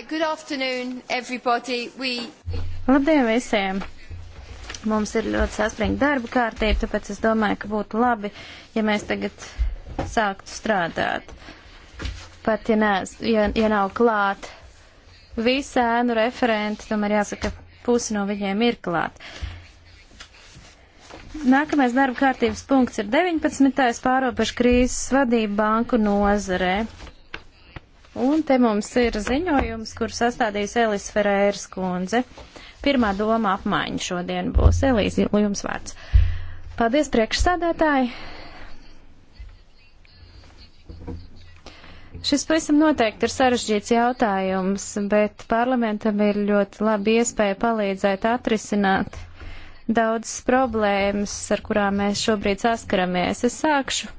Right, good afternoon, everybody. We... Labdien visiem! Mums ir ļoti saspringta darba kārtība, tāpēc es domāju, ka būtu labi, ja mēs tagad sāktu strādāt. Pat ja, nē, ja, ja nav klāt visi ēnu referenti, tomēr jāsaka, pusi no viņiem ir klāt. Nākamais darba kārtības punkts ir 19. pārobežu krīzes vadība banku nozarē. Un te mums ir ziņojums, kur sastādīs Elis Ferēras kundze. Pirmā doma apmaiņa šodien būs. Elīs, jums vārds. Paldies, priekšsādātāji! Šis pavisam noteikti ir sarežģīts jautājums, bet parlamentam ir ļoti labi iespēja palīdzēt atrisināt daudzas problēmas, ar kurām mēs šobrīd saskaramies. Es sākšu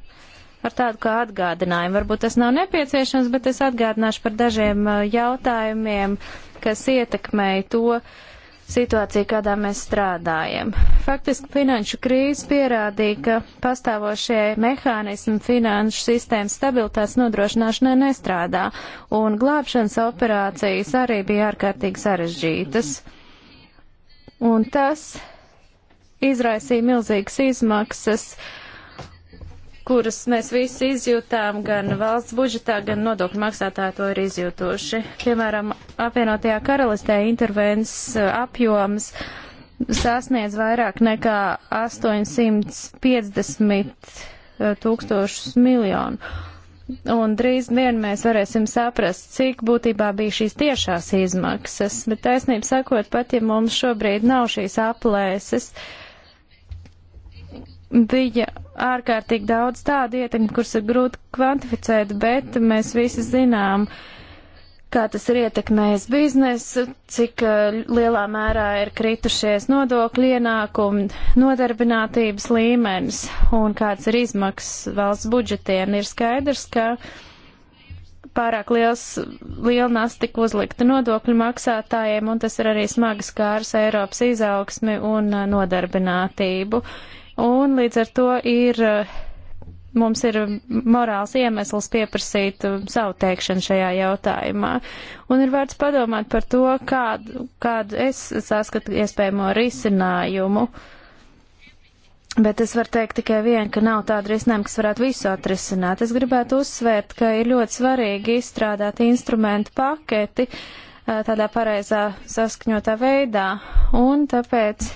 ar tādu kā atgādinājumu. Varbūt tas nav nepieciešams, bet es atgādināšu par dažiem uh, jautājumiem, kas ietekmēja to situāciju, kādā mēs strādājam. Faktiski finanšu krīze pierādīja, ka pastāvošie mehānismi finanšu sistēmas stabilitātes nodrošināšanai nestrādā, un glābšanas operācijas arī bija ārkārtīgi sarežģītas. Un tas izraisīja milzīgas izmaksas uh, kuras mēs visi izjūtām, gan valsts budžetā, gan nodokļu maksātāji to ir izjūtuši. Piemēram, apvienotajā karalistē intervences uh, apjoms sasniedz vairāk nekā 850 uh, tūkstošus miljonu. Un drīz vien mēs varēsim saprast, cik būtībā bija šīs tiešās izmaksas. Bet taisnība sakot, pat ja mums šobrīd nav šīs aplēses, bija ārkārtīgi daudz tādu ietekmi, kuras ir grūti kvantificēt, bet mēs visi zinām, kā tas ir ietekmējis biznesu, cik eh, lielā mērā ir kritušies nodokļu ienākumi, nodarbinātības līmenis un kāds ir izmaksas valsts budžetiem. Ir skaidrs, ka pārāk liels, liela nasta tika uzlikta nodokļu maksātājiem, un tas ir arī smagas kāras Eiropas izaugsmi un eh, nodarbinātību. Uh, Un līdz ar to ir, mums ir morāls iemesls pieprasīt um, savu teikšanu šajā jautājumā. Un ir vērts padomāt par to, kādu, kādu es saskatu iespējamo risinājumu. Bet es varu teikt tikai vienu, ka nav tāda risinājuma, kas varētu visu atrisināt. Es gribētu uzsvērt, ka ir ļoti svarīgi izstrādāt instrumentu paketi uh, tādā pareizā saskaņotā veidā, un tāpēc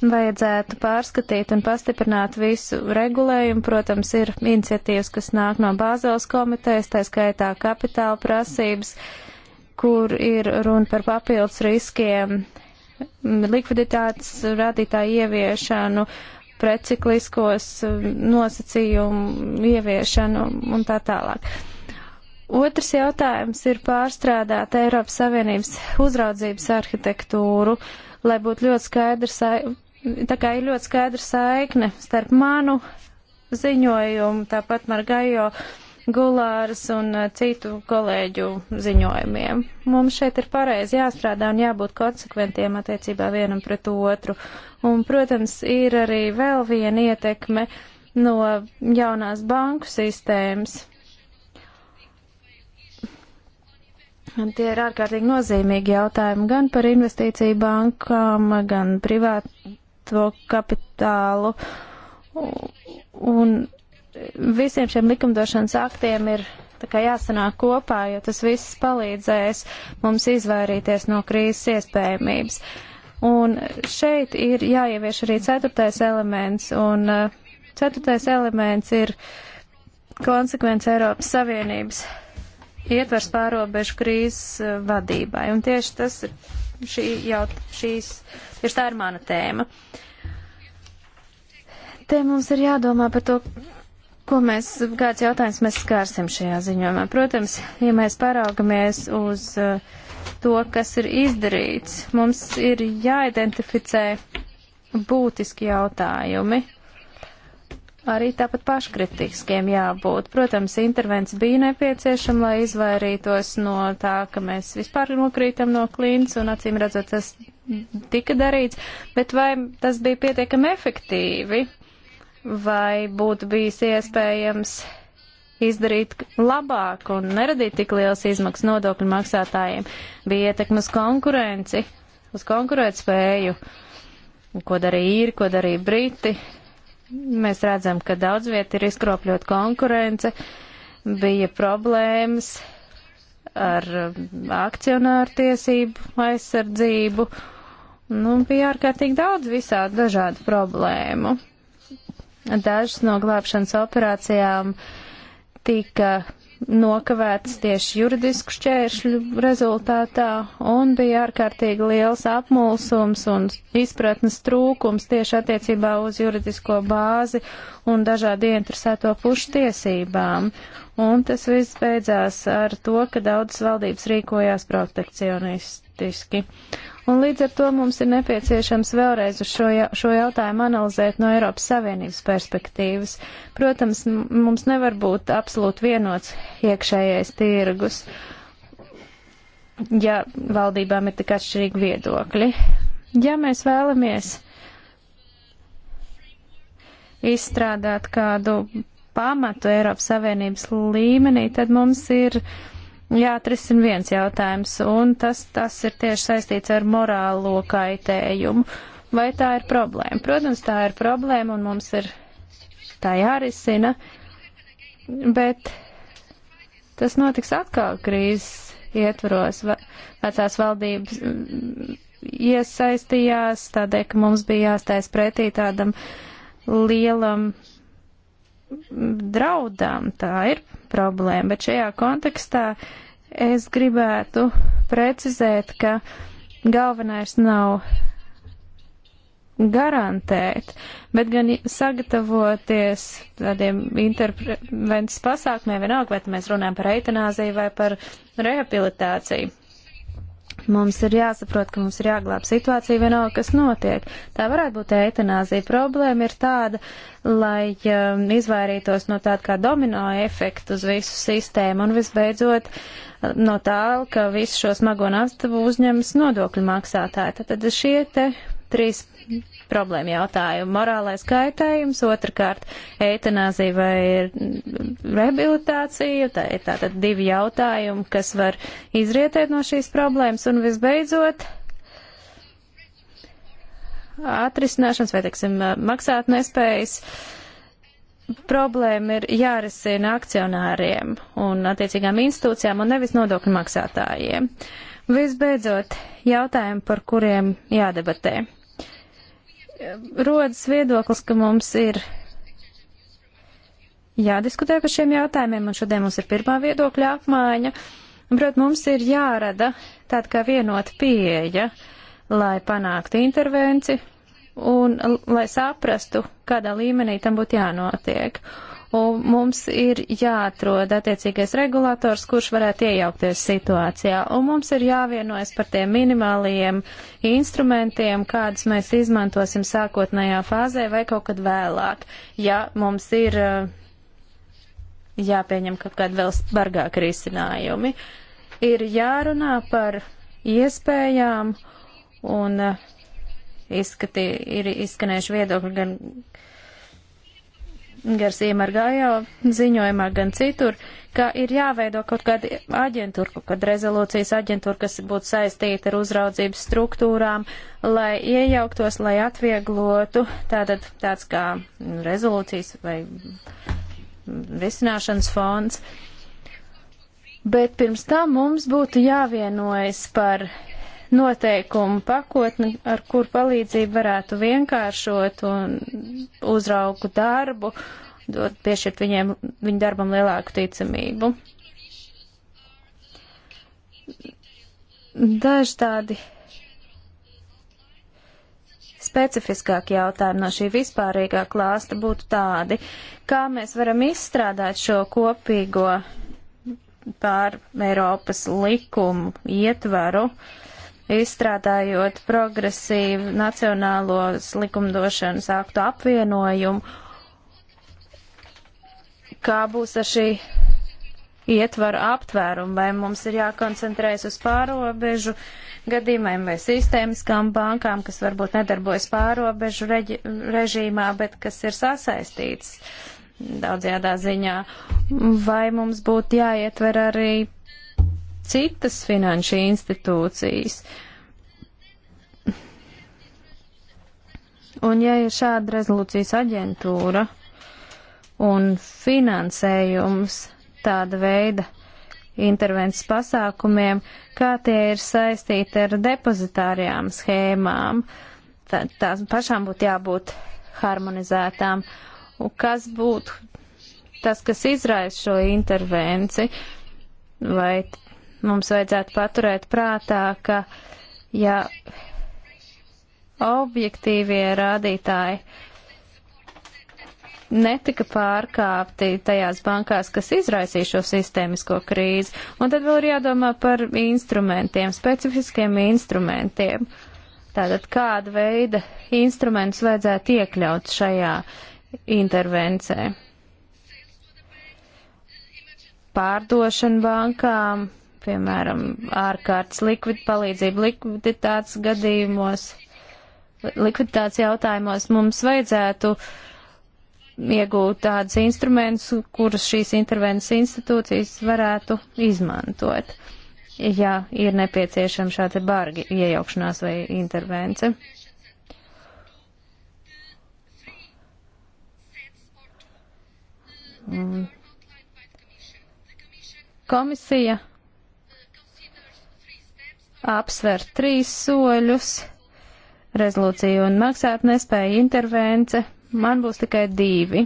vajadzētu pārskatīt un pastiprināt visu regulējumu. Protams, ir iniciatīvas, kas nāk no Bāzeles komitejas, tā skaitā kapitāla prasības, kur ir runa par papildus riskiem, likviditātes rādītāju ieviešanu, precikliskos um, nosacījumu ieviešanu un tā tālāk. Otrs jautājums ir pārstrādāt Eiropas Savienības uzraudzības arhitektūru, lai būtu ļoti skaidrs Tā kā ir ļoti skaidra saikne starp manu ziņojumu, tāpat Margajo Gulāras un eh, citu kolēģu ziņojumiem. Mums šeit ir pareizi jāstrādā un jābūt konsekventiem attiecībā vienam pret otru. Un, protams, ir arī vēl viena ietekme no jaunās banku sistēmas. Un tie ir ārkārtīgi nozīmīgi jautājumi gan par investīciju bankām, gan privātu privāto kapitālu. Un visiem šiem likumdošanas aktiem ir jāsanāk kopā, jo tas viss palīdzēs mums izvairīties no krīzes iespējamības. Un šeit ir jāievieš arī ceturtais elements, un eh, ceturtais elements ir konsekvence Eiropas Savienības ietvers pārobežu krīzes eh, vadībai. Un tieši tas ir šī, jau, šīs, tieši tā ir mana tēma. Uh, Te mums ir jādomā par to, ko mēs, kāds jautājums mēs skārsim šajā ziņojumā. Protams, ja mēs paraugamies uz uh, to, kas ir izdarīts, mums ir jāidentificē būtiski jautājumi. Arī tāpat paškritiskiem jābūt. Protams, intervents bija nepieciešama, lai izvairītos no tā, ka mēs vispār nokrītam no klīnas un acīm redzot, tas tika darīts, bet vai tas bija pietiekami efektīvi? vai būtu bijis iespējams izdarīt labāk un neradīt tik liels izmaksas nodokļu maksātājiem. Bija ietekmas konkurenci, uz konkurētspēju, ko darīja īri, ko darīja briti. Mēs redzam, ka daudz viet ir izkropļot konkurence, bija problēmas ar akcionāru tiesību aizsardzību, nu, bija ārkārtīgi daudz visādi dažādu problēmu. Dažas no glābšanas operācijām tika nokavētas tieši juridisku šķēršļu rezultātā un bija ārkārtīgi liels apmulsums un izpratnes trūkums tieši attiecībā uz juridisko bāzi un dažādi interesēto pušu tiesībām. Un tas viss beidzās ar to, ka daudzas valdības rīkojās protekcionistiski. Uh, Un līdz ar to mums ir nepieciešams vēlreiz uz šo, šo jautājumu analizēt no Eiropas Savienības perspektīvas. Protams, mums nevar būt absolūti vienots iekšējais tirgus, ja valdībām ir tik atšķirīgi viedokļi. Ja mēs vēlamies izstrādāt kādu pamatu Eiropas Savienības līmenī, tad mums ir jāatrisina viens jautājums, un tas, tas ir tieši saistīts ar morālo kaitējumu. Vai tā ir problēma? Protams, tā ir problēma, un mums ir tā jārisina, bet tas notiks atkal krīzes ietvaros. Vecās valdības mm, iesaistījās tādēļ, ka mums bija jāstājas pretī tādam lielam draudām, tā ir problēma, bet šajā kontekstā es gribētu precizēt, ka galvenais nav garantēt, bet gan sagatavoties tādiem intervences pasākumiem, vienalga, vai mēs runājam par eitanāziju vai par rehabilitāciju. Mums ir jāsaprot, ka mums ir jāglāb situācija vienalga, kas notiek. Tā varētu būt eitanāzija. Problēma ir tāda, lai um, izvairītos no tāda kā domino efekta uz visu sistēmu un visbeidzot uh, no tā, ka visu šo smago nastu uzņemas nodokļu maksātāji. Tad šie te trīs problēma jautājumu. Morālais kaitējums, otrkārt, eitanāzija vai rehabilitācija, tā ir tātad divi jautājumi, kas var izrietēt no šīs problēmas, un visbeidzot, atrisināšanas vai, teiksim, maksāt nespējas problēma ir jārisina akcionāriem un attiecīgām institūcijām un nevis nodokļu maksātājiem. Visbeidzot, jautājumi, par kuriem jādebatē rodas viedoklis, ka mums ir jādiskutē par šiem jautājumiem, un šodien mums ir pirmā viedokļa apmaiņa. Protams, mums ir jārada tāda kā vienota pieeja, lai panāktu intervenci un lai saprastu, kādā līmenī tam būtu jānotiek. Uh, un mums ir jāatrod attiecīgais regulators, kurš varētu iejaukties situācijā, un mums ir jāvienojas par tiem minimāliem instrumentiem, kādus mēs izmantosim sākotnējā fāzē vai kaut kad vēlāk, ja mums ir eh, jāpieņem kaut kādi vēl bargāki risinājumi. Ir jārunā par iespējām un eh, izskatī, ir izskanējuši viedokļi gan Garzīma ar Gajo ziņojumā, gan citur, ka ir jāveido kaut kāda aģentūra, kaut kāda rezolūcijas aģentūra, kas būtu saistīta ar uzraudzības struktūrām, lai iejauktos, lai atvieglotu tātad tāds kā rezolūcijas vai risināšanas fonds. Bet pirms tam mums būtu jāvienojas par noteikumu pakotni, ar kur palīdzību varētu vienkāršot un uzraugu darbu, dot piešķirt viņiem, viņu darbam lielāku ticamību. Daži tādi specifiskāki jautājumi no šī vispārīgā klāsta būtu tādi, kā mēs varam izstrādāt šo kopīgo pār Eiropas likumu ietvaru, uh, izstrādājot progresīvu nacionālos likumdošanas aktu apvienojumu, kā būs ar šī ietvaru aptvērumu, vai mums ir jākoncentrējas uz pārobežu gadījumiem vai sistēmiskām bankām, kas varbūt nedarbojas pārobežu reģi, režīmā, bet kas ir sasaistīts daudzajādā ziņā, vai mums būtu jāietver arī citas finanšu institūcijas. Un ja ir šāda rezolūcijas aģentūra un finansējums tāda veida intervences pasākumiem, kā tie ir saistīti ar depozitārijām schēmām, tā, tās pašām būtu jābūt harmonizētām. Un kas būtu tas, kas izraisa šo intervenci, vai mums vajadzētu paturēt prātā, ka ja objektīvie rādītāji netika pārkāpti tajās bankās, kas izraisīja šo sistēmisko krīzi. Un tad vēl ir jādomā par instrumentiem, specifiskiem instrumentiem. Tātad kāda veida instrumentus vajadzētu iekļaut šajā intervencē? Pārdošana bankām, piemēram, ārkārtas likvid, palīdzību likviditātes gadījumos, likviditātes jautājumos mums vajadzētu iegūt tādus instrumentus, kurus šīs intervences institūcijas varētu izmantot, ja ir nepieciešama šāda bargi iejaukšanās vai intervence. Un komisija apsver trīs soļus - rezolūcija un maksāt nespēja intervence. Man būs tikai divi.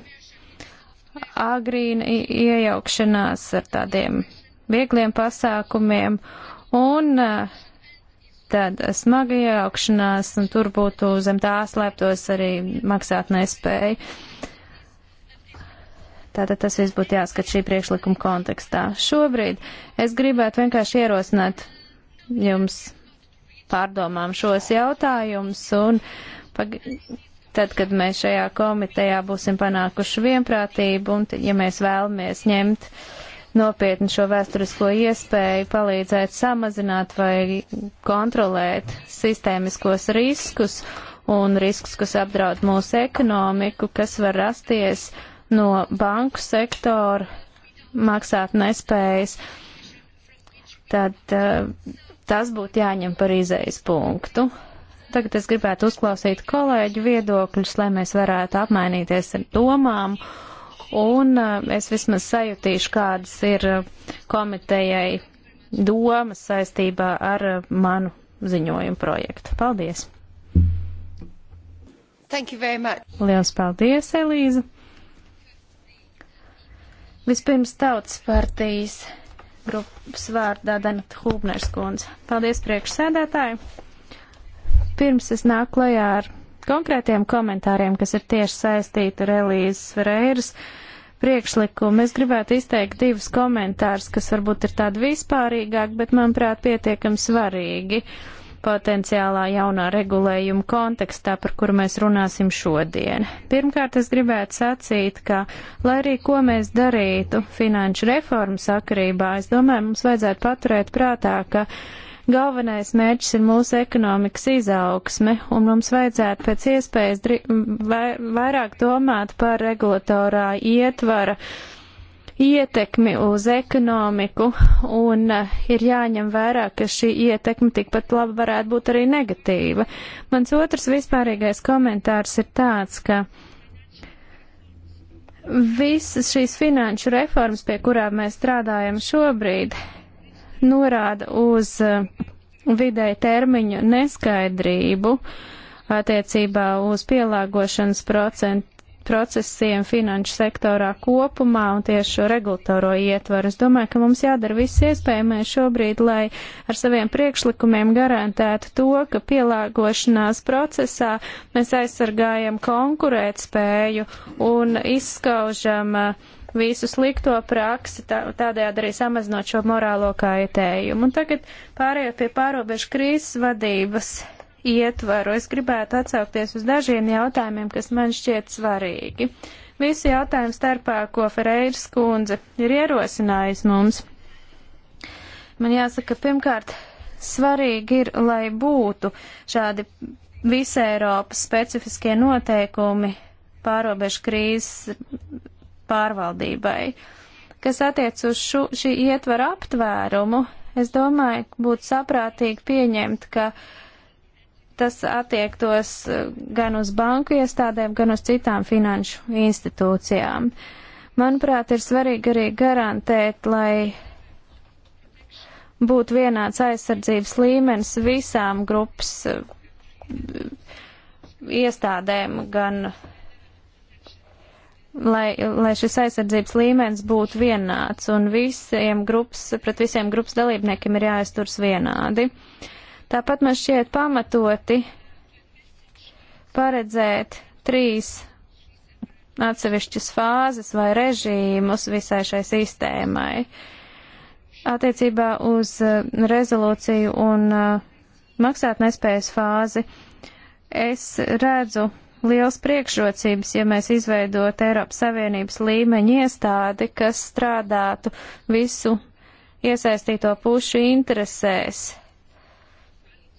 Agrīna iejaukšanās ar tādiem viegliem pasākumiem un eh, tad smaga iejaukšanās, un tur būtu zem tā slēptos arī maksāt nespēja. Tātad tas viss būtu jāskat šī priekšlikuma kontekstā. Šobrīd es gribētu vienkārši ierosināt jums pārdomām šos jautājumus un pag... tad, kad mēs šajā komitejā būsim panākuši vienprātību un ja mēs vēlamies ņemt nopietni šo vēsturisko iespēju palīdzēt samazināt vai kontrolēt sistēmiskos riskus un riskus, kas apdraud mūsu ekonomiku, kas var rasties no banku sektora maksāt nespējas, tad uh, Tas būtu jāņem par izējas punktu. Tagad es gribētu uzklausīt kolēģu viedokļus, lai mēs varētu apmainīties ar domām. Un uh, es vismaz sajutīšu, kādas ir uh, komitejai domas saistībā ar uh, manu ziņojumu projektu. Paldies! Thank you very much. Liels paldies, Elīza! Vispirms tautas partijas grupas vārdā Danita Hūbners kundze. Paldies priekšsēdētāji. Pirms es nāku klajā ar konkrētiem komentāriem, kas ir tieši saistīti ar Elīzes Vereiras priekšlikumu, es gribētu izteikt divus komentārus, kas varbūt ir tādi vispārīgāk, bet manuprāt pietiekami svarīgi. Uh, potenciālā jaunā regulējuma kontekstā, par kuru mēs runāsim šodien. Pirmkārt, es gribētu sacīt, ka, lai arī ko mēs darītu finanšu reformu sakarībā, es domāju, mums vajadzētu paturēt prātā, ka galvenais mērķis ir mūsu ekonomikas izaugsme, un mums vajadzētu pēc iespējas vai vairāk domāt par regulatorā ietvara uh, ietekmi uz ekonomiku, un eh, ir jāņem vērā, ka šī ietekme tikpat labi varētu būt arī negatīva. Mans otrs vispārīgais komentārs ir tāds, ka visas šīs finanšu reformas, pie kurām mēs strādājam šobrīd, norāda uz eh, vidēja termiņu neskaidrību attiecībā uz pielāgošanas procentu, procesiem finanšu sektorā kopumā un tieši šo regulatoro ietvaru. Es domāju, ka mums jādara viss iespējamais šobrīd, lai ar saviem priekšlikumiem garantētu to, ka pielāgošanās procesā mēs aizsargājam konkurētspēju un izskaužam uh, visu slikto praksi, tā, tādējādi arī samazinot šo morālo kaitējumu. Un tagad pārējot pie pārobežu krīzes vadības ietvaru. Es gribētu atsaukties uz dažiem jautājumiem, kas man šķiet svarīgi. Visi jautājumi starpā, ko Ferreiras kundze ir ierosinājusi mums. Man jāsaka, pirmkārt, svarīgi ir, lai būtu šādi visai Eiropas specifiskie noteikumi pārobežu krīzes pārvaldībai. Kas attiec uz šu, šī ietvara aptvērumu, es domāju, būtu saprātīgi pieņemt, ka uh, tas attiektos eh, gan uz banku iestādēm, gan uz citām finanšu institūcijām. Manuprāt, ir svarīgi arī garantēt, lai būtu vienāds aizsardzības līmenis visām grupas eh, iestādēm, gan lai, lai šis aizsardzības līmenis būtu vienāds un visiem grupas, pret visiem grupas dalībniekiem ir jāizturs vienādi. Uh, Tāpat man šķiet pamatoti paredzēt trīs atsevišķas fāzes vai režīmus visai šai sistēmai. Attiecībā uz eh, rezolūciju un eh, maksātnespējas fāzi es redzu liels priekšrocības, ja mēs izveidot Eiropas Savienības līmeņa iestādi, kas strādātu visu iesaistīto pušu interesēs,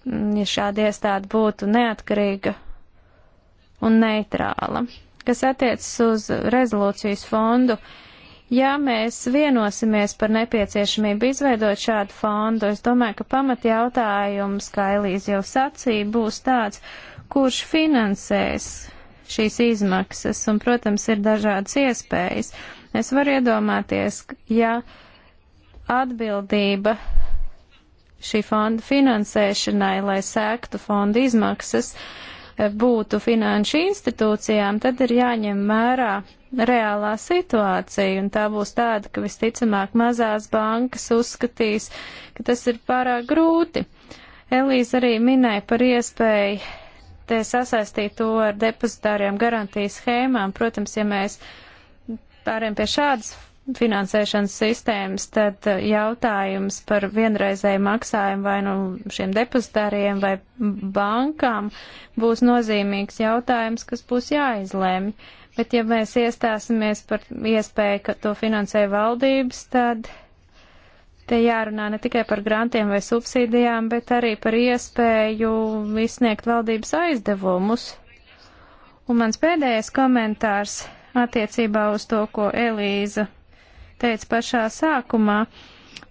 Mm, ja šāda iestāde būtu neatkarīga un neitrāla. Kas attiecas uz rezolūcijas fondu, ja mēs vienosimies par nepieciešamību izveidot šādu fondu, es domāju, ka pamatjautājums, kā Elīze jau sacīja, būs tāds, kurš finansēs šīs izmaksas, un, protams, ir dažādas iespējas. Es varu iedomāties, ja atbildība šī fonda finansēšanai, lai sēktu fonda izmaksas, eh, būtu finanšu institūcijām, tad ir jāņem mērā reālā situācija, un tā būs tāda, ka visticamāk mazās bankas uzskatīs, ka tas ir pārāk grūti. Elīze arī minēja par iespēju te sasaistīt to ar depozitāriem garantijas schēmām. Protams, ja mēs pāriem pie šādas finansēšanas sistēmas, tad eh, jautājums par vienreizēju maksājumu vai nu šiem depozitāriem vai bankām būs nozīmīgs jautājums, kas būs jāizlemj. Bet ja mēs iestāsimies par iespēju, ka to finansē valdības, tad te jārunā ne tikai par grantiem vai subsīdijām, bet arī par iespēju izsniegt valdības aizdevumus. Un mans pēdējais komentārs attiecībā uz to, ko Elīza teicu pašā sākumā,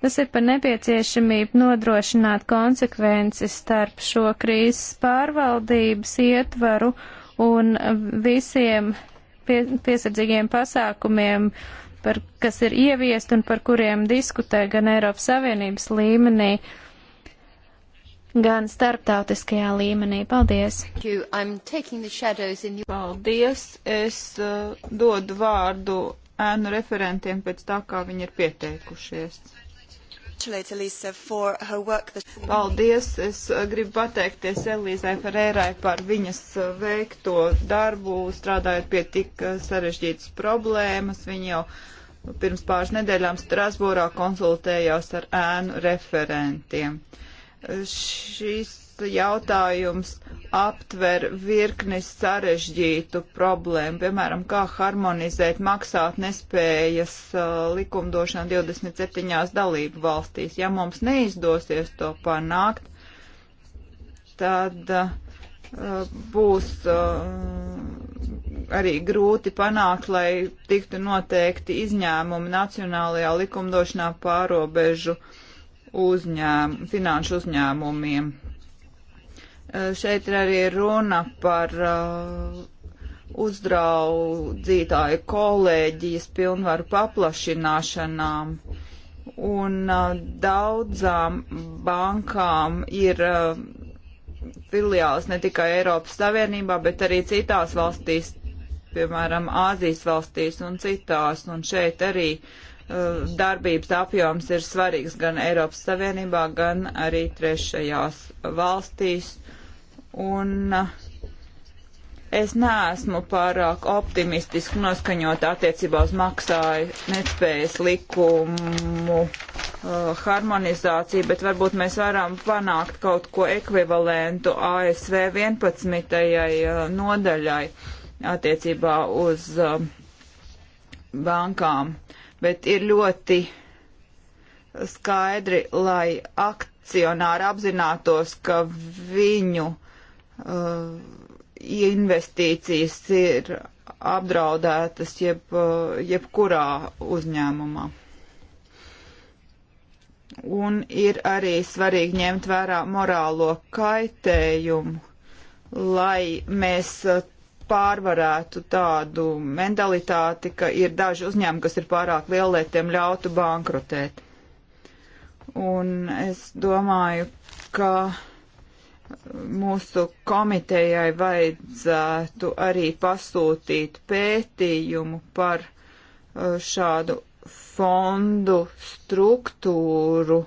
tas ir par nepieciešamību nodrošināt konsekvenci starp šo krīzes pārvaldības ietvaru un visiem pie, piesardzīgiem pasākumiem, par, kas ir ieviest un par kuriem diskutē gan Eiropas Savienības līmenī, gan starptautiskajā līmenī. Paldies! Paldies! Es uh, dodu vārdu ēnu referentiem pēc tā, kā viņi ir pieteikušies. Paldies! Es uh, gribu pateikties Elīzai Ferērai par viņas uh, veikto darbu, strādājot pie tik uh, sarežģītas problēmas. Viņa jau pirms pāris nedēļām Strasbūrā konsultējās ar ēnu referentiem. Šis jautājums aptver virkni sarežģītu problēmu, piemēram, kā harmonizēt maksāt nespējas uh, likumdošanu 27 dalību valstīs. Ja mums neizdosies to panākt, tad uh, būs uh, arī grūti panākt, lai tiktu noteikti izņēmumi nacionālajā likumdošanā pārobežu uzņēm, finanšu uzņēmumiem. Eh, šeit ir arī runa par eh, uzdraudzītāju kolēģijas pilnvaru paplašināšanām. Un eh, daudzām bankām ir filiāls ne tikai Eiropas Savienībā, bet arī citās valstīs, piemēram, Āzijas valstīs un citās. Un šeit arī uh, darbības apjoms ir svarīgs gan Eiropas Savienībā, gan arī trešajās valstīs un eh, es neesmu pārāk optimistiski noskaņot attiecībā uz maksāju nespējas likumu eh, harmonizāciju, bet varbūt mēs varam panākt kaut ko ekvivalentu ASV 11. Eh, nodaļai attiecībā uz bankām. Bet ir ļoti skaidri, lai akcionāri apzinātos, ka viņu uh, uh, investīcijas ir apdraudētas jeb, uh, jebkurā uzņēmumā. Un ir arī svarīgi ņemt vērā morālo kaitējumu, lai mēs uh, pārvarētu tādu mentalitāti, ka ir daži uzņēmumi, kas ir pārāk lieli, lai tiem ļautu bankrotēt. Un es domāju, ka mūsu komitejai vajadzētu arī pasūtīt pētījumu par uh, šādu fondu struktūru,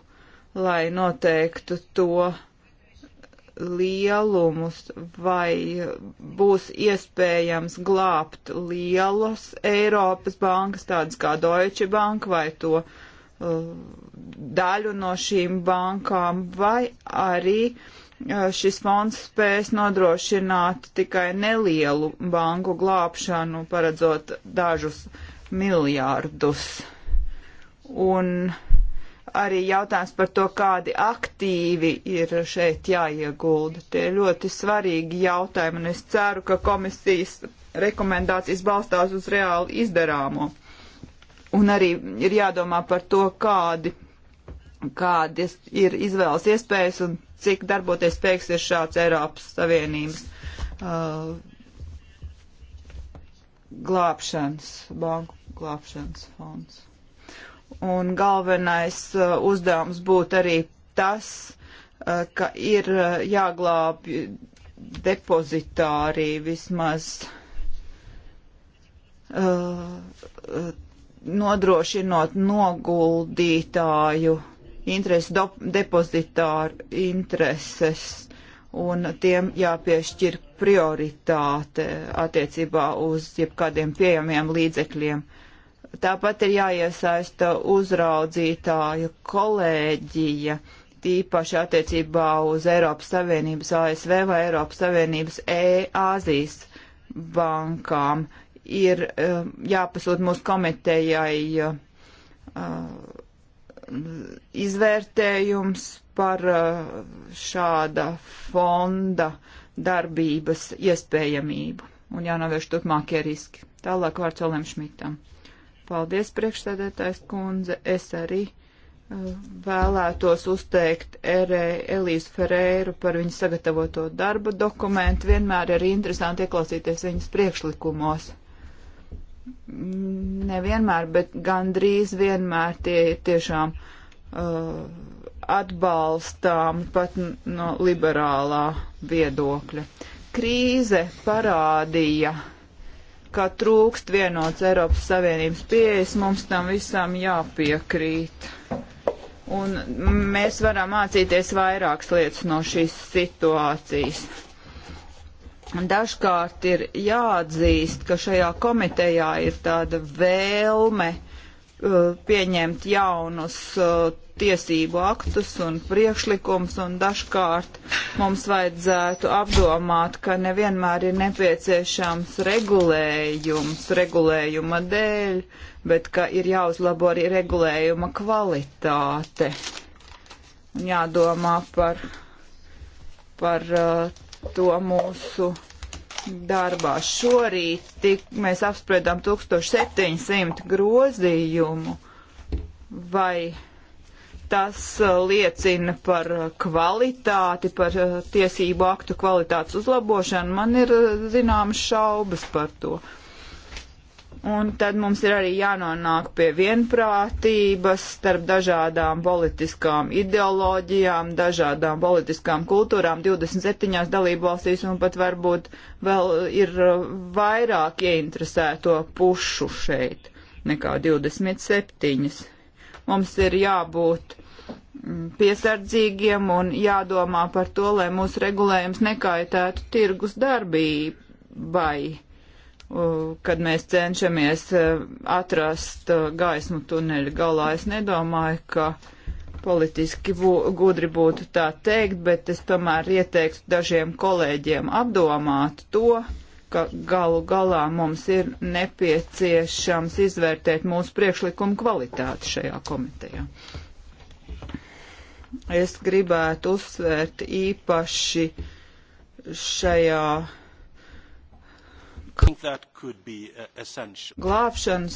lai noteiktu to lielumus, vai būs iespējams glābt lielas Eiropas bankas, tādas kā Deutsche Bank, vai to uh, daļu no šīm bankām, vai arī uh, šis fonds spēs nodrošināt tikai nelielu banku glābšanu, paredzot dažus miljārdus. Un arī jautājums par to, kādi aktīvi ir šeit jāiegulda. Tie ir ļoti svarīgi jautājumi, un es ceru, ka komisijas rekomendācijas balstās uz reāli izdarāmo. Un arī ir jādomā par to, kādi, kādas ir izvēles iespējas un cik darboties spēks ir šāds Eiropas Savienības uh, glābšanas, banku glābšanas fonds. Un galvenais uh, uzdevums būtu arī tas, uh, ka ir uh, jāglābj depozitārī vismaz uh, uh nodrošinot noguldītāju uh, interesu depozitāru intereses, un tiem jāpiešķir prioritāte attiecībā uz jebkādiem pieejamiem līdzekļiem. Tāpat ir jāiesaista uzraudzītāju kolēģija, tīpaši attiecībā uz Eiropas Savienības ASV vai Eiropas Savienības E-Āzijas bankām. Ir eh, jāpasūt mūsu komitejai uh, izvērtējums par uh, šāda fonda darbības iespējamību un jānovērš turpmākie riski. Tālāk vārds Olem Šmitam. Paldies, priekšsēdētājs kundze. Es arī uh, vēlētos uzteikt Elīzu Ferēru par viņas sagatavoto darba dokumentu. Vienmēr ir interesanti ieklausīties viņas priekšlikumos. Mm, nevienmēr, bet gandrīz vienmēr tie ir tiešām uh, atbalstām pat no liberālā viedokļa. Krīze parādīja, ka trūkst vienots Eiropas Savienības pieejas, mums tam visam jāpiekrīt. Un mēs varam mācīties vairākas lietas no šīs situācijas Dažkārt ir jāatzīst, ka šajā komitejā ir tāda vēlme uh, pieņemt jaunus uh, tiesību aktus un priekšlikums, un dažkārt mums vajadzētu apdomāt, ka nevienmēr ir nepieciešams regulējums regulējuma dēļ, bet ka ir jāuzlabo arī regulējuma kvalitāte. Un jādomā par, par uh, to mūsu darbā. Šorīt tik, mēs apspriedām 1700 grozījumu. Vai tas uh, liecina par uh, kvalitāti, par uh, tiesību aktu kvalitātes uzlabošanu? Man ir zināmas šaubas par to. Uh, Un tad mums ir arī jānonāk pie vienprātības starp dažādām politiskām ideoloģijām, dažādām politiskām kultūrām 27 dalībvalstīs un pat varbūt vēl ir uh, vairāk ieinteresēto pušu šeit nekā 27. Mums ir jābūt mm, piesardzīgiem un jādomā par to, lai mūsu regulējums nekaitētu tirgus darbībai kad mēs cenšamies e, atrast e, gaismu tuneļa galā. Es nedomāju, ka politiski bū, gudri būtu tā teikt, bet es tomēr ieteiktu dažiem kolēģiem apdomāt to, ka galu galā mums ir nepieciešams izvērtēt mūsu priekšlikumu kvalitāti šajā komitejā. Es gribētu uzsvērt īpaši šajā Uh, glābšanas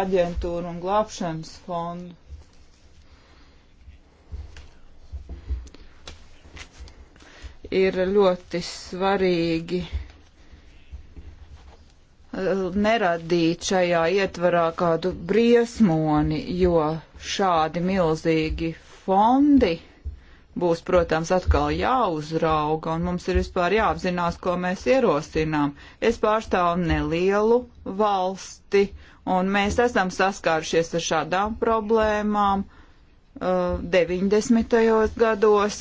aģentūru un glābšanas fondu. Ir ļoti svarīgi uh, neradīt šajā ietvarā kādu briesmoni, jo šādi milzīgi fondi būs, protams, atkal jāuzrauga, un mums ir vispār jāapzinās, ko mēs ierosinām. Es pārstāvu nelielu valsti, un mēs esam saskārušies ar šādām problēmām uh, 90. gados,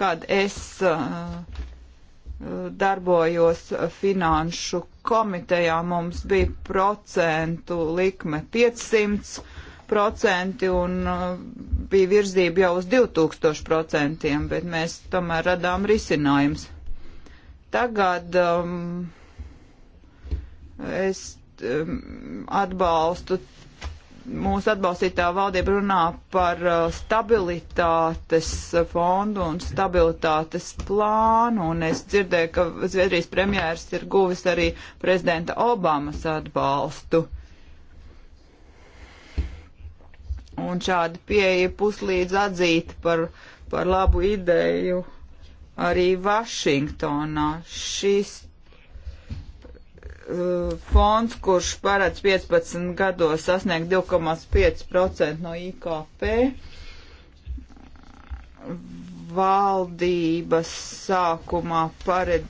kad es uh, uh, darbojos finanšu komitejā, mums bija procentu likme 500 procenti un uh, bija virzība jau uz 2000 procentiem, bet mēs tomēr radām risinājums. Tagad um, es um, atbalstu, mūsu atbalstītā valdība runā par uh, stabilitātes fondu un stabilitātes plānu, un es dzirdēju, ka Zviedrijas premjērs ir guvis arī prezidenta Obamas atbalstu. Uh, Un šāda pieeja puslīdz atzīta par, par labu ideju arī Vašingtonā. Šis uh, fonds, kurš paredz 15 gados sasniegt 2,5% no IKP, valdības sākumā pared,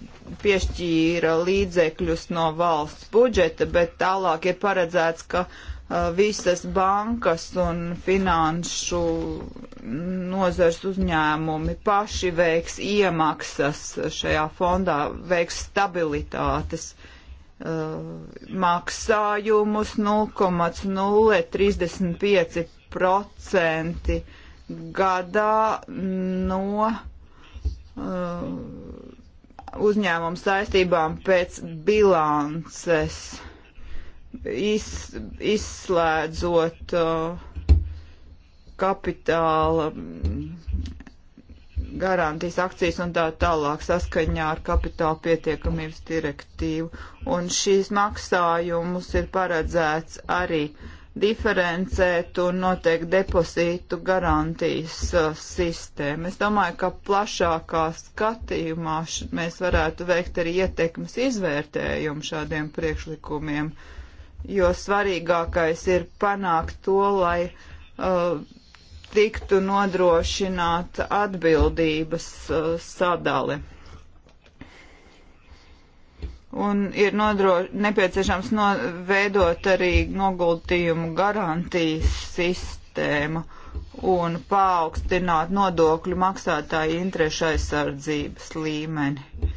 piešķīra līdzekļus no valsts budžeta, bet tālāk ir paredzēts, ka uh, Uh, visas bankas un finanšu nozars uzņēmumi paši veiks iemaksas šajā fondā, veiks stabilitātes uh, maksājumus 0,035% gadā no uh, uzņēmuma saistībām pēc bilances. Uh, iz, izslēdzot uh, kapitāla mm, garantijas akcijas un tā tālāk saskaņā ar kapitāla pietiekamības direktīvu. Un šīs maksājumus ir paredzēts arī diferencēt un noteikt depozītu garantijas uh, sistēmu. Es domāju, ka plašākā skatījumā mēs varētu veikt arī ietekmes izvērtējumu šādiem priekšlikumiem. Uh, jo svarīgākais ir panākt to, lai uh, tiktu nodrošināta atbildības uh, sadale. Un ir nodro, nepieciešams no, veidot arī noguldījumu garantijas sistēmu un paaugstināt nodokļu maksātāju interešu aizsardzības līmeni.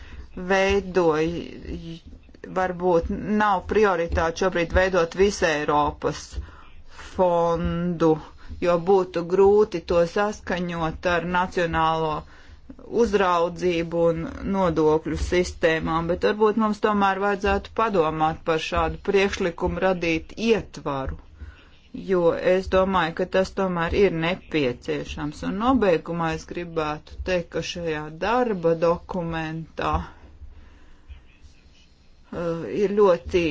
Veidoj, varbūt nav prioritāte šobrīd veidot visu Eiropas fondu, jo būtu grūti to saskaņot ar nacionālo uzraudzību un nodokļu sistēmām, bet varbūt mums tomēr vajadzētu padomāt par šādu priekšlikumu radīt ietvaru, jo es domāju, ka tas tomēr ir nepieciešams. Un nobeigumā es gribētu teikt, ka šajā darba dokumentā Eh, ir ļoti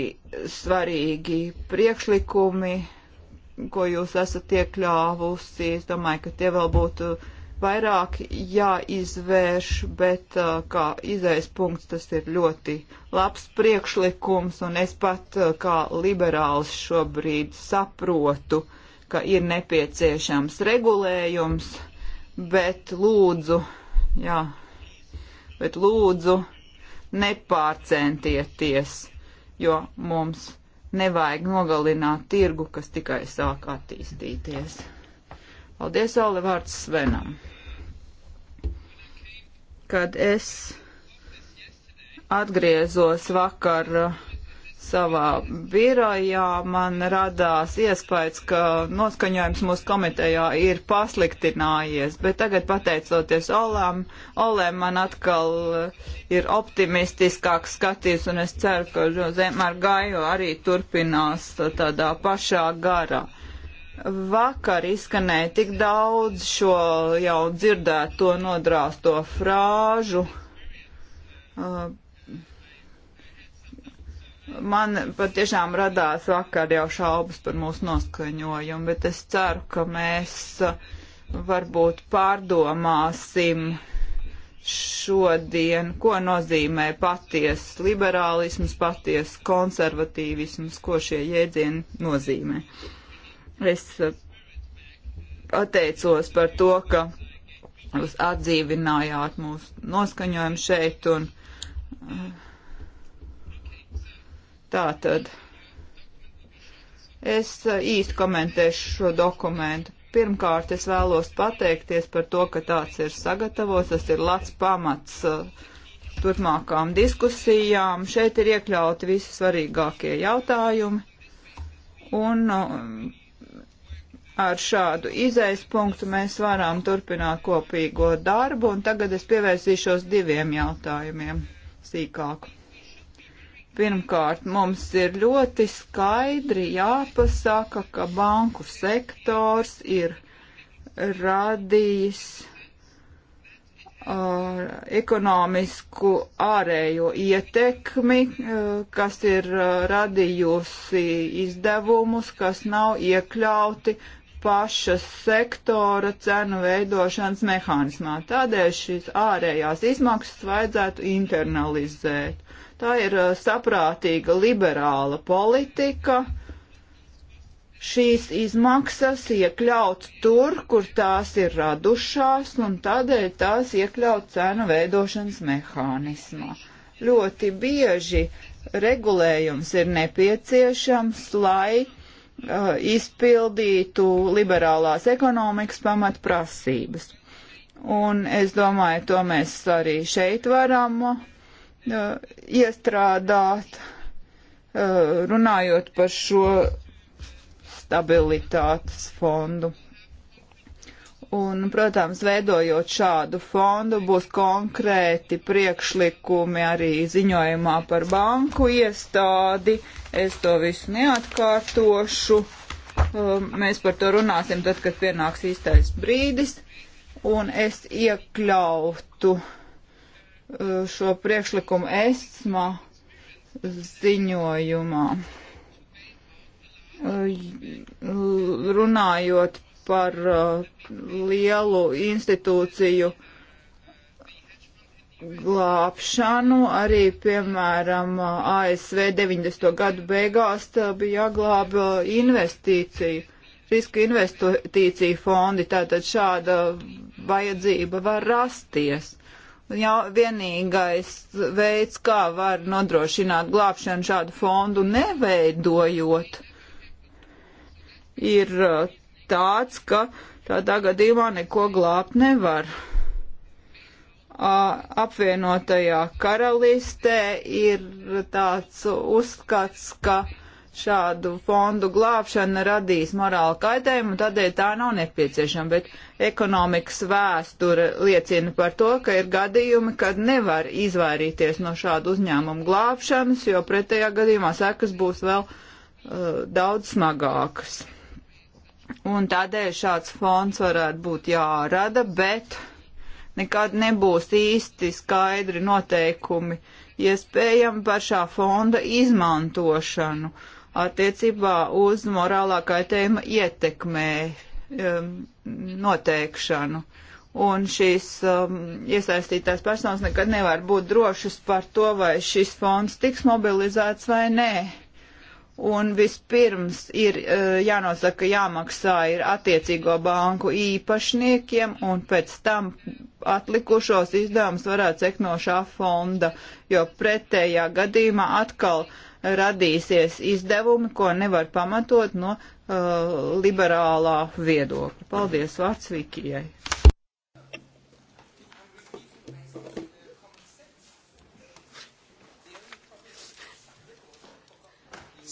svarīgi priekšlikumi, ko jūs esat iekļāvusi. Es domāju, ka tie vēl būtu vairāk jāizvērš, bet eh, kā izējas punkts tas ir ļoti labs priekšlikums, un es pat eh, kā liberāls šobrīd saprotu, ka ir nepieciešams regulējums, bet lūdzu, jā, bet lūdzu, nepārcentieties, jo mums nevajag nogalināt tirgu, kas tikai sāk attīstīties. Paldies, Ole, vārds Svenam. Kad es atgriezos vakar savā birojā man radās iespējas, ka noskaņojums mūsu komitejā ir pasliktinājies, bet tagad pateicoties Olēm, Olēm man atkal eh, ir optimistiskāks skatījums un es ceru, ka Zemēr Gaio arī turpinās tādā pašā garā. Vakar izskanēja tik daudz šo jau dzirdēto nodrāsto frāžu. Uh, Man patiešām radās vakar jau šaubas par mūsu noskaņojumu, bet es ceru, ka mēs uh, varbūt pārdomāsim šodien, ko nozīmē paties liberālisms, paties konservatīvisms, ko šie jēdzieni nozīmē. Es uh, pateicos par to, ka jūs atdzīvinājāt mūsu noskaņojumu šeit un uh, Tātad es uh, īsti komentēšu šo dokumentu. Pirmkārt, es vēlos pateikties par to, ka tāds ir sagatavots, tas ir lats pamats uh, turpmākām diskusijām. Šeit ir iekļauti visi svarīgākie jautājumi. Un uh, ar šādu izejas punktu mēs varam turpināt kopīgo darbu, un tagad es pievērsīšos diviem jautājumiem sīkāk. Pirmkārt, mums ir ļoti skaidri jāpasaka, ka banku sektors ir radījis uh, ekonomisku ārējo ietekmi, uh, kas ir uh, radījusi izdevumus, kas nav iekļauti paša sektora cenu veidošanas mehānismā. Tādēļ šīs ārējās izmaksas vajadzētu internalizēt Tā ir saprātīga liberāla politika. Šīs izmaksas iekļaut tur, kur tās ir radušās, un tādēļ tās iekļaut cenu veidošanas mehānismā. Ļoti bieži regulējums ir nepieciešams, lai uh, izpildītu liberālās ekonomikas pamatprasības. Un es domāju, to mēs arī šeit varam Uh, iestrādāt, uh, runājot par šo stabilitātes fondu. Un, protams, veidojot šādu fondu, būs konkrēti priekšlikumi arī ziņojumā par banku iestādi. Es to visu neatkārtošu. Um, mēs par to runāsim tad, kad pienāks īstais brīdis. Un es iekļautu uh, Eh, šo priekšlikumu ESMA ziņojumā. Eh, runājot par eh, lielu institūciju glābšanu, arī, piemēram, ASV 90. gadu beigās bija jāglāba investīciju, riska investīciju fondi, tātad šāda vajadzība var rasties. Jā, vienīgais veids, kā var nodrošināt glābšanu šādu fondu neveidojot, ir uh, tāds, ka tādā gadījumā neko glābt nevar. Apvienotajā karalistē ir tāds uzskats, ka šādu fondu glābšana radīs morāla kaitējumu, un tādēļ tā nav nepieciešama. Bet ekonomikas vēsture liecina par to, ka ir gadījumi, kad nevar izvairīties no šādu uzņēmumu glābšanas, jo pretējā gadījumā sekas būs vēl uh, daudz smagākas. Un tādēļ šāds fonds varētu būt jārada, bet nekad nebūs īsti skaidri noteikumi iespējami par šā fonda izmantošanu. Uh, attiecībā uz morālā kaitējuma ietekmē um, noteikšanu. Un šīs um, iesaistītās personas nekad nevar būt drošas par to, vai šis fonds tiks mobilizēts vai nē. Un vispirms ir uh, jānosaka, jāmaksā ir attiecīgo banku īpašniekiem, un pēc tam atlikušos izdevumus varētu cekt no šā fonda, jo pretējā gadījumā atkal uh, radīsies izdevumi, ko nevar pamatot no uh, liberālā viedokļa. Paldies vārds Vikijai.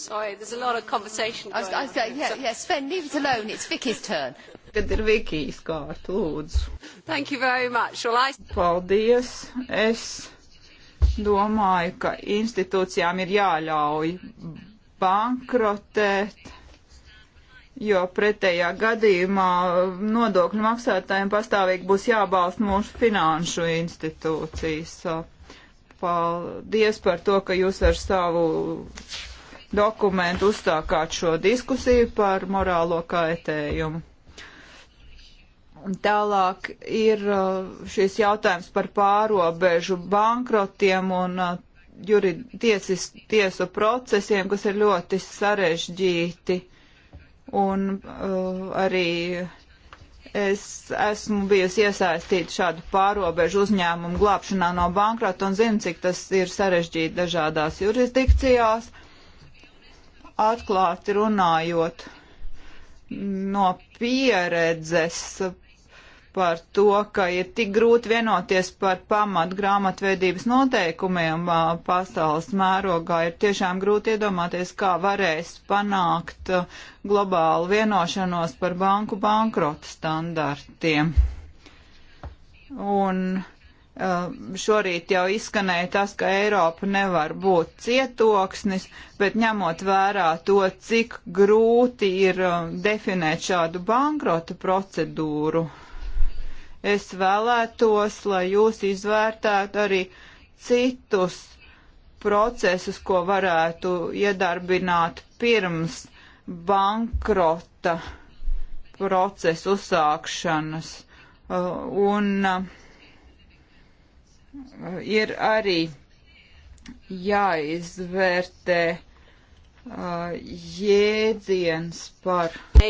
Sorry, there's a lot of conversation going on. I was, I was, yeah, yeah, Sven, leave it alone. It's Vicky's turn. Tagad ir Vikijas kārt, lūdzu. Thank you very much. Well, I... Paldies. Es domāju, ka institūcijām ir jāļauj bankrotēt, jo pretējā gadījumā nodokļu maksātājiem pastāvīgi būs jābalsta mūsu finanšu institūcijas. Paldies par to, ka jūs ar savu dokumentu uzstākāt šo diskusiju par morālo kaitējumu. Un tālāk ir uh, šis jautājums par pārobežu bankrotiem un uh, juridiskās tiesu procesiem, kas ir ļoti sarežģīti. Un uh, arī es esmu bijusi iesaistīta šādu pārobežu uzņēmumu glābšanā no bankrota un zinu, cik tas ir sarežģīti dažādās jurisdikcijās. Atklāti runājot no pieredzes par to, ka ir tik grūti vienoties par pamat grāmatveidības noteikumiem pasaules mērogā. Ir tiešām grūti iedomāties, kā varēs panākt globālu vienošanos par banku bankrota standartiem. Un šorīt jau izskanēja tas, ka Eiropa nevar būt cietoksnis, bet ņemot vērā to, cik grūti ir definēt šādu bankrota procedūru es vēlētos, lai jūs izvērtētu arī citus procesus, ko varētu iedarbināt pirms bankrota procesa uzsākšanas. Uh, un uh, ir arī jāizvērtē uh, jēdziens par. A...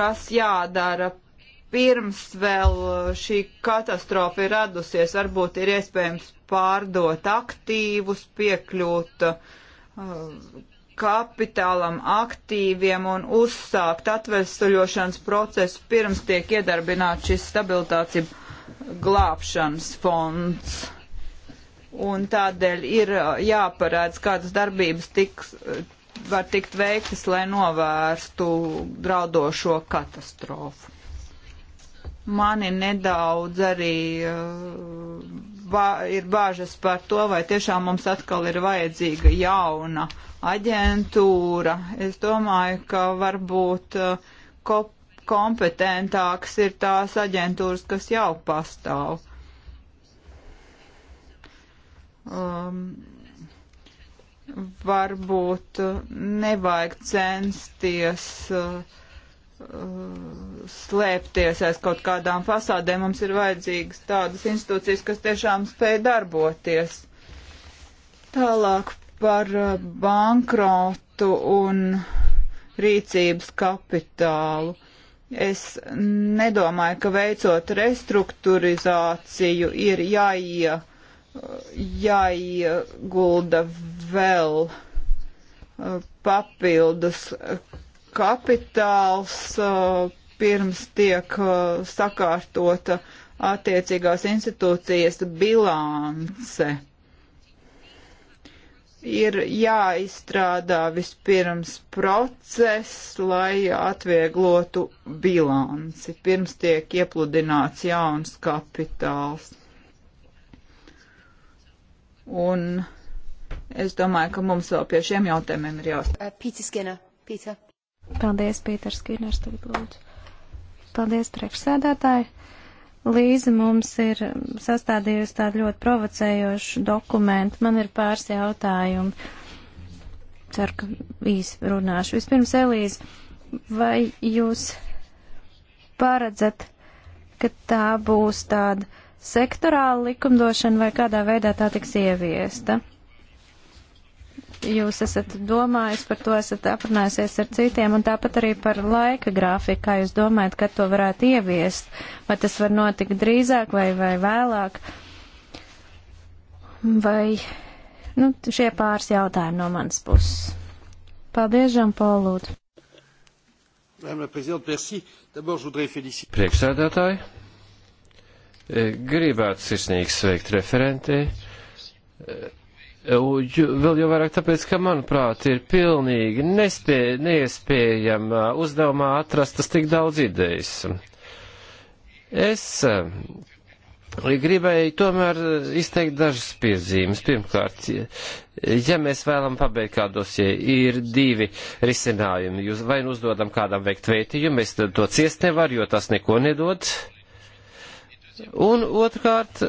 Kas jādara pirms vēl šī katastrofa ir radusies, varbūt ir iespējams pārdot aktīvus, piekļūt uh, kapitālam, aktīviem un uzsākt atvesaļošanas procesu pirms tiek iedarbināts šis stabilitācija glābšanas fonds un tādēļ ir uh, jāparādz, kādas darbības tiks, uh, var tikt veiktas, lai novērstu draudošo katastrofu. Mani nedaudz arī bā, uh, ir bāžas par to, vai tiešām mums atkal ir vajadzīga jauna aģentūra. Es domāju, ka varbūt kompetentāks ir tās aģentūras, kas jau pastāv um, varbūt nevajag censties uh, slēpties aiz kaut kādām fasādēm. Mums ir vajadzīgas tādas institūcijas, kas tiešām spēj darboties. Tālāk par uh, bankrotu un rīcības kapitālu. Es nedomāju, ka veicot restruktūrizāciju ir jāie. Ja jāiegulda vēl uh, papildus kapitāls uh, pirms tiek uh, sakārtota attiecīgās institūcijas bilance. Ir jāizstrādā vispirms process, lai atvieglotu bilanci, pirms tiek iepludināts jauns kapitāls. Un es domāju, ka mums vēl pie šiem jautājumiem ir jāstrādā. Pīcis Gena, Pīca. Paldies, Pīters Skinners, tagad lūdzu. Paldies, priekšsēdētāji. Līza mums ir sastādījusi tādu ļoti provocējošu dokumentu. Man ir pāris jautājumu. Ceru, ka īsi runāšu. Vispirms, Elīze, vai jūs paredzat, ka tā būs tāda sektorāla likumdošana vai kādā veidā tā tiks ieviesta? Jūs esat domājis par to, esat aprunājusies ar citiem un tāpat arī par laika grafiku, kā jūs domājat, kad to varētu ieviest, vai tas var notikt drīzāk vai, vai vēlāk, vai, nu, šie pāris jautājumi no manas puses. Paldies, Žanpol, lūdzu. Priekšsēdētāji, E, gribētu sirsnīgi sveikt referentē. E, vēl jau vairāk tāpēc, ka, manuprāt, ir pilnīgi nespēj, neiespējama uzdevumā atrastas tik daudz idejas. Es e, gribēju tomēr izteikt dažas piezīmes. Pirmkārt, ja mēs vēlam pabeigt kādos, ja ir divi risinājumi, jūs vai nu uzdodam kādam veikt vētījumu, es to ciest nevaru, jo tas neko nedod Un otrkārt,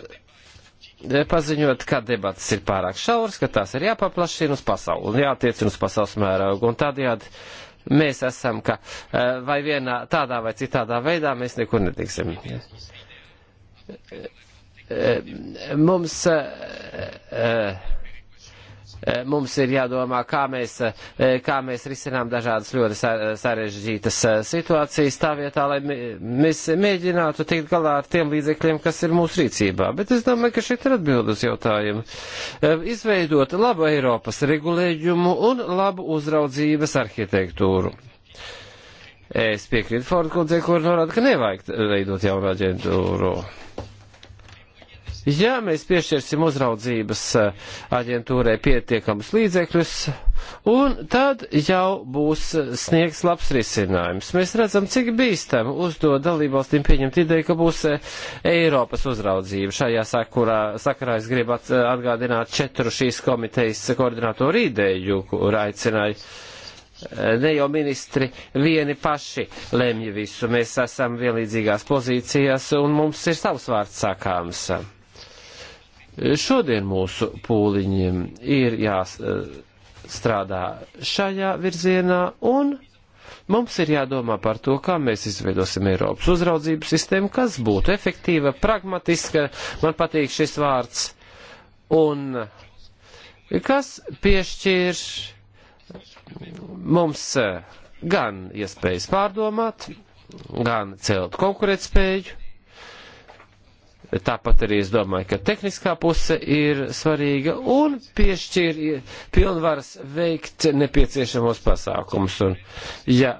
e, paziņot, ka debatas ir pārāk šauras, ka tās ir jāpaplašina uz pasauli un jātiecina uz pasaules mērogu. Un tādējādi mēs esam, ka e, vai vienā tādā vai citādā veidā mēs nekur netiksim. E, mums. Uh, uh, Eh, mums ir jādomā, kā mēs, eh, kā mēs risinām dažādas ļoti sarežģītas eh, situācijas tā vietā, lai mēs mēģinātu tikt galā ar tiem līdzekļiem, kas ir mūsu rīcībā. Bet es domāju, ka šeit ir atbild uz jautājumu. Izveidot labu Eiropas regulējumu un labu uzraudzības arhitektūru. Es piekrītu Ford kundzei, kur norāda, ka nevajag veidot jaunu aģentūru. Ja mēs piešķirsim uzraudzības eh, aģentūrai pietiekamus līdzekļus, un tad jau būs eh, sniegs labs risinājums. Mēs redzam, cik bīstam uzdod dalībvalstīm pieņemt ideju, ka būs eh, Eiropas uzraudzība. Šajā sakurā, sakarā es gribu atgādināt četru šīs komitejas koordinatoru ideju, kur aicināju ne jau ministri vieni paši lemj visu. Mēs esam vienlīdzīgās pozīcijās un mums ir savs vārds sakāms. Šodien mūsu pūliņiem ir jāstrādā e, šajā virzienā un mums ir jādomā par to, kā mēs izveidosim Eiropas uzraudzību sistēmu, kas būtu efektīva, pragmatiska, man patīk šis vārds, un kas piešķir mums e, gan iespējas pārdomāt, gan celt konkurētspēju, Tāpat arī es domāju, ka tehniskā puse ir svarīga un piešķir pilnvaras veikt nepieciešamos pasākumus. Un, ja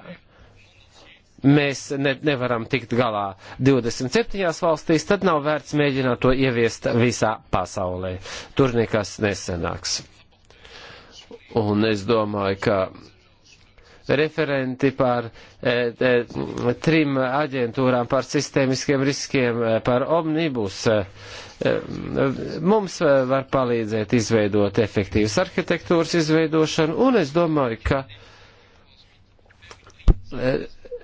mēs ne, nevaram tikt galā 27 valstīs, tad nav vērts mēģināt to ieviest visā pasaulē. Tur nekas nesenāks. Un es domāju, ka referenti par e, e, trim aģentūrām, par sistēmiskiem riskiem, e, par omnibus. Mums var palīdzēt izveidot efektīvas arhitektūras izveidošanu, un es domāju, ka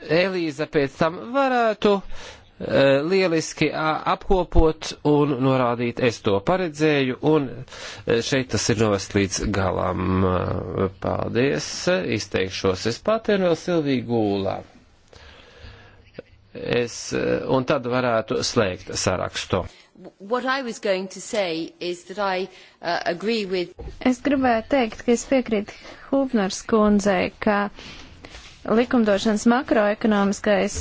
Elīza pēc tam varētu uh, Eh, lieliski apkopot un norādīt, es to paredzēju, un eh, šeit tas ir novest līdz galam. Eh, paldies, izteikšos es pati un vēl Silvija Gūlā. Es, un tad varētu slēgt sarakstu. I, uh, with... Es gribēju teikt, ka es piekrītu Hubners kundzei, ka uh, likumdošanas makroekonomiskais,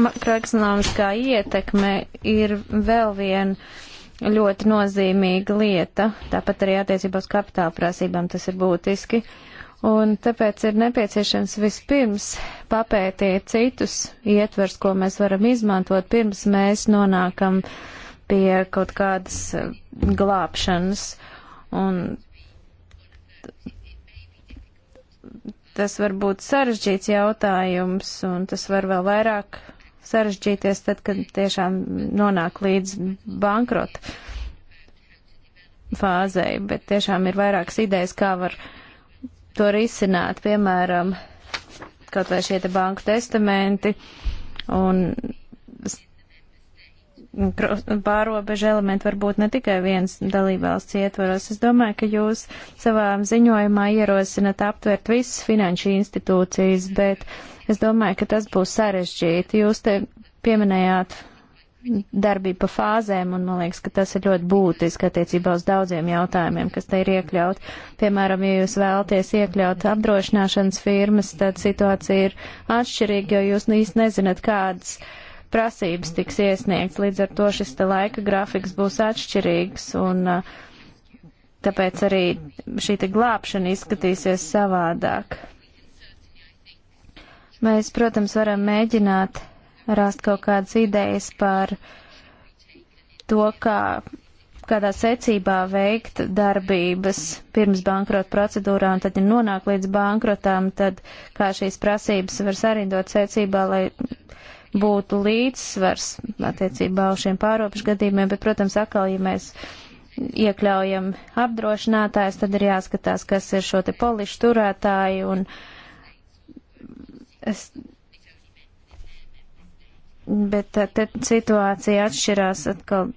makroekonomiskā ietekme ir vēl viena ļoti nozīmīga lieta, tāpat arī attiecībā uz kapitāla prasībām tas ir būtiski. Un tāpēc ir nepieciešams vispirms papētīt citus ietvers, ko mēs varam izmantot, pirms mēs nonākam pie kaut kādas glābšanas. Un tas var būt sarežģīts jautājums, un tas var vēl vairāk sarežģīties tad, kad tiešām nonāk līdz bankrota fāzei, bet tiešām ir vairākas idejas, kā var to risināt, piemēram, kaut vai šie te banku testamenti un pārobežu elementi var būt ne tikai viens dalībvalsts ietvaros. Es domāju, ka jūs savā ziņojumā ierosinat aptvert visas finanšu institūcijas, bet es domāju, ka tas būs sarežģīti. Jūs te pieminējāt darbību pa fāzēm, un man liekas, ka tas ir ļoti būtiski attiecībā uz daudziem jautājumiem, kas te ir iekļaut. Piemēram, ja jūs vēlaties iekļaut apdrošināšanas firmas, tad situācija ir atšķirīga, jo jūs īsti nezināt, kādas uh, prasības tiks iesniegts. Līdz ar to šis te laika grafiks būs atšķirīgs un tāpēc arī šī te glābšana izskatīsies savādāk. Mēs, protams, varam mēģināt rast kaut kādas idejas par to, kā, kādā secībā veikt darbības pirms bankrota procedūrā un tad, ja nonāk līdz bankrotām, tad kā šīs prasības var sarindot secībā, lai būtu līdzsvars attiecībā uz šiem pārobežu gadījumiem, bet, protams, atkal, ja mēs iekļaujam apdrošinātājs, tad ir jāskatās, kas ir šo te polišu turētāji un es. Bet eh, te situācija atšķirās atkal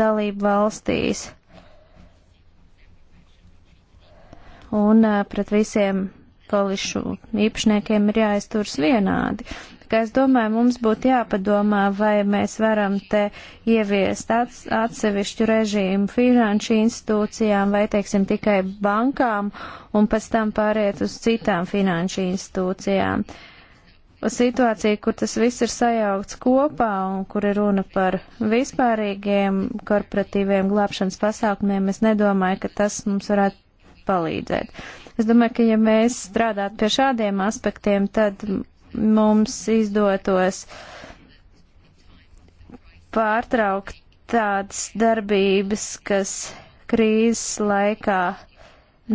dalību valstīs. Un eh, pret visiem polišu īpašniekiem ir jāizturas vienādi ka es domāju, mums būtu jāpadomā, vai mēs varam te ieviest atsevišķu režīmu finanšu institūcijām vai, teiksim, tikai bankām un pēc tam pāriet uz citām finanšu institūcijām. Situācija, kur tas viss ir sajaukts kopā un kur ir runa par vispārīgiem korporatīviem glābšanas pasākumiem, es nedomāju, ka tas mums varētu palīdzēt. Es domāju, ka ja mēs strādātu pie šādiem aspektiem, tad mums izdotos pārtraukt tādas darbības, kas krīzes laikā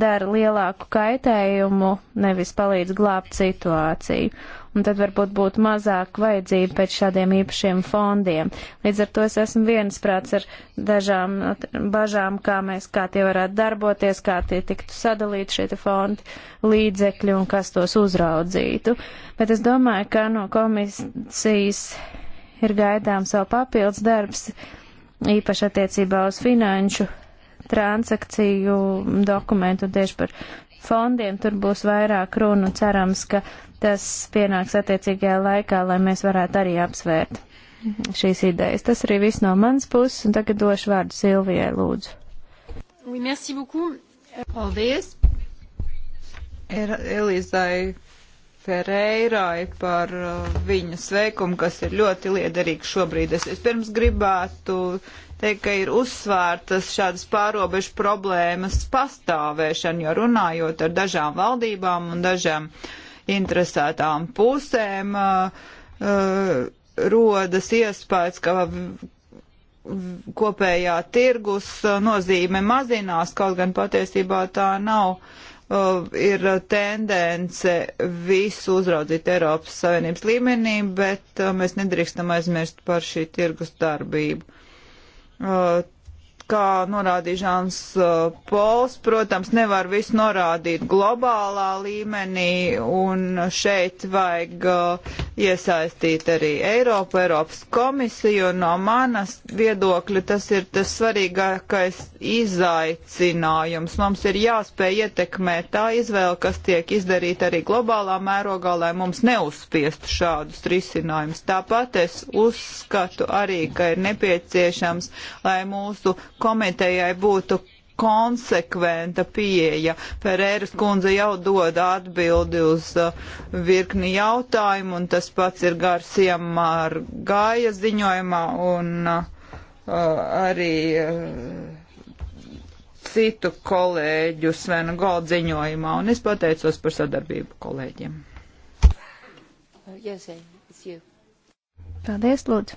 dara lielāku kaitējumu, nevis palīdz glābt situāciju un tad varbūt būtu mazāk vajadzība pēc šādiem īpašiem fondiem. Līdz ar to es esmu viensprāts ar dažām bažām, kā mēs, kā tie varētu darboties, kā tie tiktu sadalīti šie fondi, līdzekļi un kas tos uzraudzītu. Bet es domāju, ka no komisijas ir gaidāms vēl papildus darbs, īpaši attiecībā uz finanšu transakciju dokumentu tieši par fondiem. Tur būs vairāk runu, cerams, ka tas pienāks attiecīgajā laikā, lai mēs varētu arī apsvērt šīs idejas. Tas arī viss no manas puses, un tagad došu vārdu Silvijai, lūdzu. Oui, merci beaucoup. Paldies. Er, Elizai Ferreirai par uh, viņas veikumu, kas ir ļoti liederīgs šobrīd. Es pirms gribētu teikt, ka ir uzsvērtas šādas pārobežu problēmas pastāvēšana, jo runājot ar dažām valdībām un dažām interesētām pusēm, uh, uh, rodas iespējas, ka kopējā tirgus uh, nozīme mazinās, kaut gan patiesībā tā nav. Uh, ir tendence visu uzraudzīt Eiropas Savienības līmenī, bet uh, mēs nedrīkstam aizmirst par šī tirgus darbību uh, kā norādīja Žāns uh, Pols, protams, nevar visu norādīt globālā līmenī, un šeit vajag uh, iesaistīt arī Eiropu, Eiropas komisiju, un no manas viedokļa tas ir tas svarīgākais izaicinājums. Mums ir jāspēj ietekmēt tā izvēle, kas tiek izdarīta arī globālā mērogā, lai mums neuzspiestu šādus risinājumus. Tāpat es uzskatu arī, ka ir nepieciešams, lai mūsu komitejai būtu konsekventa pieeja. Ferēras kundze jau dod atbildi uz uh, virkni jautājumu, un tas pats ir garsiem ar gāja ziņojumā, un uh, arī uh, citu kolēģu Svena Golda ziņojumā, un es pateicos par sadarbību kolēģiem. Uh, yes, Paldies, Lūdzu.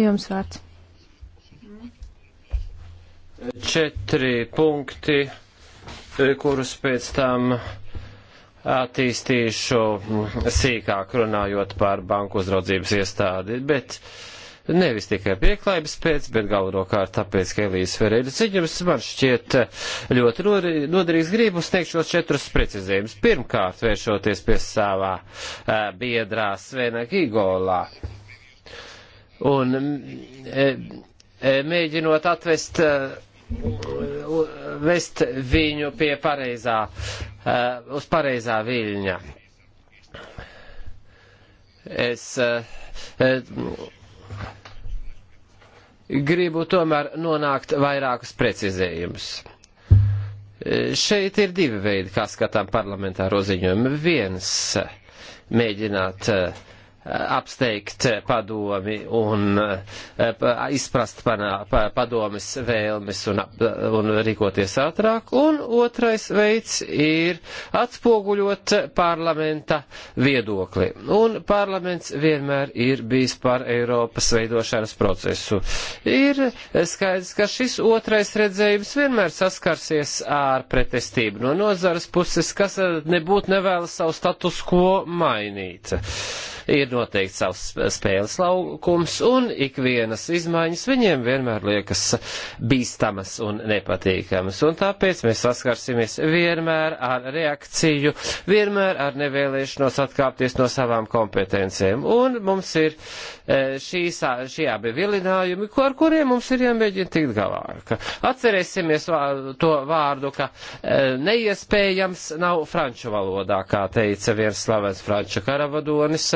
Jums vārds četri punkti, e, kurus pēc tam attīstīšu sīkāk runājot par banku uzraudzības iestādi, bet nevis tikai pieklājības pēc, bet galvenokārt tāpēc, ka Elīzes Ferreira ziņums man šķiet ļoti noderīgs gribu sniegt šos četrus precizējumus. Pirmkārt, vēršoties pie savā e, biedrā Svena Gigolā. Un e, mēģinot atvest vest viņu pie pareizā, eh, uz pareizā viļņa. Es eh, gribu tomēr nonākt vairākus precizējumus. Šeit ir divi veidi, kā skatām parlamentāro ziņojumu. Viens mēģināt uh, apsteigt padomi un eh, izprast panā, padomis vēlmes un, un rīkoties ātrāk. Un otrais veids ir atspoguļot parlamenta viedokli. Un parlaments vienmēr ir bijis par Eiropas veidošanas procesu. Ir skaidrs, ka šis otrais redzējums vienmēr saskarsies ar pretestību no nozares puses, kas eh, nebūtu nevēlas savu status quo mainīt. Uh, ir noteikti savs spēles laukums, un ikvienas izmaiņas viņiem vienmēr liekas bīstamas un nepatīkamas. Un tāpēc mēs saskarsimies vienmēr ar reakciju, vienmēr ar nevēlēšanos atkāpties no savām kompetencijām. Un mums ir e, šīs, šie abi vilinājumi, ar kuriem mums ir jāmēģina tikt galā. Atcerēsimies to vārdu, ka e, neiespējams nav franču valodā, kā teica viens slavens franču karavadonis.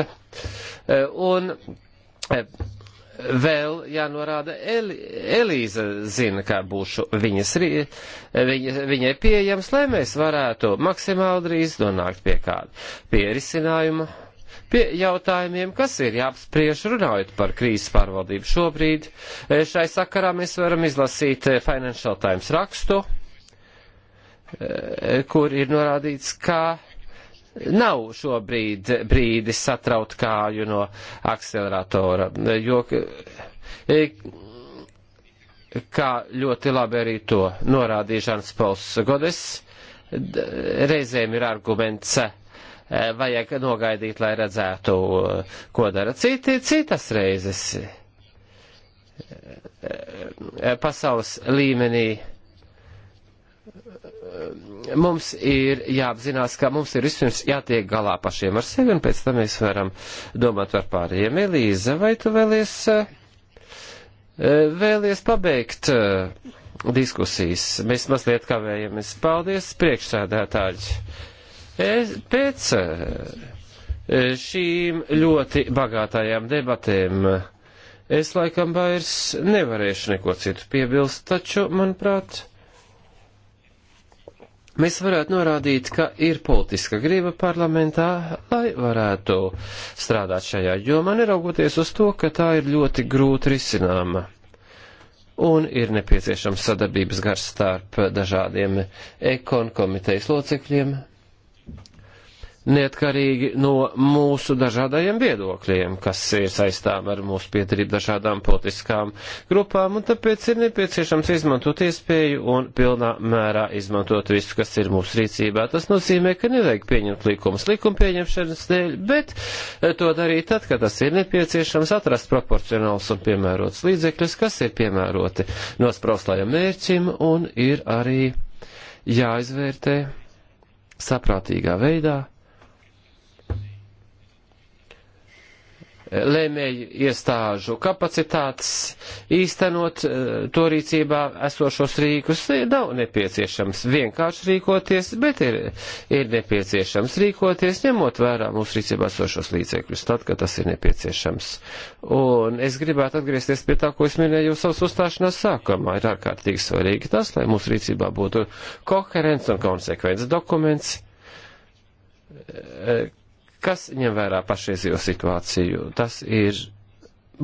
Eh, un eh, vēl jānorāda, Eli, Elīza zina, kā būšu viņas, eh, viņa, viņai pieejams, lai mēs varētu maksimāli drīz nonākt pie kāda pierisinājuma, pie jautājumiem, kas ir jāapspriež runājot par krīzes pārvaldību šobrīd. Šai sakarā mēs varam izlasīt Financial Times rakstu, kur ir norādīts, kā nav šobrīd brīdis satraut kāju no akceleratora, jo e, kā ļoti labi arī to norādīja Žans Pauls Godes, reizēm ir arguments, e, vajag nogaidīt, lai redzētu, ko dara citi, citas reizes e, pasaules līmenī mums ir jāapzinās, ka mums ir vispirms jātiek galā pašiem ar sevi, un pēc tam mēs varam domāt par pārējiem. Elīza, vai tu vēlies, eh, vēlies pabeigt eh, diskusijas? Mēs mazliet kavējamies. Paldies, priekšsēdētāji. Pēc eh, šīm ļoti bagātajām debatēm es laikam vairs nevarēšu neko citu piebilst, taču, manuprāt, mēs varētu norādīt, ka ir politiska griba parlamentā, lai varētu strādāt šajā jomā, neraugoties uz to, ka tā ir ļoti grūti risināma. Un ir nepieciešams sadarbības gars starp dažādiem ekon komitejas locekļiem, neatkarīgi no mūsu dažādajiem viedokļiem, kas ir saistām ar mūsu piedarību dažādām politiskām grupām, un tāpēc ir nepieciešams izmantot iespēju un pilnā mērā izmantot visu, kas ir mūsu rīcībā. Tas nozīmē, ka nevajag pieņemt likumus likuma pieņemšanas dēļ, bet eh, to darīt tad, kad tas ir nepieciešams, atrast proporcionāls un piemērots līdzekļus, kas ir piemēroti nosprauslājam mērķim un ir arī jāizvērtē saprātīgā veidā lēmēju iestāžu kapacitātes īstenot eh, to rīcībā esošos rīkus. Nav nepieciešams vienkārši rīkoties, bet ir, ir nepieciešams rīkoties, ņemot vērā mūsu rīcībā esošos līdzekļus, tad, kad tas ir nepieciešams. Un es gribētu atgriezties pie tā, ko es minēju jau savas uzstāšanās sākumā. Ir ārkārtīgi svarīgi tas, lai mūsu rīcībā būtu koherents un konsekvents dokuments eh, kas ņem vērā pašreizējo situāciju. Tas ir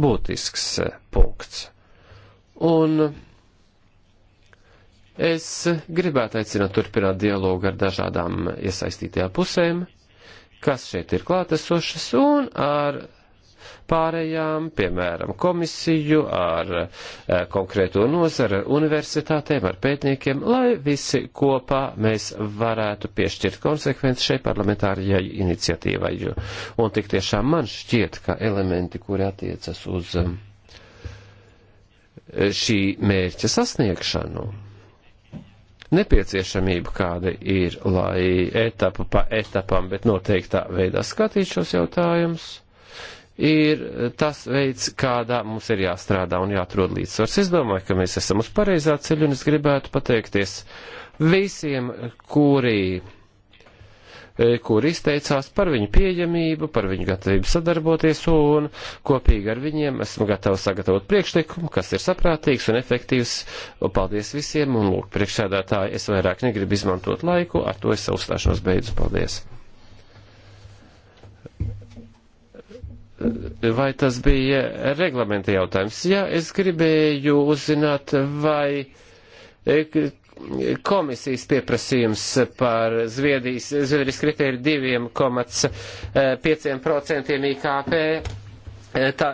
būtisks eh, punkts. Un es gribētu aicināt turpināt dialogu ar dažādām iesaistītajām pusēm, kas šeit ir klātesošas, un ar pārējām, piemēram, komisiju, ar eh, konkrēto nozaru, ar universitātēm, ar pētniekiem, lai visi kopā mēs varētu piešķirt konsekvenci šai parlamentārajai iniciatīvai. Un tik tiešām man šķiet, ka elementi, kuri attiecas uz eh, šī mērķa sasniegšanu, nepieciešamība kāda ir, lai etapu pa etapam, bet noteiktā veidā skatīšos jautājumus ir tas veids, kādā mums ir jāstrādā un jāatrod līdzsvars. Es domāju, ka mēs esam uz pareizā ceļa un es gribētu pateikties visiem, kuri, e, kuri izteicās par viņu pieejamību, par viņu gatavību sadarboties un kopīgi ar viņiem esmu gatavs sagatavot priekšlikumu, kas ir saprātīgs un efektīvs. Un paldies visiem un lūk, priekšsēdētāji, es vairāk negribu izmantot laiku, ar to es savu stāšanos beidzu. Paldies! vai tas bija reglamenta jautājums. Jā, es gribēju uzzināt, vai e, komisijas pieprasījums par Zviedrijas, Zviedrijas kritēriju 2,5% e, IKP. E, tā,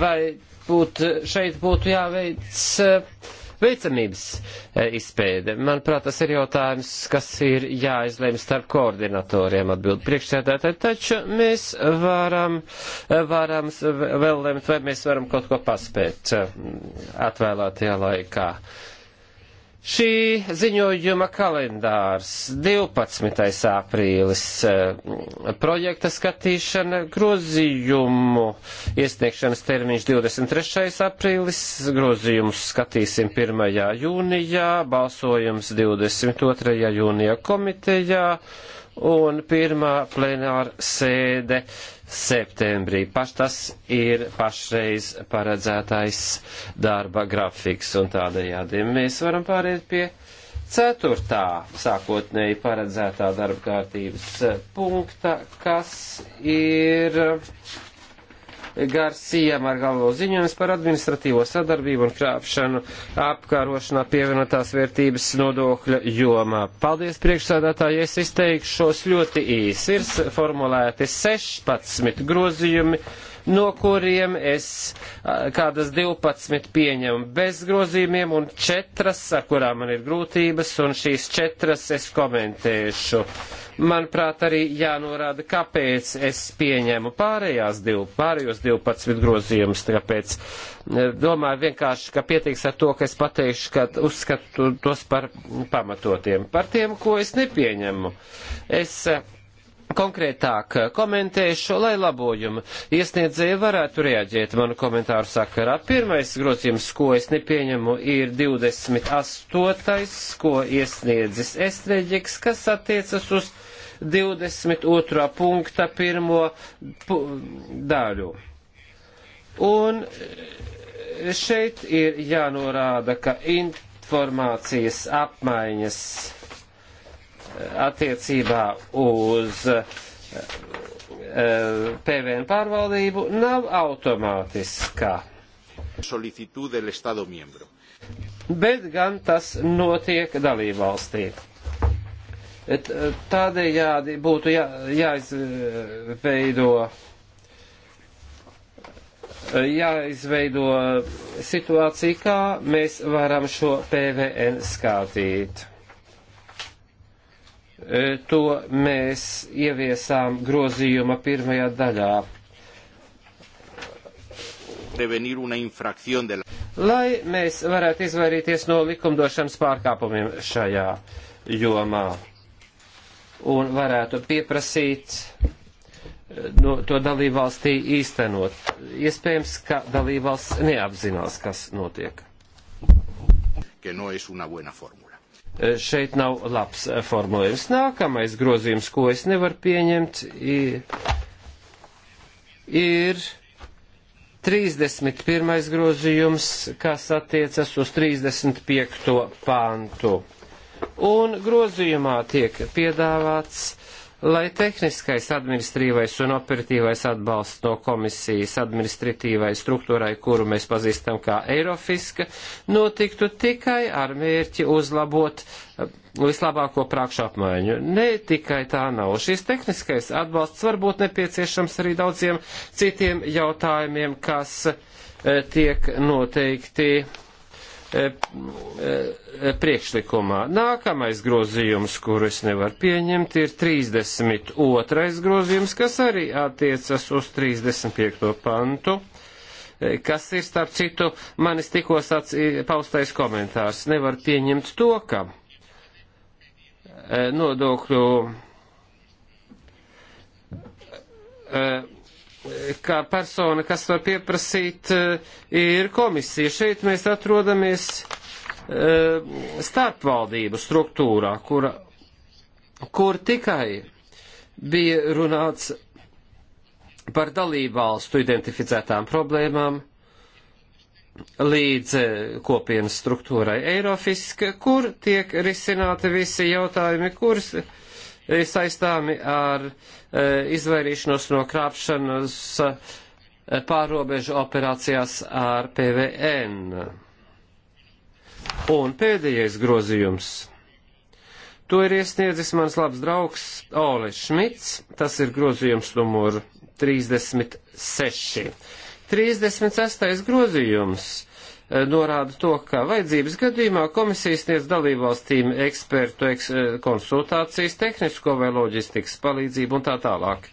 vai būt, šeit būtu jāveic veicamības e, izpēde. Manuprāt, tas ir jautājums, kas ir jāizlēma starp koordinatoriem atbild priekšsēdētāji, taču mēs varam, e, varam vēl lemt, vai mēs varam kaut ko paspēt e, atvēlētajā laikā. Šī ziņojuma kalendārs 12. aprīlis eh, projekta skatīšana, grozījumu iesniegšanas termiņš 23. aprīlis, grozījumus skatīsim 1. jūnijā, balsojums 22. jūnijā komitejā un pirmā plenāra sēde septembrī. Paš tas ir pašreiz paredzētais darba grafiks un tādējādi mēs varam pāriet pie ceturtā sākotnēji paredzētā darba kārtības eh, punkta, kas ir Garcija Margalo ziņojums par administratīvo sadarbību un krāpšanu apkārošanā pievienotās vērtības nodokļa jomā. Paldies priekšsādātāji, es izteikšos ļoti īsi. Ir formulēti 16 grozījumi no kuriem es kādas 12 pieņemu bez grozījumiem un 4, ar kurām man ir grūtības, un šīs 4 es komentēšu. Manuprāt, arī jānorāda, kāpēc es pieņēmu pārējās 12, pārējos 12 grozījumus, tāpēc e, domāju vienkārši, ka pietiks ar to, ka es pateikšu, ka uzskatu tos par pamatotiem. Par tiem, ko es nepieņemu. Es e, konkrētāk komentēšu, lai labojumu iesniedzēji varētu reaģēt manu komentāru sakarā. Pirmais grozījums, ko es nepieņemu, ir 28. ko iesniedzis Estreģiks, kas attiecas uz 22. punkta pirmo pu daļu. Un šeit ir jānorāda, ka informācijas apmaiņas attiecībā uz eh, eh, PVN pārvaldību nav automātiskā. Solicitud del Estado miembro. Bet gan tas notiek dalībvalstī. Eh, tādējādi būtu jā, jāizveido, jāizveido situācija, kā mēs varam šo PVN skatīt. E, to mēs ieviesām grozījuma pirmajā daļā. Lai mēs varētu izvairīties no likumdošanas pārkāpumiem šajā jomā un varētu pieprasīt e, no, to dalībvalstī īstenot. Iespējams, ka dalībvalsts neapzinās, kas notiek. Que no es una buena forma šeit nav labs formulējums. Nākamais grozījums, ko es nevaru pieņemt, ir, ir 31. grozījums, kas attiecas uz 35. pāntu. Un grozījumā tiek piedāvāts lai tehniskais, administrīvais un operatīvais atbalsts no komisijas administratīvai struktūrai, kuru mēs pazīstam kā Eirofiska, notiktu tikai ar mērķi uzlabot eh, vislabāko prākšu apmaiņu. Ne tikai tā nav. Šis tehniskais atbalsts var būt nepieciešams arī daudziem citiem jautājumiem, kas eh, tiek noteikti E, e, e, priekšlikumā. Nākamais grozījums, kuru es nevaru pieņemt, ir 32. grozījums, kas arī attiecas uz 35. pantu, kas ir, starp citu, manis tikko paustais komentārs. Nevar pieņemt to, ka nodokļu kā persona, kas var pieprasīt, eh, ir komisija. Šeit mēs atrodamies eh, starpvaldību struktūrā, kura, kur tikai bija runāts par dalībvalstu identificētām problēmām līdz eh, kopienas struktūrai Eirofiska, kur tiek risināti visi jautājumi, kuras saistāmi ar e, izvairīšanos no krāpšanas e, pārobežu operācijās ar PVN. Un pēdējais grozījums. To ir iesniedzis mans labs draugs Ole Šmits. Tas ir grozījums numur 36. 36. grozījums Eh, norāda to, ka vajadzības gadījumā komisijas sniedz dalībvalstīm ekspertu eks, eh, konsultācijas, tehnisko vai loģistikas palīdzību un tā tālāk.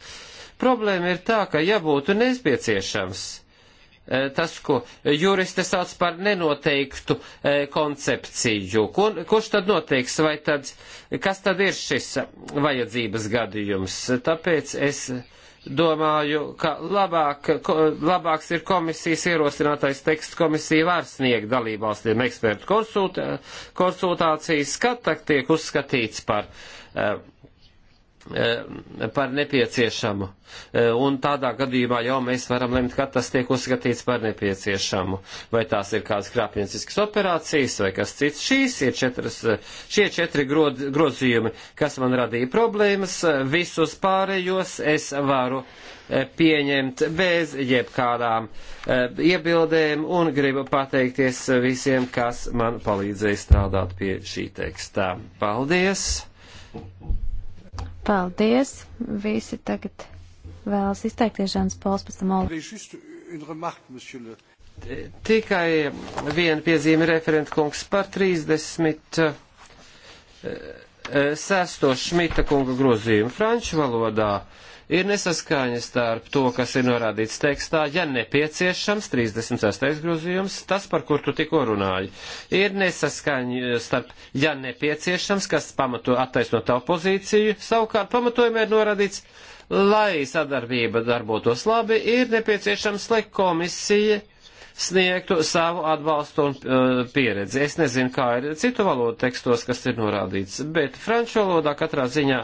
Problēma ir tā, ka ja būtu nepieciešams eh, tas, ko juristi sauc par nenoteiktu koncepciju, kur, kurš tad noteiks, vai tad, kas tad ir šis vajadzības gadījums? Tāpēc es domāju, ka labāk, labāks ir komisijas ierosinātais teksts. Komisija var sniegt dalībvalstīm ekspertu konsultā, konsultācijas, kad tak tiek uzskatīts par uh, Eh, par nepieciešamu. Eh, un tādā gadījumā jau mēs varam lemt, kad tas tiek uzskatīts par nepieciešamu. Vai tās ir kādas krāpnieciskas operācijas vai kas cits. Šīs ir četras, šie četri grod, grozījumi, kas man radīja problēmas. Visus pārējos es varu eh, pieņemt bez jebkādām iebildēm un gribu pateikties visiem, kas man palīdzēja strādāt pie šī tekstā. Paldies! Thank you. Paldies! Visi tagad vēlas izteikties Žāns Pols, pēc tam Olga. Tikai viena piezīme referenta kungs par 30. Eh, eh, sesto Šmita kunga grozījumu franču valodā. Uh, ir nesaskaņa starp to, kas ir norādīts tekstā, ja nepieciešams, 36. grozījums, tas, par kur tu tikko runāji, ir nesaskaņa starp, ja nepieciešams, kas pamato attaisno tavu pozīciju, savukārt pamatojumā ir norādīts, lai sadarbība darbotos labi, ir nepieciešams, lai komisija sniegtu savu atbalstu un uh, pieredzi. Es nezinu, kā ir citu valodu tekstos, kas ir norādīts, bet franču valodā katrā ziņā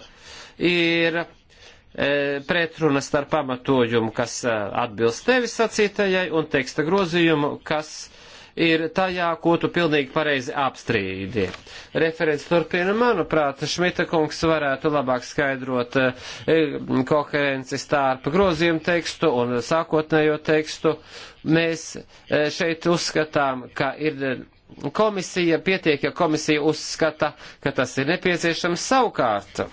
ir E, pretruna starp pamatojumu, kas e, atbilst tevis sacītajai, un teksta grozījumu, kas ir tajā, ko tu pilnīgi pareizi apstrīdi. Referents turpina, manuprāt, Šmita kungs varētu labāk skaidrot e, koherenci starp grozījumu tekstu un sākotnējo tekstu. Mēs šeit uzskatām, ka ir komisija, pietiek, ja komisija uzskata, ka tas ir nepieciešams savukārt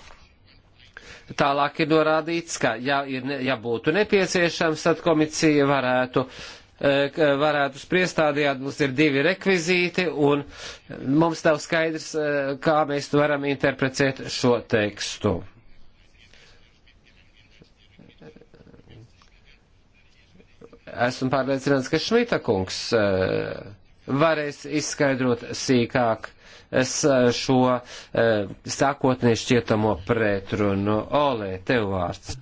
Tālāk ir norādīts, ka, ja, ir, ja būtu nepieciešams, tad komisija varētu e, varētu spriest tādējādi, mums ir divi rekvizīti, un mums nav skaidrs, e, kā mēs varam interpretēt šo tekstu. Esmu pārliecināts, ka Šmita kungs e, varēs izskaidrot sīkāk Eh, šo eh, sākotnēji šķietamo pretrunu. Olē, tev vārds.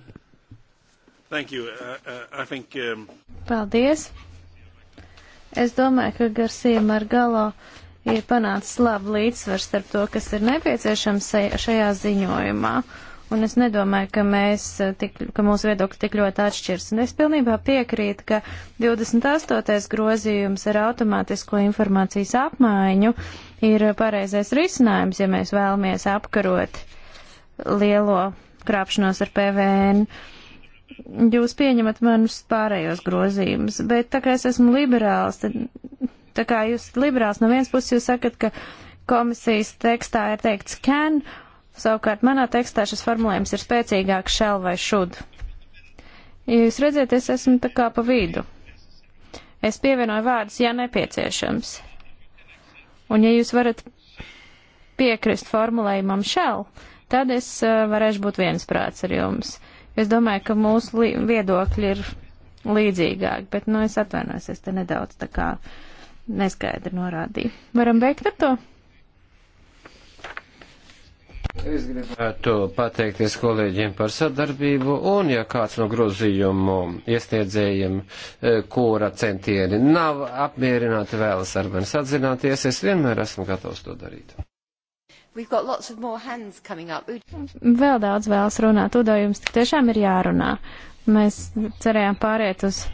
Thank you. Uh, uh I think, um... Paldies. Es domāju, ka Garcija Margalo ir panācis labu līdzsvaru starp to, kas ir nepieciešams šajā ziņojumā. Un es nedomāju, ka, mēs, eh, tik, ka mūsu viedokļi tik ļoti atšķirs. Un es pilnībā piekrītu, ka 28. grozījums ar automātisko informācijas apmaiņu uh, ir pareizais risinājums, ja mēs vēlamies apkarot lielo krāpšanos ar PVN. Jūs pieņemat manus pārējos grozījumus, bet tā kā es esmu liberāls, tad tā kā jūs liberāls no vienas puses jūs sakat, ka komisijas tekstā ir teikts can, savukārt manā tekstā šis formulējums ir spēcīgāks shall vai should. Ja jūs redzat, es esmu tā kā pa vidu. Es pievienoju vārdus, ja nepieciešams. Un ja jūs varat piekrist formulējumam shall, tad es uh, varēšu būt viensprāts ar jums. Es domāju, ka mūsu viedokļi ir līdzīgāk, bet, nu, es atvainojos, es te nedaudz tā kā neskaidri norādīju. Varam beigt ar to? Es gribētu pateikties kolēģiem par sadarbību, un ja kāds no grozījumu iesniedzējiem, eh, kura centieni nav apmierināti, vēlas ar mani sadzināties, es vienmēr esmu gatavs to darīt. Vēl daudz vēlas runāt, Udo, jums tiešām ir jārunā. Mēs cerējām pāriet uz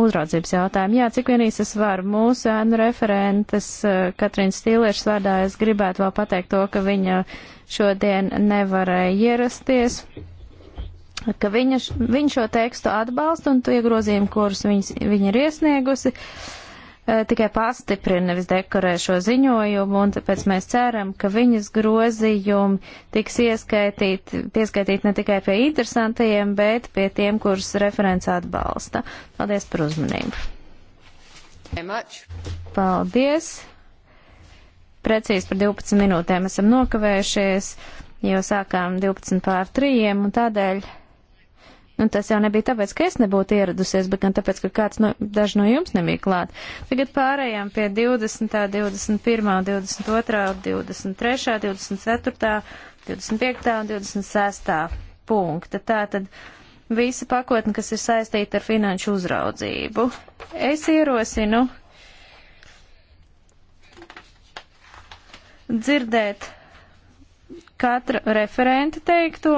uzraudzības jautājumu. Jā, cik vienīs es varu. Mūsu ēnu referentes eh, Katrīnas Stīlieša vārdā es gribētu vēl pateikt to, ka viņa šodien nevarēja ierasties, ka viņa, viņa šo tekstu atbalsta un tie grozījumi, kurus viņas, viņa ir iesniegusi. Uh, Eh, tikai pastiprina, nevis dekorē šo ziņojumu, un tāpēc mēs ceram, ka viņas grozījumi tiks ieskaitīti, pieskaitīti ne tikai pie interesantajiem, bet pie tiem, kurus referents atbalsta. Paldies par uzmanību. Paldies. Precīzi par 12 minūtēm esam nokavējušies, jo sākām 12 pār 3, un tādēļ Un nu, tas jau nebija tāpēc, ka es nebūtu ieradusies, bet gan tāpēc, ka kāds no, daži no jums nebija klāt. Tagad pārējām pie 20., 21., 22., 23., 24., 25. un 26. punkta. Tātad visa pakotne, kas ir saistīta ar finanšu uzraudzību. Es ierosinu dzirdēt katra referenta teikto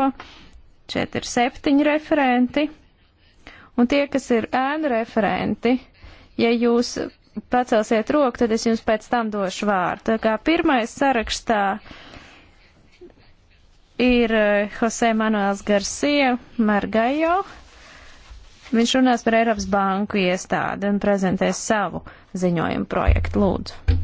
Šeit ir septiņi referenti. Un tie, kas ir ēnu referenti, ja jūs pacelsiet roku, tad es jums pēc tam došu vārdu. Tā kā pirmais sarakstā ir eh, Jose Manuels Garcia Margajo. Viņš runās par Eiropas banku iestādi un prezentēs savu ziņojumu projektu. Lūdzu.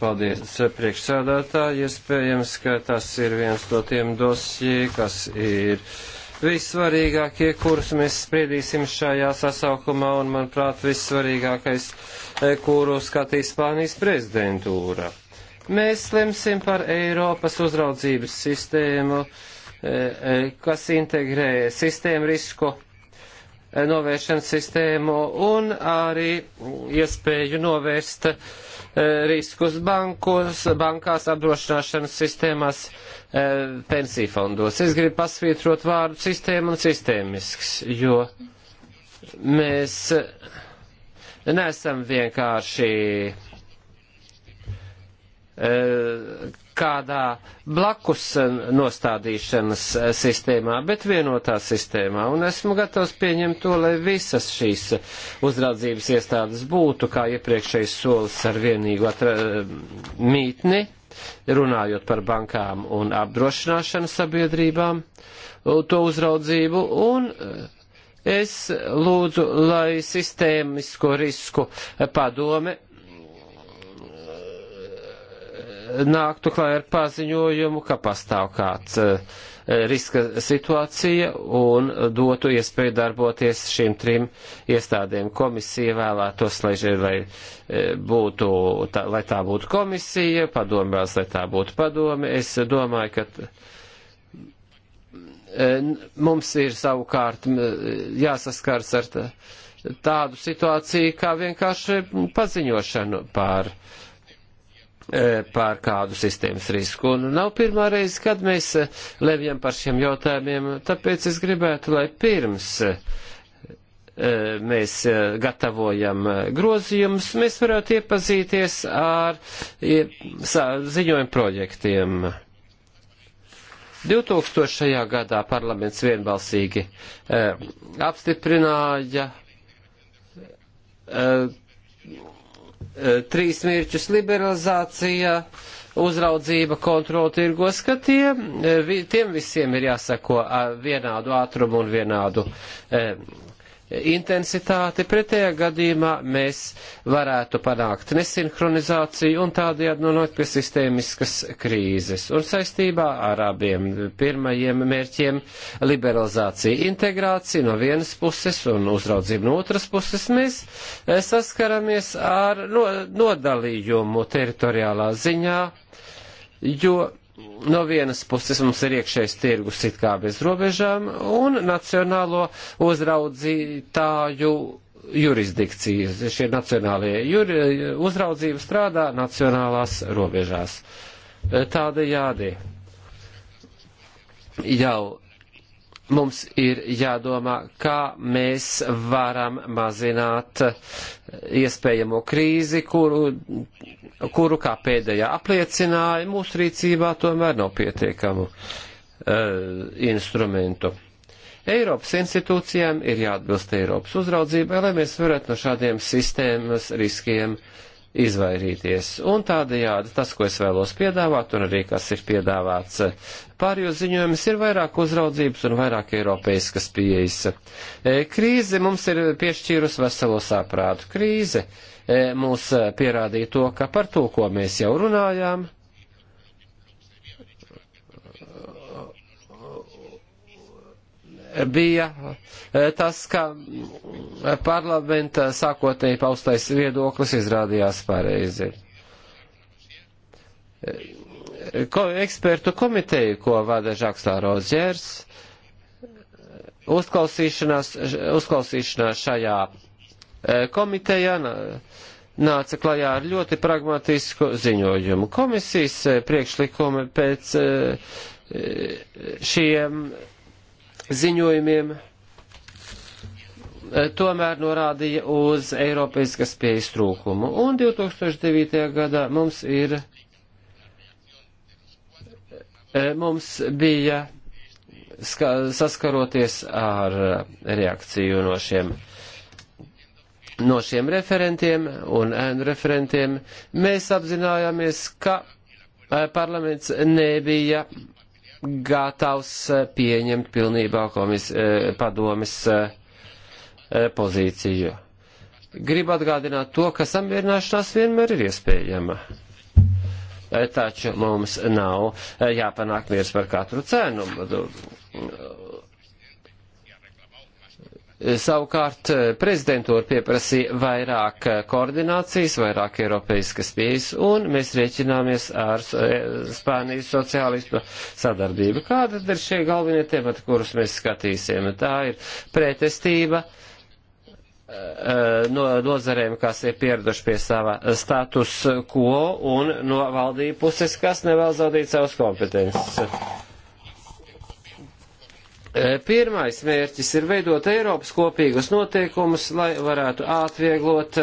Paldies, priekšsēdētāji. Iespējams, ka tas ir viens no tiem dosjē, kas ir vissvarīgākie, kurus mēs spriedīsim šajā sasaukumā, un, manuprāt, vissvarīgākais, e, kuru skatīs Spānijas prezidentūra. Mēs lemsim par Eiropas uzraudzības sistēmu, e, e, kas integrē sistēmu risku novēršanas sistēmu un arī iespēju novērst uh, Eh, riskus bankos, bankās, apdrošināšanas sistēmās, eh, pensiju fondos. Es gribu pasvītrot vārdu sistēma un sistēmisks, jo mēs nesam vienkārši eh, kādā blakus eh, nostādīšanas eh, sistēmā, bet vienotā sistēmā. Un esmu gatavs pieņemt to, lai visas šīs uzraudzības iestādes būtu, kā iepriekšējais solis ar vienīgu atra... Eh, mītni, runājot par bankām un apdrošināšanas sabiedrībām, to uzraudzību un Es lūdzu, lai sistēmisko risku padome nāktu klāj ar paziņojumu, ka pastāv kāds e, riska situācija un dotu iespēju darboties šīm trim iestādēm. Komisija vēlētos, lai, lai, e, būtu, tā, lai tā būtu komisija, padomu vēlas, lai tā būtu padome. Es domāju, ka e, mums ir savukārt jāsaskars ar tādu situāciju kā vienkārši paziņošanu pār uh, E, pār kādu sistēmas risku. Un nav pirmā reize, kad mēs e, lemjam par šiem jautājumiem, tāpēc es gribētu, lai pirms e, mēs gatavojam grozījumus, mēs varētu iepazīties ar ziņojumu projektiem. 2000. gadā parlaments vienbalsīgi apstiprināja Eh, trīs mērķus - liberalizācija, uzraudzība, kontrola tirgos, ka tie, eh, tiem visiem ir jāsako eh, vienādu ātrumu un vienādu intensitāti, pretējā gadījumā mēs varētu panākt nesinhronizāciju un tādējādi nonākt pie sistēmiskas krīzes. Un saistībā ar abiem pirmajiem mērķiem - liberalizācija, integrācija no vienas puses un uzraudzība no otras puses, mēs eh, saskaramies ar no, nodalījumu teritoriālā ziņā, jo no vienas puses mums ir iekšējais tirgus it kā bez robežām un nacionālo uzraudzītāju jurisdikcijas. Šie nacionālie juri, uzraudzība strādā nacionālās robežās. Tāda jādi. Jau mums ir jādomā, kā mēs varam mazināt iespējamo krīzi, kuru kuru kā pēdējā apliecināja, mūsu rīcībā tomēr nav pietiekamu uh, instrumentu. Eiropas institūcijām ir jāatbilst Eiropas uzraudzībai, lai mēs varētu no šādiem sistēmas riskiem izvairīties. Un tādējādi tas, ko es vēlos piedāvāt, un arī kas ir piedāvāts pārējo ziņojumus, ir vairāk uzraudzības un vairāk eiropeiskas pieejas. Eh, krīze mums ir piešķīrusi veselo saprātu. Krīze uh, E, mūs e, pierādīja to, ka par to, ko mēs jau runājām, bija e, tas, ka parlamenta sākotnēji paustais viedoklis izrādījās pareizi. Ko, ekspertu komiteju, ko vada Žakstā Rodžers, uzklausīšanās, uzklausīšanās šajā E, komitejā nāca klajā ar ļoti pragmatisku ziņojumu. Komisijas e, priekšlikumi pēc e, šiem ziņojumiem tomēr norādīja uz Eiropiskas pieejas trūkumu. Un 2009. gadā mums ir, mums bija ska, saskaroties ar reakciju no šiem uh, no šiem referentiem un ēnu referentiem mēs apzinājāmies, ka eh, parlaments nebija gatavs eh, pieņemt pilnībā komis, eh, padomis pozīciju. Gribu atgādināt to, ka samierināšanās vienmēr ir iespējama. Taču mums nav jāpanāk miers par katru cenu. Savukārt eh, prezidentūra pieprasīja vairāk eh, koordinācijas, vairāk eiropeiskas pieejas, un mēs rēķināmies ar eh, Spānijas sociālistu sadarbību. Kāda ir šie galvenie temati, kurus mēs skatīsim? Tā ir pretestība no nozarēm, kas ir pieraduši pie sava status quo, un no valdību puses, kas nevēl zaudīt savas kompetences. E, pirmais mērķis ir veidot Eiropas kopīgus noteikumus, lai varētu atvieglot e,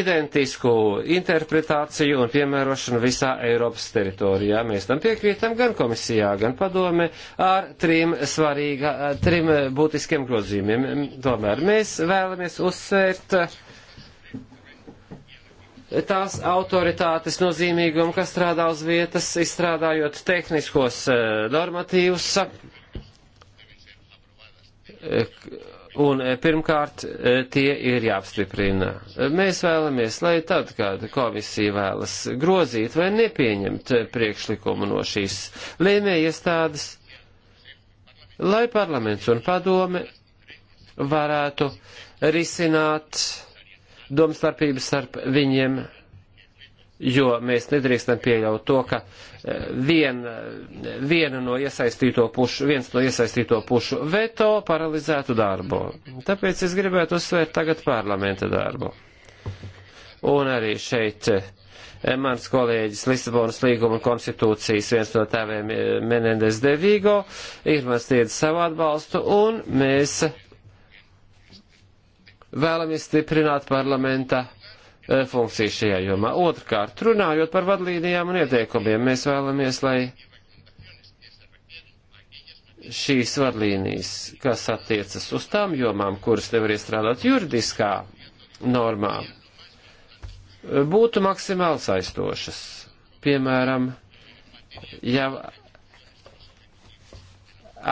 identisku interpretāciju un piemērošanu visā Eiropas teritorijā. Mēs tam piekrītam gan komisijā, gan padome ar trim svarīga, e, trim būtiskiem grozījumiem. Tomēr mēs vēlamies uzsvērt tās autoritātes nozīmīgumu, kas strādā uz vietas, izstrādājot tehniskos normatīvus Un eh, pirmkārt, eh, tie ir jāapstiprina. Eh, mēs vēlamies, lai tad, kad komisija vēlas grozīt vai nepieņemt priekšlikumu no šīs lēmēja iestādes, lai parlaments un padome varētu risināt domstarpības starp viņiem jo mēs nedrīkstam pieļaut to, ka eh, vien, viena no iesaistīto pušu, viens no iesaistīto pušu veto paralizētu darbu. Tāpēc es gribētu uzsvērt tagad parlamenta darbu. Un arī šeit eh, mans kolēģis Lisabonas līguma konstitūcijas viens no tēviem eh, Menendes de Vigo ir man stiedz savu atbalstu un mēs vēlamies stiprināt parlamenta uh, Eh, funkcija šajā jomā. Otrkārt, runājot par vadlīnijām un ieteikumiem, mēs vēlamies, lai šīs vadlīnijas, kas attiecas uz tām jomām, kuras nevar iestrādāt juridiskā normā, būtu maksimāli saistošas. Piemēram, ja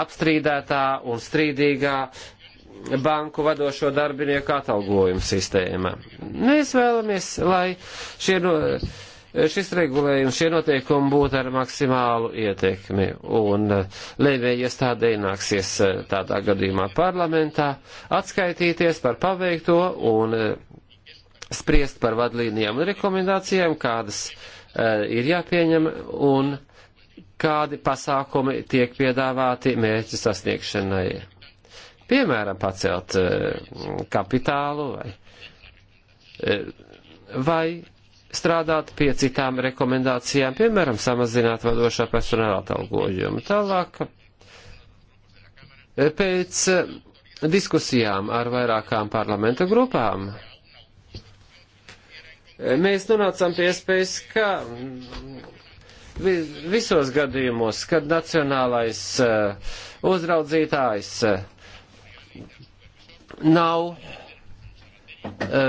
apstrīdētā un strīdīgā banku vadošo darbinieku atalgojumu sistēmā. Mēs vēlamies, lai šie, no, šis regulējums, šie noteikumi būtu ar maksimālu ietekmi, un lēmēji iestādē nāksies e, tādā gadījumā parlamentā atskaitīties par paveikto un e, spriest par vadlīnijām un rekomendācijām, kādas uh, ir jāpieņem un kādi pasākumi tiek piedāvāti mērķu sasniegšanai piemēram, pacelt e, kapitālu vai, e, vai strādāt pie citām rekomendācijām, piemēram, samazināt vadošā personāla atalgojumu. Tālāk, e, pēc diskusijām ar vairākām parlamenta grupām, mēs nonācām pie iespējas, ka visos gadījumos, kad nacionālais uzraudzītājs nav e,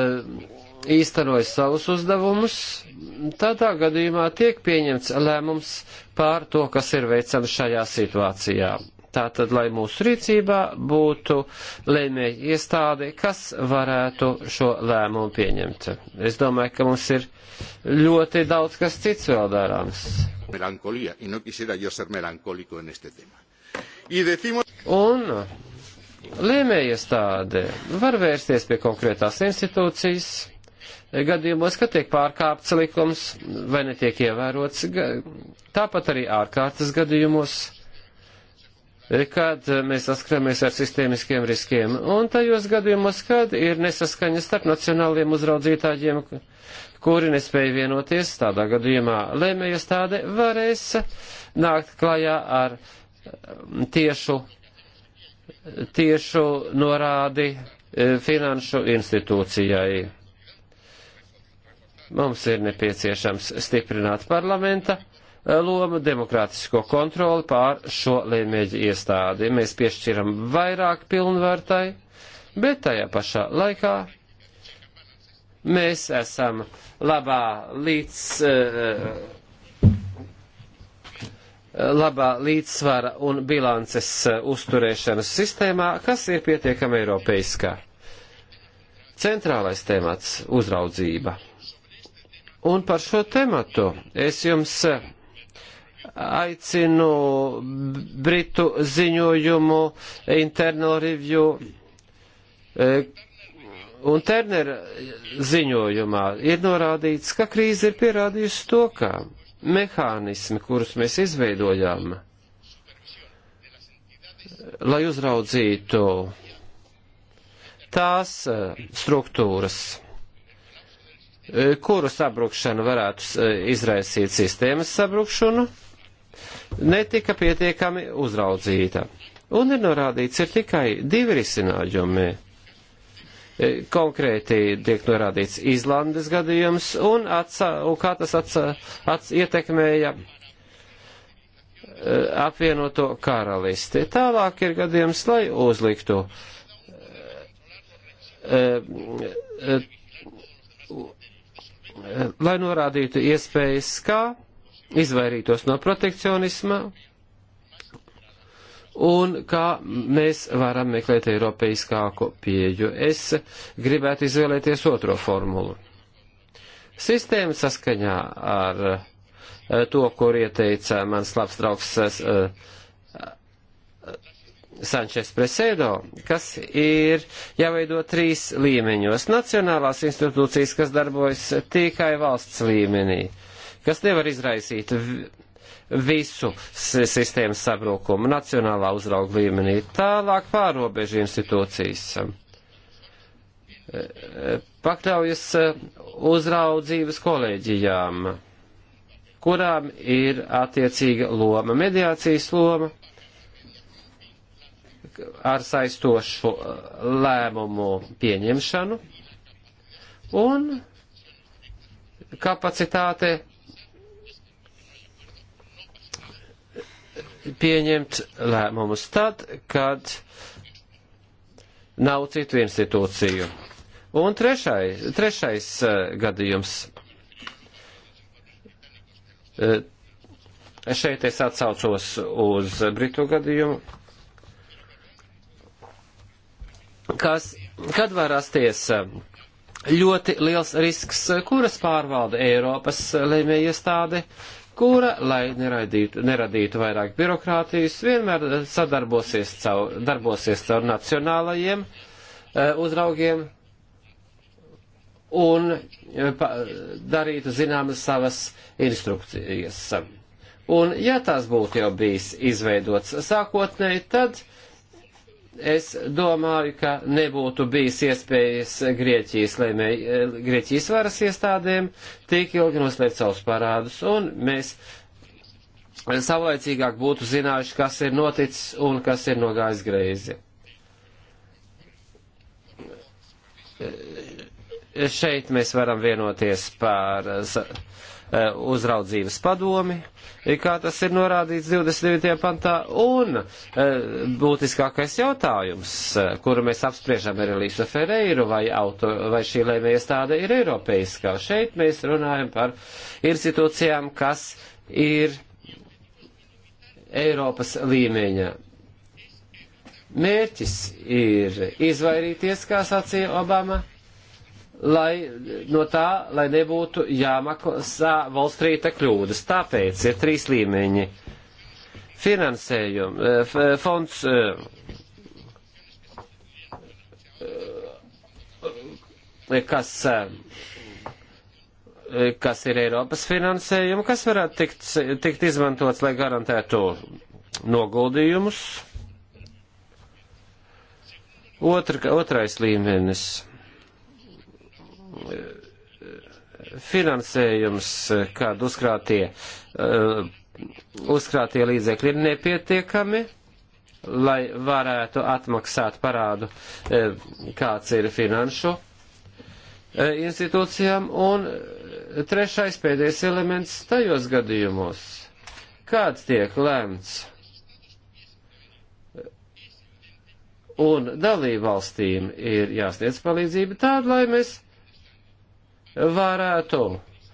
īstenojis savus uzdevumus, tādā gadījumā tiek pieņemts lēmums pār to, kas ir veicams šajā situācijā. Tātad, lai mūsu rīcībā būtu lēmēji iestādi, kas varētu šo lēmumu pieņemt. Es domāju, ka mums ir ļoti daudz kas cits vēl darāms. Un Lēmējiestāde var vērsties pie konkrētās institūcijas gadījumos, kad tiek pārkāpts likums vai netiek ievērots, tāpat arī ārkārtas gadījumos, kad mēs saskaramies ar sistēmiskiem riskiem, un tajos gadījumos, kad ir nesaskaņa starp nacionāliem uzraudzītājiem, kuri nespēja vienoties, tādā gadījumā lēmējiestāde varēs nākt klajā ar tiešu tiešu norādi e, finanšu institūcijai. Mums ir nepieciešams stiprināt parlamenta e, lomu demokrātisko kontroli pār šo lēmēģi iestādi. Mēs piešķiram vairāk pilnvērtai, bet tajā pašā laikā mēs esam labā līdz. Uh, labā līdzsvara un bilances eh, uzturēšanas sistēmā, kas ir pietiekami eiropeiskā. Centrālais temats - uzraudzība. Un par šo tematu es jums eh, aicinu Britu ziņojumu internal review eh, un Ternera ziņojumā ir norādīts, ka krīze ir pierādījusi to, ka mehānismi, kurus mēs izveidojām, lai uzraudzītu tās eh, struktūras, eh, kuru sabrukšana varētu eh, izraisīt sistēmas sabrukšanu, netika pietiekami uzraudzīta. Un ir norādīts, ir tikai divi risinājumi E, konkrēti tiek norādīts Izlandes gadījums un, atsa, un kā tas atsa, ats, ietekmēja e, apvienoto karalisti. Tālāk ir gadījums, lai uzliktu e, lai norādītu iespējas, kā izvairītos no protekcionisma un kā mēs varam meklēt eiropeiskāko pieju. Es gribētu izvēlēties otro formulu. Sistēma saskaņā ar eh, to, kur ieteica mans labs draugs eh, Sančes Presēdo, kas ir jāveido trīs līmeņos. Nacionālās institūcijas, kas darbojas tikai valsts līmenī, kas nevar izraisīt visu sistēmas sabrukumu nacionālā uzrauga līmenī, tālāk pārobežu institūcijas. Pakļaujas eh, uzraudzības kolēģijām, kurām ir attiecīga loma, mediācijas loma ar saistošu eh, lēmumu pieņemšanu un kapacitāte pieņemt lēmumus tad, kad nav citu institūciju. Un trešais, trešais eh, gadījums. Eh, šeit es atsaucos uz Britu gadījumu, kas, kad var rasties eh, ļoti liels risks, kuras pārvalda Eiropas lēmējiestāde, iestāde kura, lai neradītu, neradītu vairāk birokrātijas, vienmēr sadarbosies caur, darbosies caur nacionālajiem eh, uzraugiem un eh, darītu zināmas savas instrukcijas. Un ja tās būtu jau bijis izveidots sākotnēji, tad Es domāju, ka nebūtu bijis iespējas Grieķijas, lēmē, Grieķijas varas iestādēm tik ilgi noslēgt savus parādus, un mēs savlaicīgāk būtu zinājuši, kas ir noticis un kas ir nogājis greizi. Šeit mēs varam vienoties par. Uh, Eh, uzraudzības padomi, kā tas ir norādīts 29. pantā, un eh, būtiskākais jautājums, eh, kuru mēs apspriežam ar Elīšu Ferreiru, vai, auto, vai šī lēmē iestāde ir eiropeiskā. Šeit mēs runājam par institūcijām, kas ir Eiropas līmeņa mērķis ir izvairīties, kā sacīja Obama, lai no tā, lai nebūtu jāmaksā valstrīta kļūdas. Tāpēc ir trīs līmeņi. Finansējumi, eh, eh, fonds, eh, kas, kas ir Eiropas finansējumi, kas varētu tikt, tikt izmantots, lai garantētu noguldījumus. Otra, otrais līmenis finansējums, kādu uzkrātie, eh, uzkrātie līdzekļi ir nepietiekami, lai varētu atmaksāt parādu, eh, kāds ir finanšu eh, institūcijām, un trešais pēdējais elements tajos gadījumos, kāds tiek lēmts un dalībvalstīm ir jāsniedz palīdzība tāda, lai mēs varētu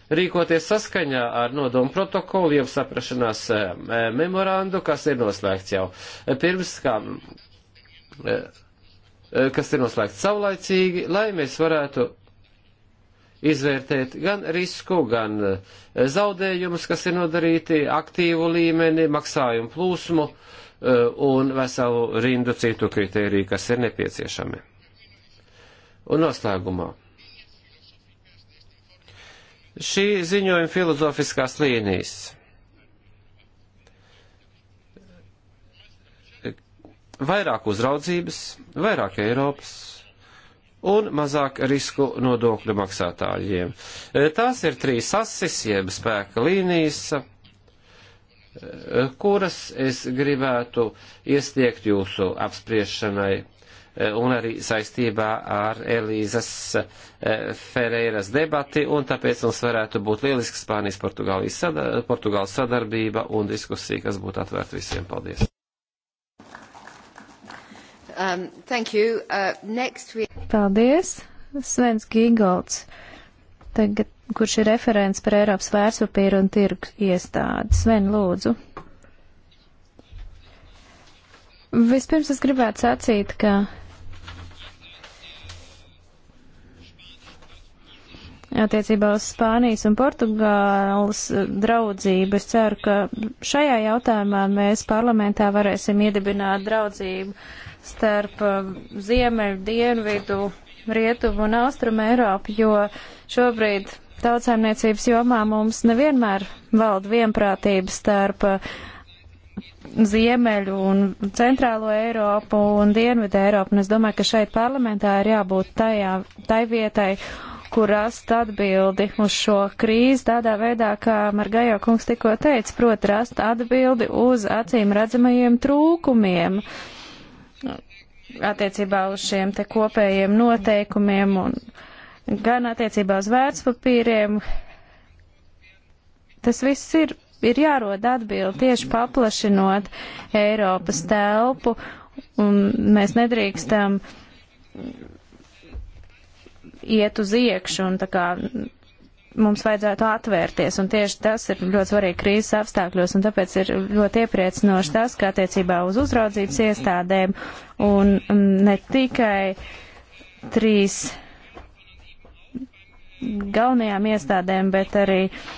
rīkoties saskaņā ar nodomu protokolu, jeb saprašanās eh, memorandu, kas ir noslēgts jau pirms, kā, eh, eh, kas ir noslēgts saulaicīgi, lai mēs varētu izvērtēt gan risku, gan zaudējumus, kas ir nodarīti, aktīvu līmeni, maksājumu plūsmu un veselu rindu citu kritēriju, kas ir nepieciešami. Un noslēgumā Šī ziņojuma filozofiskās līnijas. Vairāk uzraudzības, vairāk Eiropas un mazāk risku nodokļu maksātājiem. E, tās ir trīs asis, jeb spēka līnijas, e, kuras es gribētu iestiekt jūsu apspriešanai Eh, un arī saistībā ar Elīzas eh, Ferreiras debati, un tāpēc mums varētu būt lieliska Spānijas-Portugāles sada sadarbība un diskusija, kas būtu atvērta visiem. Paldies! Um, thank you. Uh, next we... Paldies! Svens Gīgolds, tagad, kurš ir referents par Eiropas vērtspapīru un tirgu iestādi. Sven, lūdzu! Vispirms es gribētu sacīt, ka attiecībā uz Spānijas un Portugāles draudzību. Es ceru, ka šajā jautājumā mēs parlamentā varēsim iedibināt draudzību starp um, ziemeļu, dienvidu, rietumu un austrumu Eiropu, jo šobrīd tautsēmniecības jomā mums nevienmēr valda vienprātība starp uh, ziemeļu un centrālo Eiropu un dienvidu Eiropu. Un es domāju, ka šeit parlamentā ir jābūt tajā, tai vietai, kur rast atbildi uz šo krīzi tādā veidā, kā Margajo kungs tikko teica, proti rast atbildi uz acīm redzamajiem trūkumiem attiecībā uz šiem te kopējiem noteikumiem un gan attiecībā uz vērtspapīriem. Tas viss ir ir jārod atbildi tieši paplašinot Eiropas telpu, un mēs nedrīkstam iet uz iekšu un tā kā mums vajadzētu atvērties, un tieši tas ir ļoti svarīgi krīzes apstākļos, un tāpēc ir ļoti iepriecinoši tas, ka attiecībā uz uzraudzības iestādēm un mm, ne tikai trīs galvenajām iestādēm, bet arī uh,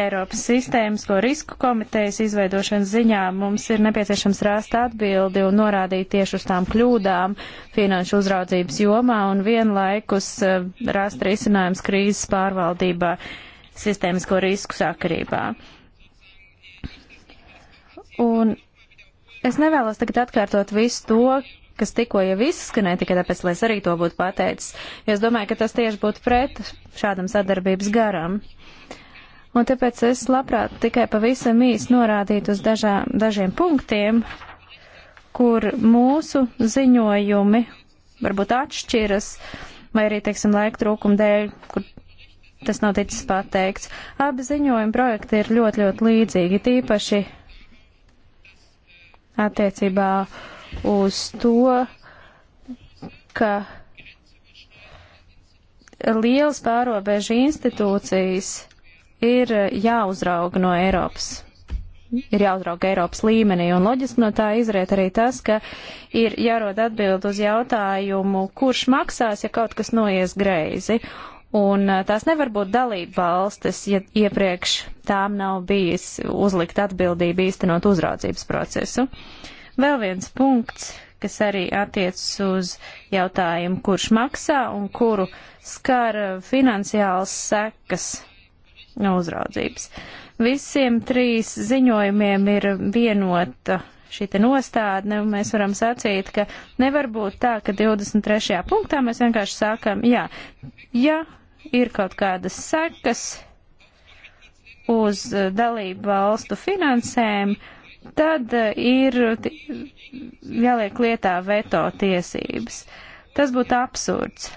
Eiropas sistēmas, ko risku komitejas izveidošanas ziņā mums ir nepieciešams rast atbildi un norādīt tieši uz tām kļūdām finanšu uzraudzības jomā un vienlaikus eh, rast risinājums krīzes pārvaldībā sistēmisko risku sakarībā. Un es nevēlos tagad atkārtot visu to, kas tikko jau izskanēja, tikai tāpēc, lai es arī to būtu pateicis, jo es domāju, ka tas tieši būtu pret šādam sadarbības garam. Uh, Un tāpēc es labprāt tikai pavisam īsi norādītu uz dažā, dažiem punktiem, kur mūsu ziņojumi varbūt atšķiras, vai arī, teiksim, laika trūkuma dēļ, kur tas nav ticis pateikts. Abi ziņojumi projekti ir ļoti, ļoti līdzīgi, tīpaši attiecībā uz to, ka liels pārobežu institūcijas ir eh, jāuzrauga no Eiropas ir jāuzrauga Eiropas līmenī. Un loģiski no tā izriet arī tas, ka ir jārod atbild uz jautājumu, kurš maksās, ja kaut kas noies greizi. Un eh, tās nevar būt dalība valstis, ja iepriekš tām nav bijis uzlikt atbildība īstenot uzraudzības procesu. Vēl viens punkts, kas arī attiecas uz jautājumu, kurš maksā un kuru skar eh, finansiāls sekas uzraudzības. Visiem trīs ziņojumiem ir vienota šī te nostādne, un nu, mēs varam sacīt, ka nevar būt tā, ka 23. punktā mēs vienkārši sākam, jā, ja ir kaut kādas sekas uz eh, dalību valstu finansēm, tad eh, ir jāliek lietā veto tiesības. Tas būtu absurds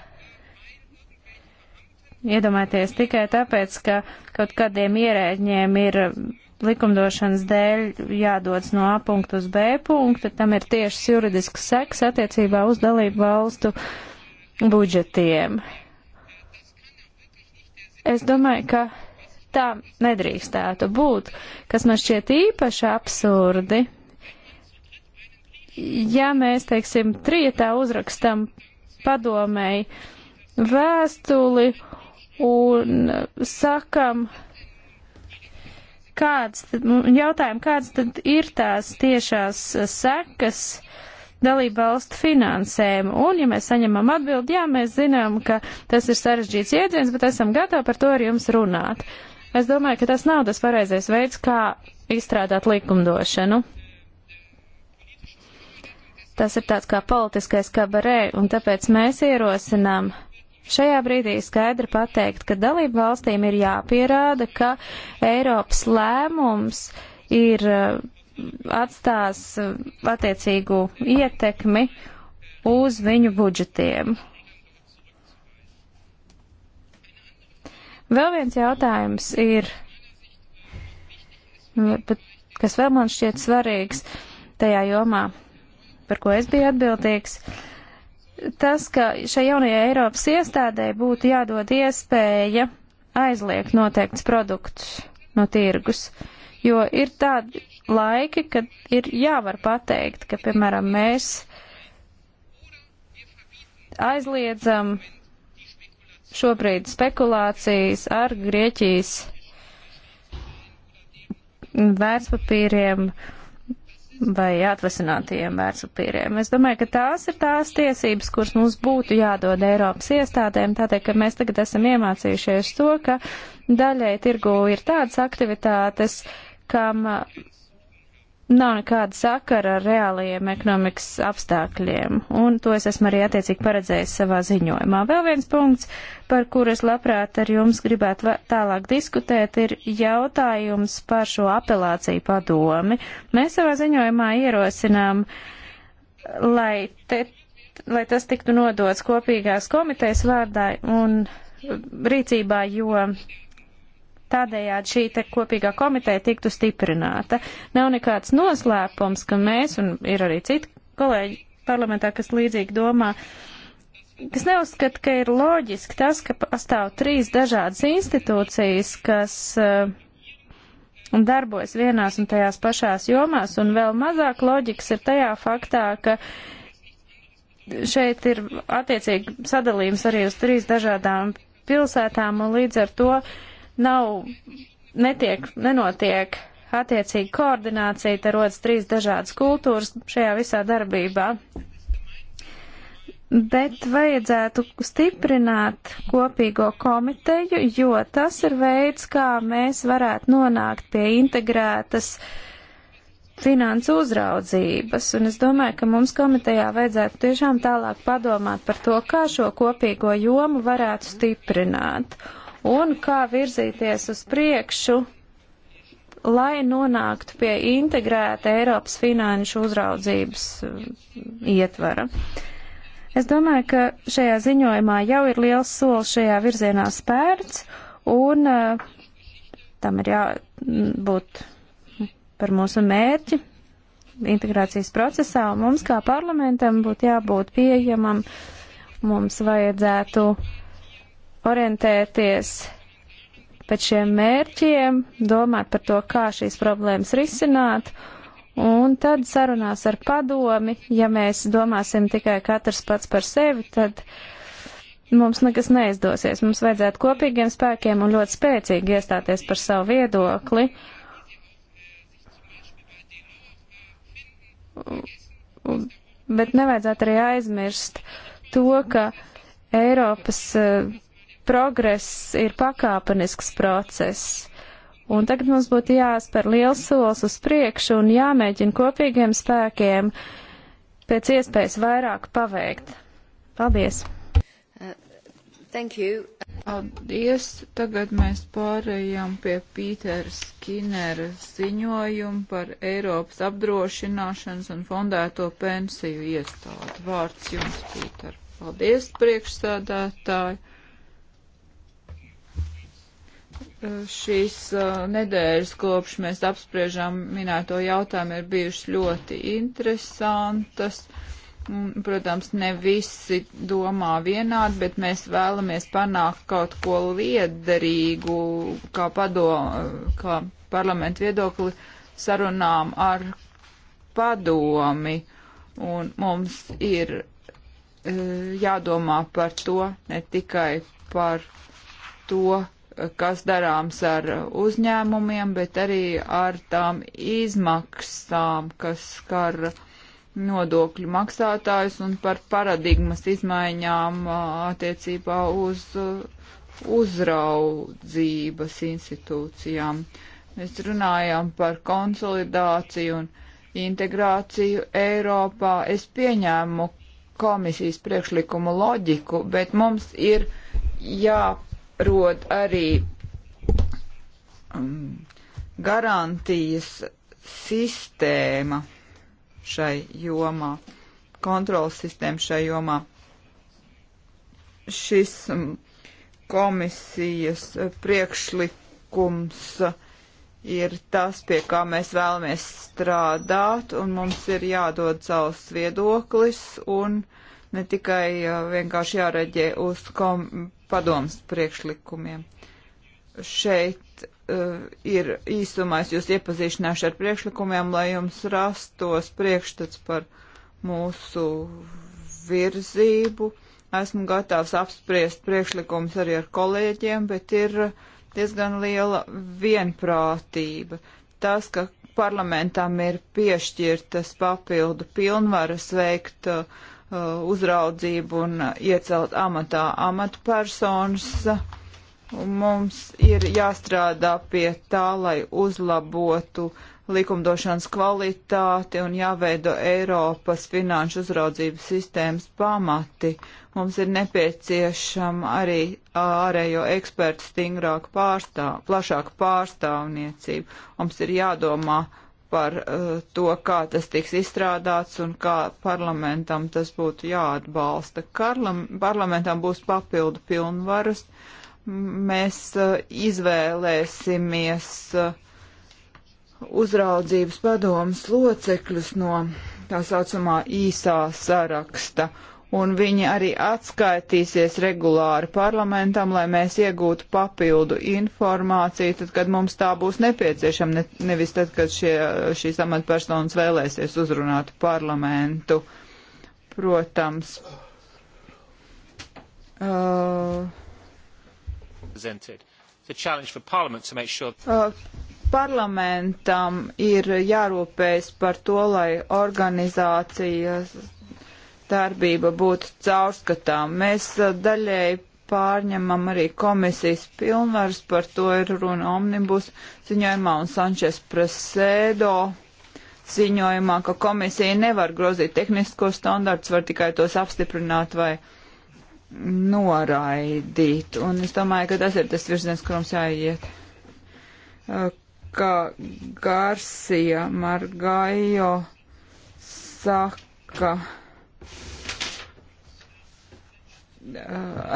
iedomāties tikai tāpēc, ka kaut kādiem ierēģiem ir likumdošanas dēļ jādodas no A punktu uz B punktu, tam ir tiešas juridisks seks attiecībā uz dalību valstu budžetiem. Es domāju, ka tā nedrīkstētu būt, kas man šķiet īpaši absurdi. Ja mēs, teiksim, trietā uzrakstam padomēji vēstuli un sakam, kāds, nu, jautājam, kāds tad ir tās tiešās sekas dalību valstu finansēm. Un, ja mēs saņemam atbildi, jā, mēs zinām, ka tas ir sarežģīts jēdziens, bet esam gatavi par to ar jums runāt. Es domāju, ka tas nav tas pareizais veids, kā izstrādāt likumdošanu. Tas ir tāds kā politiskais kabarē, un tāpēc mēs ierosinām uh, Šajā brīdī skaidri pateikt, ka dalību valstīm ir jāpierāda, ka Eiropas lēmums ir eh, atstās eh, attiecīgu ietekmi uz viņu budžetiem. Vēl viens jautājums ir, nu, kas vēl man šķiet svarīgs tajā jomā, par ko es biju atbildīgs. Uh, tas, ka šai jaunajai Eiropas iestādē būtu jādod iespēja aizliegt noteikts produkts no tirgus, jo ir tādi laiki, kad ir jāvar pateikt, ka, piemēram, mēs aizliedzam šobrīd spekulācijas ar Grieķijas vērtspapīriem, uh, vai atvasinātajiem vērtspapīriem. Es domāju, ka tās ir tās tiesības, kuras mums būtu jādod Eiropas iestādēm, tādēļ, ka mēs tagad esam iemācījušies to, ka daļai tirgu ir tādas aktivitātes, kam nav nekāda sakara ar reālajiem ekonomikas apstākļiem, un to es esmu arī attiecīgi paredzējis savā ziņojumā. Vēl viens punkts, par kuru es labprāt ar jums gribētu tālāk diskutēt, ir jautājums par šo apelāciju padomi. Mēs savā ziņojumā ierosinām, lai, te, lai tas tiktu nodots kopīgās komitejas vārdā un rīcībā, jo Tādējādi šī te kopīgā komiteja tiktu stiprināta. Nav nekāds noslēpums, ka mēs, un ir arī citi kolēģi parlamentā, kas līdzīgi domā, kas neuzskata, ka ir loģiski tas, ka pastāv trīs dažādas institūcijas, kas uh, darbojas vienās un tajās pašās jomās, un vēl mazāk loģikas ir tajā faktā, ka šeit ir attiecīgi sadalījums arī uz trīs dažādām pilsētām, un līdz ar to uh, nav, netiek, nenotiek attiecīgi koordinācija, te rodas trīs dažādas kultūras šajā visā darbībā. Bet vajadzētu stiprināt kopīgo komiteju, jo tas ir veids, kā mēs varētu nonākt pie integrētas finansu uzraudzības. Un es domāju, ka mums komitejā vajadzētu tiešām tālāk padomāt par to, kā šo kopīgo jomu varētu stiprināt. Uh, un kā virzīties uz priekšu, lai nonāktu pie integrēta Eiropas finanšu uzraudzības eh, ietvara. Es domāju, ka šajā ziņojumā jau ir liels solis šajā virzienā spērts, un uh, tam ir jābūt par mūsu mērķi integrācijas procesā, un mums kā parlamentam būtu jābūt pieejamam, mums vajadzētu uh, orientēties pēc šiem mērķiem, domāt par to, kā šīs problēmas risināt, un tad sarunās ar padomi, ja mēs domāsim tikai katrs pats par sevi, tad mums nekas neizdosies. Mums vajadzētu kopīgiem spēkiem un ļoti spēcīgi iestāties par savu viedokli. Bet nevajadzētu arī aizmirst to, ka Eiropas uh, progress ir pakāpenisks process. Un tagad mums būtu jāspēr liels solis uz priekšu un jāmēģina kopīgiem spēkiem pēc iespējas vairāk paveikt. Paldies! Uh, thank you. Paldies! Tagad mēs pārējām pie Pītera Skinera ziņojumu par Eiropas apdrošināšanas un fondēto pensiju iestādi. Vārds jums, Pīter. Paldies, priekšsādātāji! Eh, šīs eh, nedēļas, kopš mēs apspriežām minēto jautājumu, ir bijušas ļoti interesantas. Protams, ne visi domā vienādi, bet mēs vēlamies panākt kaut ko liederīgu, kā, pado, eh, kā parlamentu viedokli sarunām ar padomi. Un mums ir jādomā par to, ne tikai par to, kas darāms ar uzņēmumiem, bet arī ar tām izmaksām, kas skar nodokļu maksātājus un par paradigmas izmaiņām attiecībā uz uzraudzības institūcijām. Mēs runājam par konsolidāciju un integrāciju Eiropā. Es pieņēmu komisijas priekšlikumu loģiku, bet mums ir jā jārod arī um, garantijas sistēma šai jomā, kontrolas sistēma šai jomā. Šis um, komisijas priekšlikums ir tas, pie kā mēs vēlamies strādāt, un mums ir jādod savs viedoklis, un uh, ne tikai vienkārši jāreģē uz kom, padomas priekšlikumiem. Šeit uh, ir īsumais jūs iepazīšanāšu ar priekšlikumiem, lai jums rastos priekšstats par mūsu virzību. Esmu gatavs apspriest priekšlikumus arī ar kolēģiem, bet ir diezgan liela vienprātība. Tas, ka parlamentam ir piešķirtas papildu pilnvaras veikt uh, Uh, uzraudzību un iecelt amatā amatpersonas. Mums ir jāstrādā pie tā, lai uzlabotu likumdošanas kvalitāti un jāveido Eiropas finanšu uzraudzības sistēmas pamati. Mums ir nepieciešama arī ārējo ekspertu stingrāka pārstāv, plašāka pārstāvniecība. Mums ir jādomā, uh, par uh, to, kā tas tiks izstrādāts un kā parlamentam tas būtu jāatbalsta. Karlam, parlamentam būs papildu pilnvaras. Mēs uh, izvēlēsimies uh, uzraudzības padomas locekļus no tā saucamā īsā saraksta un viņi arī atskaitīsies regulāri parlamentam, lai mēs iegūtu papildu informāciju, tad, kad mums tā būs nepieciešama, ne, nevis tad, kad šie, šīs amatpersonas vēlēsies uzrunāt parlamentu. Protams. Uh, sure... uh, parlamentam ir jārūpējas par to, lai organizācijas darbība būtu caurskatām. Mēs daļēji pārņemam arī komisijas pilnvaras, par to ir runa omnibus ziņojumā un Sančes presēdo ziņojumā, ka komisija nevar grozīt tehniskos standarts, var tikai tos apstiprināt vai noraidīt. Un es domāju, ka tas ir tas virziens, kur mums jāiet. Kā Garcia Margaio saka,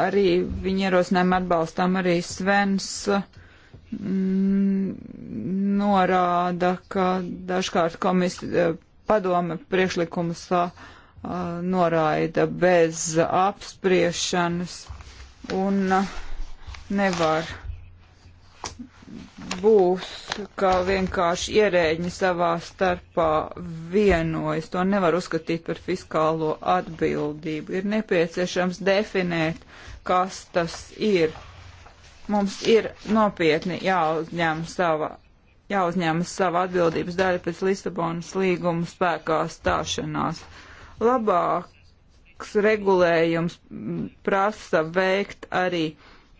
arī viņa ierosinājumu atbalstām arī Svens mm, norāda, ka dažkārt komisija eh, padome priekšlikumus eh, noraida bez apspriešanas un nevar būs, ka vienkārši ierēģi savā starpā vienojas. To nevar uzskatīt par fiskālo atbildību. Ir nepieciešams definēt, kas tas ir. Mums ir nopietni jāuzņem sava, jāuzņemas sava atbildības daļa pēc Lisabonas līguma spēkā stāšanās. Labāks regulējums prasa veikt arī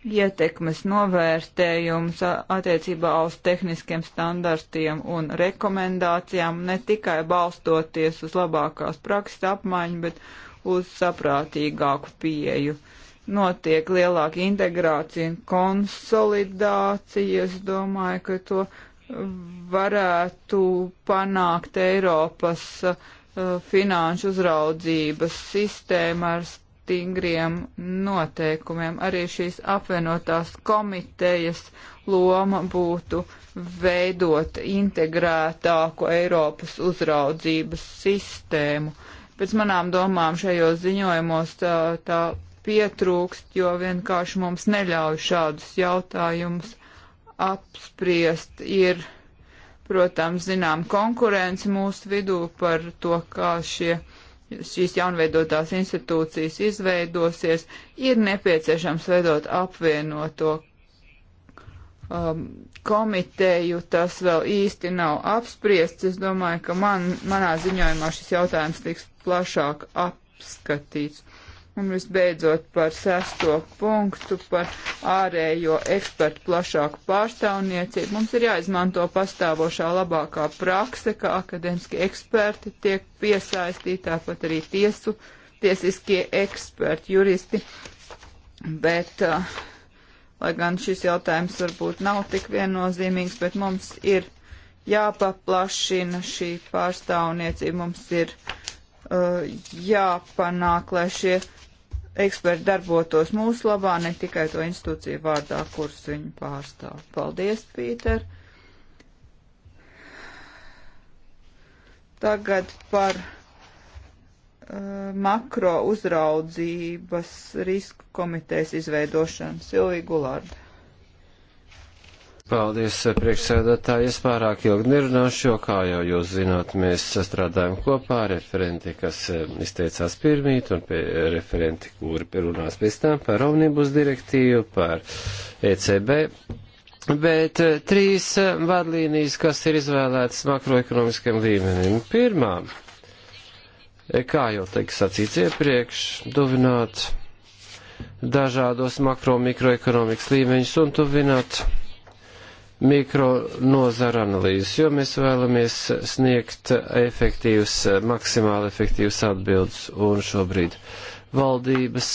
ietekmes novērtējums attiecībā uz tehniskiem standartiem un rekomendācijām, ne tikai balstoties uz labākās prakses apmaiņu, bet uz saprātīgāku pieju. Notiek lielāka integrācija un konsolidācija. Es domāju, ka to varētu panākt Eiropas uh, finanšu uzraudzības sistēma ar stingriem noteikumiem. Arī šīs apvienotās komitejas loma būtu veidot integrētāku Eiropas uzraudzības sistēmu. Pēc manām domām šajos ziņojumos tā, uh, tā pietrūkst, jo vienkārši mums neļauj šādus jautājumus apspriest. Ir, protams, zinām konkurence mūsu vidū par to, kā šie šīs jaunveidotās institūcijas izveidosies, ir nepieciešams veidot apvienoto um, komiteju. Tas vēl īsti nav apspriests. Es domāju, ka man, manā ziņojumā šis jautājums tiks plašāk apskatīts. Un visbeidzot par sesto punktu, par ārējo ekspertu plašāku pārstāvniecību. Mums ir jāizmanto pastāvošā labākā prakse, kā akadēmiskie eksperti tiek piesaistīti, tāpat arī tiesu, tiesiskie eksperti, juristi. Bet, uh, lai gan šis jautājums varbūt nav tik viennozīmīgs, bet mums ir jāpaplašina šī pārstāvniecība, mums ir Uh, jāpanāk, lai šie eksperti darbotos mūsu labā, ne tikai to institūciju vārdā, kuras viņi pārstāv. Paldies, Pīter! Tagad par uh, makro uzraudzības risku komitejas izveidošanu Silviju Gulārdu. Paldies, eh, priekšsēdētāji. Es pārāk ilgi nerunāšu, jo, kā jau jūs zināt, mēs sastrādājam kopā referenti, kas eh, izteicās pirmīt, un referenti, kuri runās pēc tam par omnibus direktīvu, par ECB. Bet eh, trīs vadlīnijas, kas ir izvēlētas makroekonomiskiem līmenim. Pirmā, kā jau teiks sacīts iepriekš, duvināt dažādos makro mikroekonomikas līmeņus un tuvināt mikro nozara analīzes, jo mēs vēlamies sniegt efektīvs, maksimāli efektīvs atbildes, un šobrīd valdības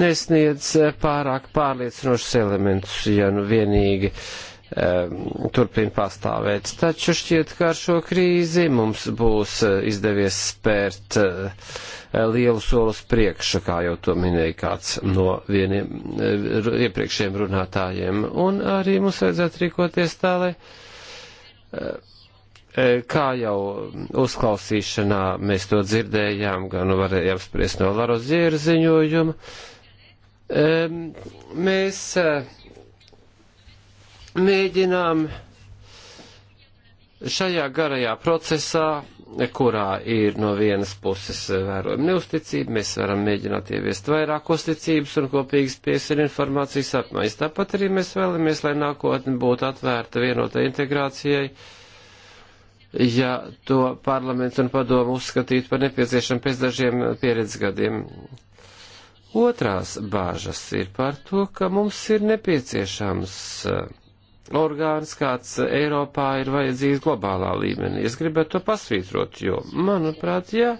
nesniedz pārāk pārliecinošus elementus, ja nu vienīgi uh, Um, turpina pastāvēt. Taču šķiet, ka ar šo krīzi mums būs uh, izdevies spērt uh, lielu solus priekšu, kā jau to minēja kāds no vieniem uh, iepriekšējiem runātājiem. Un arī mums vajadzētu rīkoties tā, lai, e, kā jau uzklausīšanā mēs to dzirdējām, gan varējām spriest no Laro Zieru ziņojuma, um, mēs mēģinām šajā garajā procesā, kurā ir no vienas puses vērojama neusticība, mēs varam mēģināt ieviest vairāk uzticības un kopīgas piesa un informācijas apmaiņas. Tāpat arī mēs vēlamies, lai nākotne būtu atvērta vienotai integrācijai, ja to parlaments un padomu uzskatītu par nepieciešamu pēc dažiem pieredzes gadiem. Otrās bāžas ir par to, ka mums ir nepieciešams uh, orgāns, kāds Eiropā ir vajadzīgs globālā līmenī. Es gribētu to pasvītrot, jo, manuprāt, ja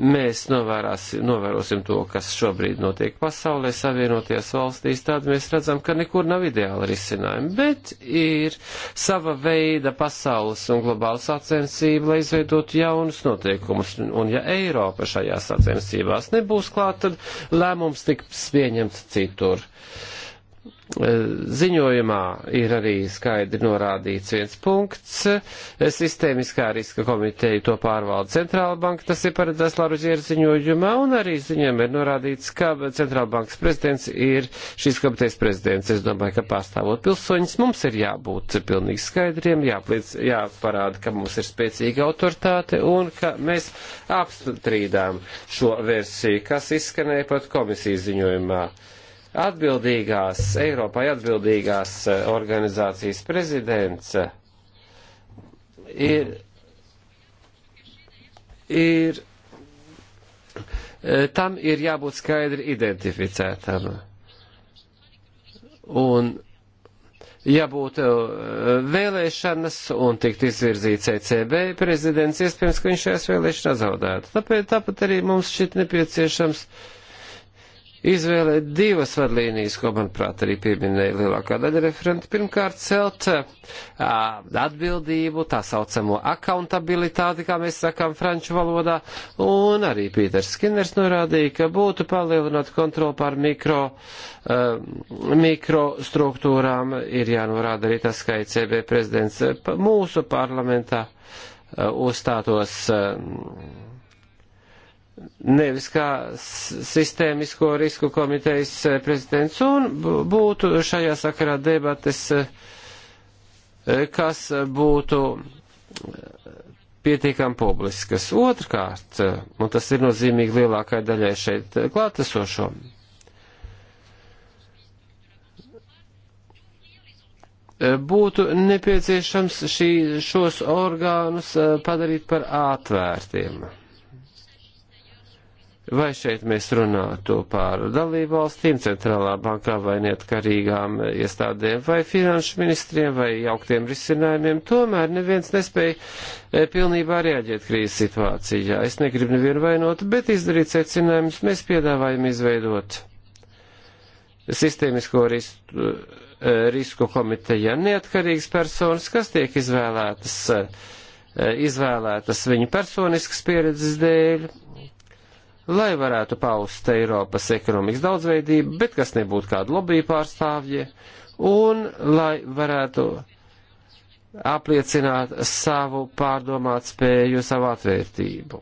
mēs novērosim to, kas šobrīd notiek pasaulē, savienoties valstīs, tad mēs redzam, ka nekur nav ideāla risinājuma, bet ir sava veida pasaules un globāla sacensība, lai izveidotu jaunus noteikumus. Un ja Eiropa šajā sacensībās nebūs klāt, tad lēmums tiks pieņemts citur. Uh, E, ziņojumā ir arī skaidri norādīts viens punkts. E, sistēmiskā riska komiteja to pārvalda Centrāla banka, tas ir paredzēts Laruģieru ziņojumā, un arī ziņojumā ir norādīts, ka Centrāla bankas prezidents ir šīs komitejas prezidents. Es domāju, ka pārstāvot pilsoņus mums ir jābūt pilnīgi skaidriem, jāpliec, jāparāda, ka mums ir spēcīga autoritāte un ka mēs apstrīdām šo versiju, kas izskanēja pat komisijas ziņojumā atbildīgās, Eiropai atbildīgās eh, organizācijas prezidents eh, ir, ir eh, tam ir jābūt skaidri identificētam. Un ja būtu vēlēšanas un tikt izvirzīts ECB prezidents, iespējams, ka viņš šajās vēlēšanās zaudētu. Tāpēc tāpat arī mums šit nepieciešams uh, izvēlēt divas vadlīnijas, ko, manuprāt, arī pieminēja lielākā daļa referenta. Pirmkārt, celt uh, atbildību, tā saucamo accountabilitāti, kā mēs sakām franču valodā, un arī Pīters Skinners norādīja, ka būtu palielināt kontroli pār mikro, uh, mikrostruktūrām, ir jānorāda arī tas, ka ICB e prezidents mūsu parlamentā uh, uzstātos. Uh, nevis kā sistēmisko risku komitejas eh, prezidents, un būtu šajā sakarā debates, eh, kas būtu eh, pietiekami publiskas. Otrkārt, un tas ir nozīmīgi lielākai daļai šeit klātesošo, būtu nepieciešams šī, šos orgānus padarīt par atvērtiem Vai šeit mēs runātu par dalību valstīm, centrālā bankā vai neatkarīgām iestādēm vai finanšu ministriem vai jauktiem risinājumiem, tomēr neviens nespēja e, pilnībā reaģēt krīzes situācijā. Es negribu nevienu vainot, bet izdarīt secinājumus mēs piedāvājam izveidot sistēmisko risku, e, risku komiteja neatkarīgas personas, kas tiek izvēlētas, e, izvēlētas viņu personiskas pieredzes dēļ lai varētu paust Eiropas ekonomikas daudzveidību, bet kas nebūtu kāda lobby pārstāvja, un lai varētu apliecināt savu pārdomāt spēju, savu atvērtību.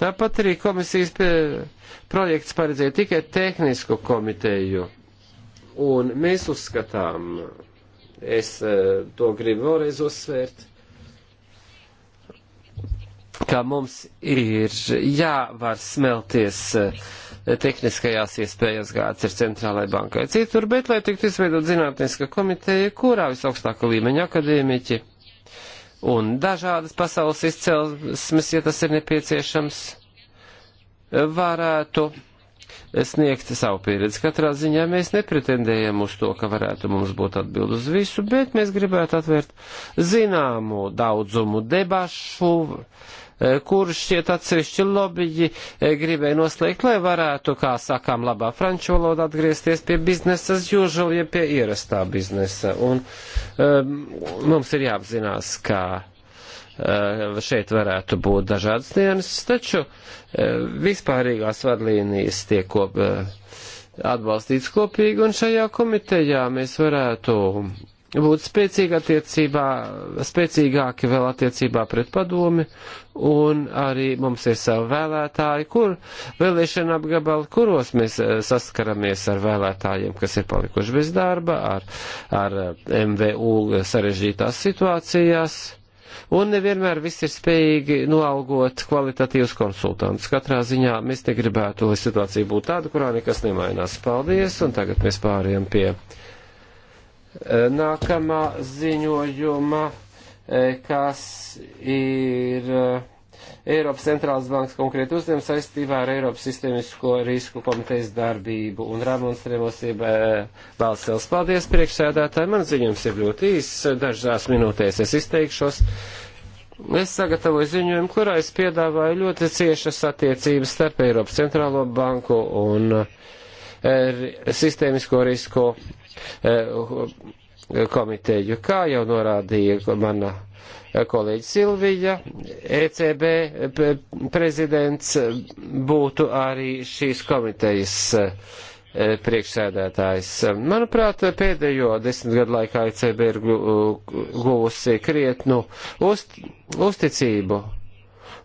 Tāpat arī komisijas projekts paredzēja tikai tehnisku komiteju, un mēs uzskatām, es eh, to gribu vēlreiz uzsvērt, ka mums ir jāvar smelties eh, tehniskajās iespējas, kāds ir centrālajai bankai citur, bet lai tiktu izveidot zinātniska komiteja, kurā visaugstāka līmeņa akadēmiķi un dažādas pasaules izcelsmes, ja tas ir nepieciešams, varētu sniegt savu pieredzi. Katrā ziņā mēs nepretendējam uz to, ka varētu mums būt atbild uz visu, bet mēs gribētu atvērt zināmu daudzumu debašu, Eh, kurš šķiet atsevišķi lobiji eh, gribēja noslēgt, lai varētu, kā sakām, labā franču valoda atgriezties pie biznesa as usual, ja pie ierastā biznesa. Un um, mums ir jāapzinās, ka šeit varētu būt dažādas dienas, taču vispārīgās vadlīnijas tiek kop, atbalstīts kopīgi, un šajā komitejā mēs varētu būt spēcīgi attiecībā, spēcīgāki vēl attiecībā pret padomi un arī mums ir savi vēlētāji, kur vēlēšana apgabali, kuros mēs eh, saskaramies ar vēlētājiem, kas ir palikuši bez darba, ar, ar eh, MVU sarežģītās situācijās. Un nevienmēr viss ir spējīgi noalgot kvalitatīvus konsultantus. Katrā ziņā mēs te gribētu, lai situācija būtu tāda, kurā nekas nemainās. Paldies, un tagad mēs pāriem pie eh, nākamā ziņojuma. Eh, kas ir eh, Eiropas centrālās bankas konkrēti uzņēmums saistībā ar Eiropas sistēmisko risku komitejas darbību. Un Ramons Tremosība eh, Balsels, paldies priekšsēdētāji, man ziņums ir ļoti īss, dažās minūtēs es izteikšos. Es sagatavoju ziņojumu, kurā es piedāvāju ļoti ciešas attiecības starp Eiropas centrālo banku un er, sistēmisko risku. Er, komiteju. Kā jau norādīja mana kolēģi Silvija, ECB prezidents būtu arī šīs komitejas e, priekšsēdētājs. Manuprāt, pēdējo desmit gadu laikā ECB ir guvusi krietnu uzt, uzticību.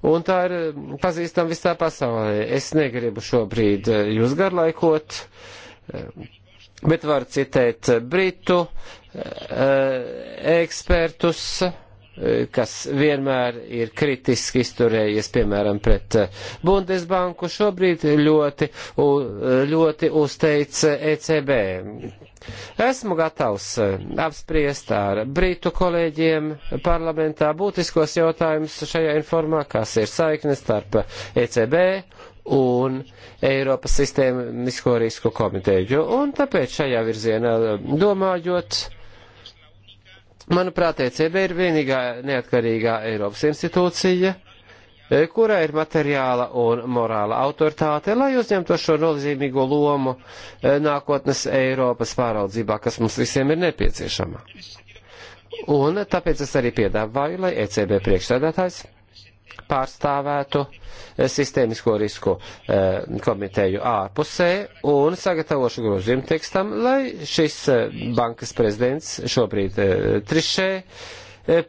Un tā ir pazīstama visā pasaulē. Es negribu šobrīd jūs garlaikot, e, bet varu citēt Britu uh, Eh, ekspertus, eh, kas vienmēr ir kritiski izturējies, piemēram, pret eh, Bundesbanku, šobrīd ļoti, ļoti uzteica ECB. E Esmu gatavs apspriest ar brītu kolēģiem parlamentā būtiskos jautājumus šajā informā, kas ir saiknes starp ECB un Eiropas sistēmisko risku komiteju. Un tāpēc šajā virzienā domājot, Manuprāt, ECB ir vienīgā neatkarīgā Eiropas institūcija, e, kurā ir materiāla un morāla autoritāte, lai uzņemtu šo nozīmīgo lomu e, nākotnes Eiropas pāraudzībā, kas mums visiem ir nepieciešama. Un tāpēc es arī piedāvāju, lai ECB priekšsēdētājs pārstāvētu eh, sistēmisko risku eh, komiteju ārpusē un sagatavošu grozījumu tekstam, lai šis eh, bankas prezidents šobrīd trišē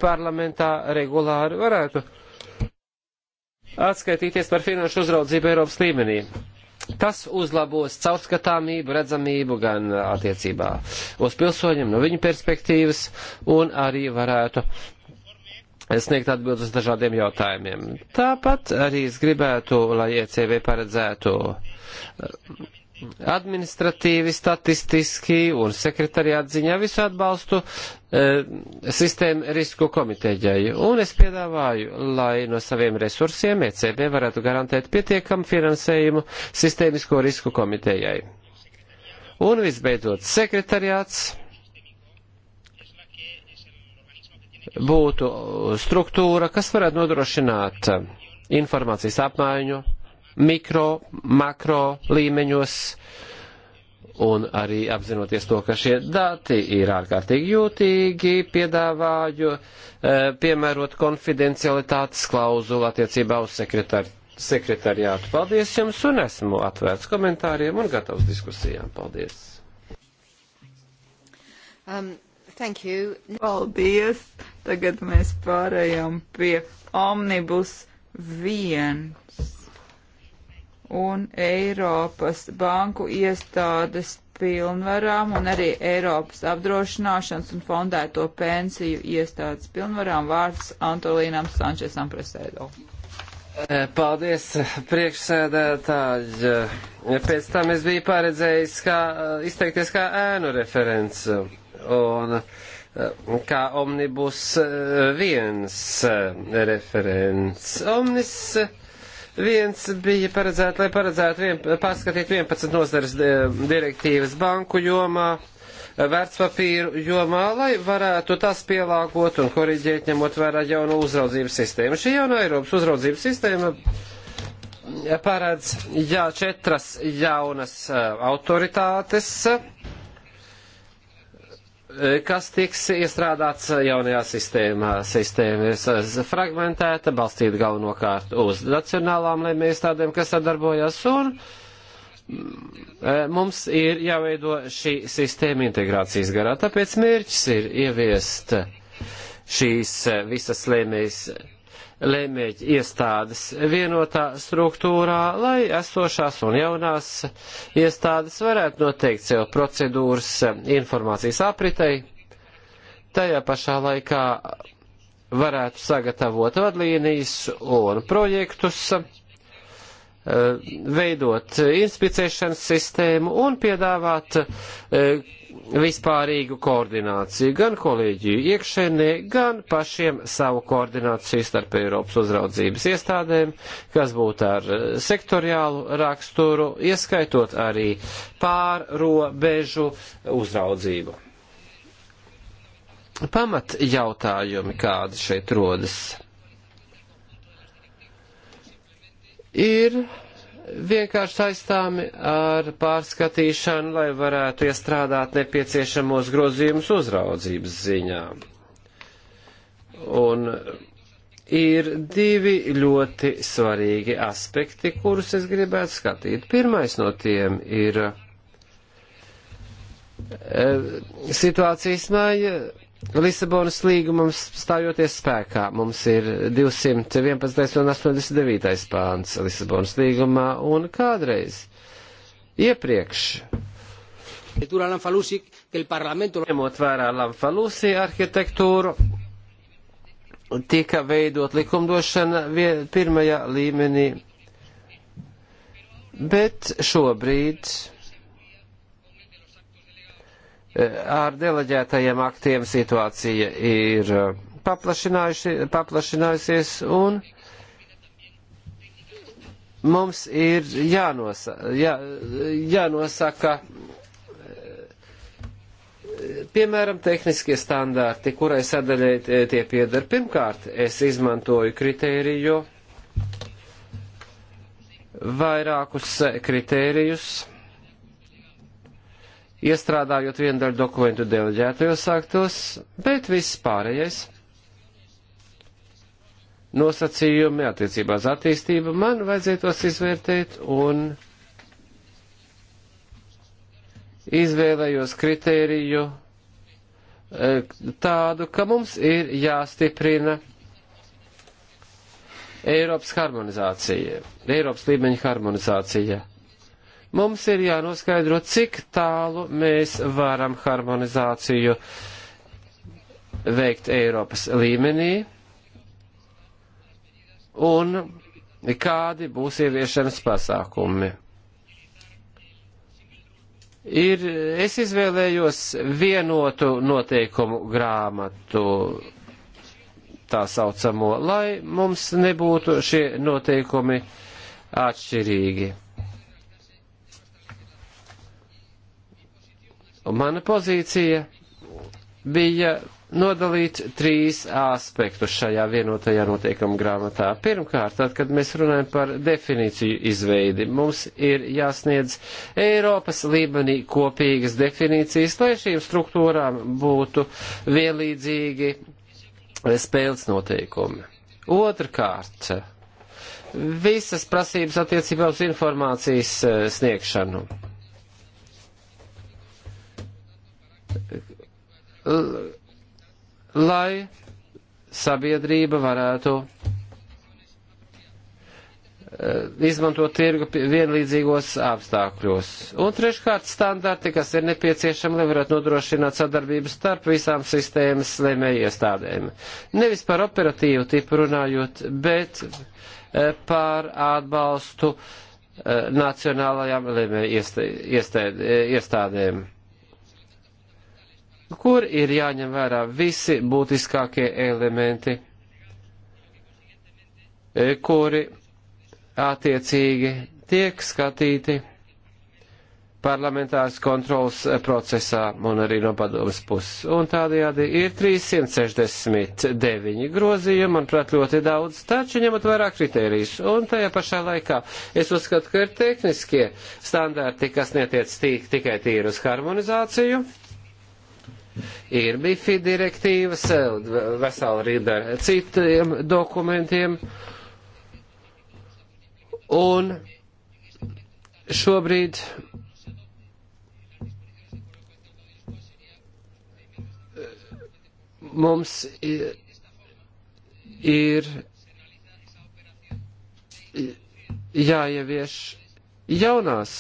parlamentā regulāri varētu atskaitīties par finanšu uzraudzību Eiropas līmenī. Tas uzlabos caurskatāmību, redzamību gan attiecībā uz pilsoņiem no viņu perspektīvas un arī varētu sniegt atbildes uz dažādiem jautājumiem. Tāpat arī es gribētu, lai ECV paredzētu eh, administratīvi, statistiski un sekretariāt ziņā visu atbalstu e, sistēmu risku komiteģai. Un es piedāvāju, lai no saviem resursiem ECB varētu garantēt pietiekamu finansējumu sistēmisko risku komitejai. Un visbeidzot, sekretariāts būtu struktūra, kas varētu nodrošināt informācijas apmaiņu mikro, makro līmeņos, un arī apzinoties to, ka šie dati ir ārkārtīgi jūtīgi, piedāvāju eh, piemērot konfidencialitātes klauzulu attiecībā uz sekretari, sekretariātu. Paldies jums, un esmu atvērts komentāriem un gatavs diskusijām. Paldies! Um. Thank you. Paldies. Tagad mēs pārējām pie Omnibus 1 un Eiropas banku iestādes pilnvarām un arī Eiropas apdrošināšanas un fondēto pensiju iestādes pilnvarām vārds Antolīnam Sančesam Presēdo. Eh, paldies, priekšsēdētāji. Eh, pēc tam es biju paredzējis kā, eh, izteikties kā ēnu referents un eh, kā omnibus eh, viens eh, referents. Omnis viens bija paredzēts, lai paredzētu vien, pārskatīt 11 nozares direktīvas banku jomā, vērtspapīru jomā, lai varētu tas pielāgot un koriģēt ņemot vērā jauno uzraudzības sistēmu. Šī jauna Eiropas uzraudzības sistēma paredz jā, četras jaunas autoritātes kas tiks iestrādāts jaunajā sistēmā. Sistēma ir fragmentēta, balstīta galvenokārt uz nacionālām lēmējas tādiem, kas sadarbojas, un mm, e, mums ir jāveido šī sistēma integrācijas garā. Tāpēc mērķis ir ieviest šīs e, visas lēmējas lēmēķi iestādes vienotā struktūrā, lai esošās un jaunās iestādes varētu noteikt sev procedūras informācijas apritei, tajā pašā laikā varētu sagatavot vadlīnijas un projektus, Eh, veidot inspicēšanas sistēmu un piedāvāt eh, vispārīgu koordināciju gan kolēģiju iekšēnē, gan pašiem savu koordināciju starp Eiropas uzraudzības iestādēm, kas būtu ar eh, sektoriālu raksturu, ieskaitot arī pārrobežu uzraudzību. Pamat jautājumi, kādi šeit rodas ir vienkārši saistāmi ar pārskatīšanu, lai varētu iestrādāt nepieciešamos grozījumus uzraudzības ziņā. Un ir divi ļoti svarīgi aspekti, kurus es gribētu skatīt. Pirmais no tiem ir eh, situācijas māja Lisabonas līgumam stājoties spēkā. Mums ir 211. un 89. pāns Lisabonas līgumā un kādreiz iepriekš. Ņemot vērā Lamfalusi arhitektūru, tika veidot likumdošana pirmajā līmenī, bet šobrīd Eh, ar deleģētajiem aktiem situācija ir eh, paplašinājusies un mums ir jānosa, jā, jānosaka, eh, piemēram, tehniskie standārti, kurai sadaļai tie piedar. Pirmkārt, es izmantoju kritēriju, vairākus kritērijus iestrādājot vienu daļu dokumentu deleģētajos aktos, bet viss pārējais nosacījumi attiecībā uz attīstību man vajadzētos izvērtēt un izvēlējos kritēriju e, tādu, ka mums ir jāstiprina Eiropas harmonizācija, Eiropas līmeņa harmonizācija. Mums ir jānoskaidro, cik tālu mēs varam harmonizāciju veikt Eiropas līmenī un kādi būs ieviešanas pasākumi. Ir, es izvēlējos vienotu noteikumu grāmatu, tā saucamo, lai mums nebūtu šie noteikumi atšķirīgi. Mana pozīcija bija nodalīt trīs aspektus šajā vienotajā noteikuma grāmatā. Pirmkārt, tad, kad mēs runājam par definīciju izveidi, mums ir jāsniedz Eiropas līmenī kopīgas definīcijas, lai šīm struktūrām būtu vienlīdzīgi spēles noteikumi. Otrkārt, visas prasības attiecībā uz informācijas eh, sniegšanu lai sabiedrība varētu eh, izmantot tirgu vienlīdzīgos apstākļos. Un treškārt standarti, kas ir nepieciešami, lai varētu nodrošināt sadarbību starp visām sistēmas lēmēju iestādēm. Nevis par operatīvu tipu runājot, bet eh, par atbalstu eh, nacionālajām lēmēju iestādēm kur ir jāņem vērā visi būtiskākie elementi, e, kuri attiecīgi tiek skatīti parlamentāras kontrolas procesā un arī no padomas puses. Un tādējādi ir 369 grozījumi, manuprāt, ļoti daudz, taču ņemot vairāk kritērijus. Un tajā pašā laikā es uzskatu, ka ir tehniskie standarti, kas netiec tīk, tikai tīri uz harmonizāciju ir MIFI direktīvas, vesela rinda ar citiem dokumentiem. Un šobrīd mums ir, ir jāievieš jaunās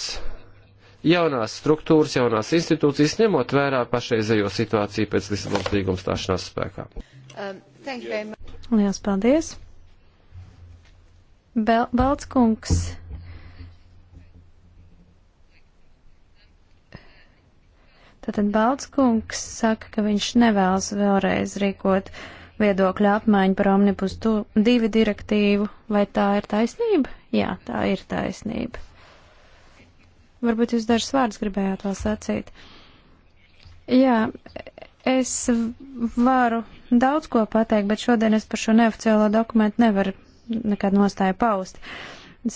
jaunās struktūras, jaunās institūcijas, ņemot vērā pašreizējo situāciju pēc Lisabonas līguma stāšanās spēkā. Um, Lielas paldies! Bel Baltskungs. Tātad Baltskungs saka, ka viņš nevēlas vēlreiz rīkot viedokļu apmaiņu par omnibus divi direktīvu. Vai tā ir taisnība? Jā, tā ir taisnība. Varbūt jūs dažus vārdus gribējāt vēl sacīt. Jā, es varu daudz ko pateikt, bet šodien es par šo neoficiālo dokumentu nevaru nekādu nostāju paust.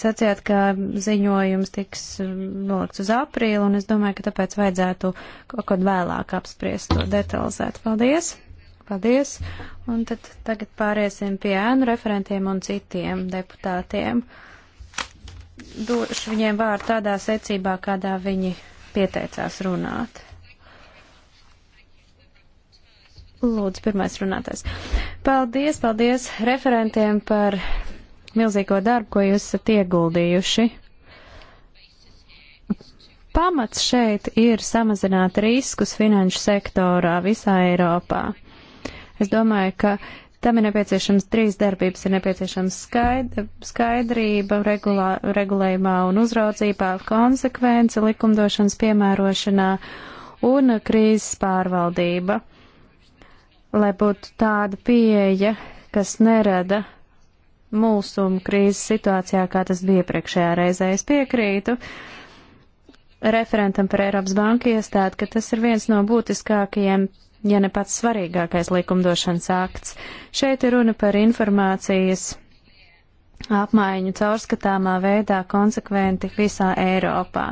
Sacījāt, ka ziņojums tiks um, nolikts uz aprīlu, un es domāju, ka tāpēc vajadzētu kaut kad vēlāk apspriest to detalizēt. Paldies! Paldies! Un tad tagad pāriesim pie ēnu referentiem un citiem deputātiem došu viņiem vārdu tādā secībā, kādā viņi pieteicās runāt. Lūdzu, pirmais runātājs. Paldies, paldies referentiem par milzīgo darbu, ko jūs esat ieguldījuši. Pamats šeit ir samazināt riskus finanšu sektorā visā Eiropā. Es domāju, ka Tam ir nepieciešams trīs darbības, ir nepieciešams skaidr, skaidrība regulā, regulējumā un uzraudzībā, konsekvence likumdošanas piemērošanā un krīzes pārvaldība, lai būtu tāda pieeja, kas nerada mulsumu krīzes situācijā, kā tas bija priekšējā reizē. Es piekrītu referentam par Eiropas banku iestādi, ka tas ir viens no būtiskākajiem ja ne pats svarīgākais likumdošanas akts. Šeit ir runa par informācijas apmaiņu caurskatāmā veidā konsekventi visā Eiropā.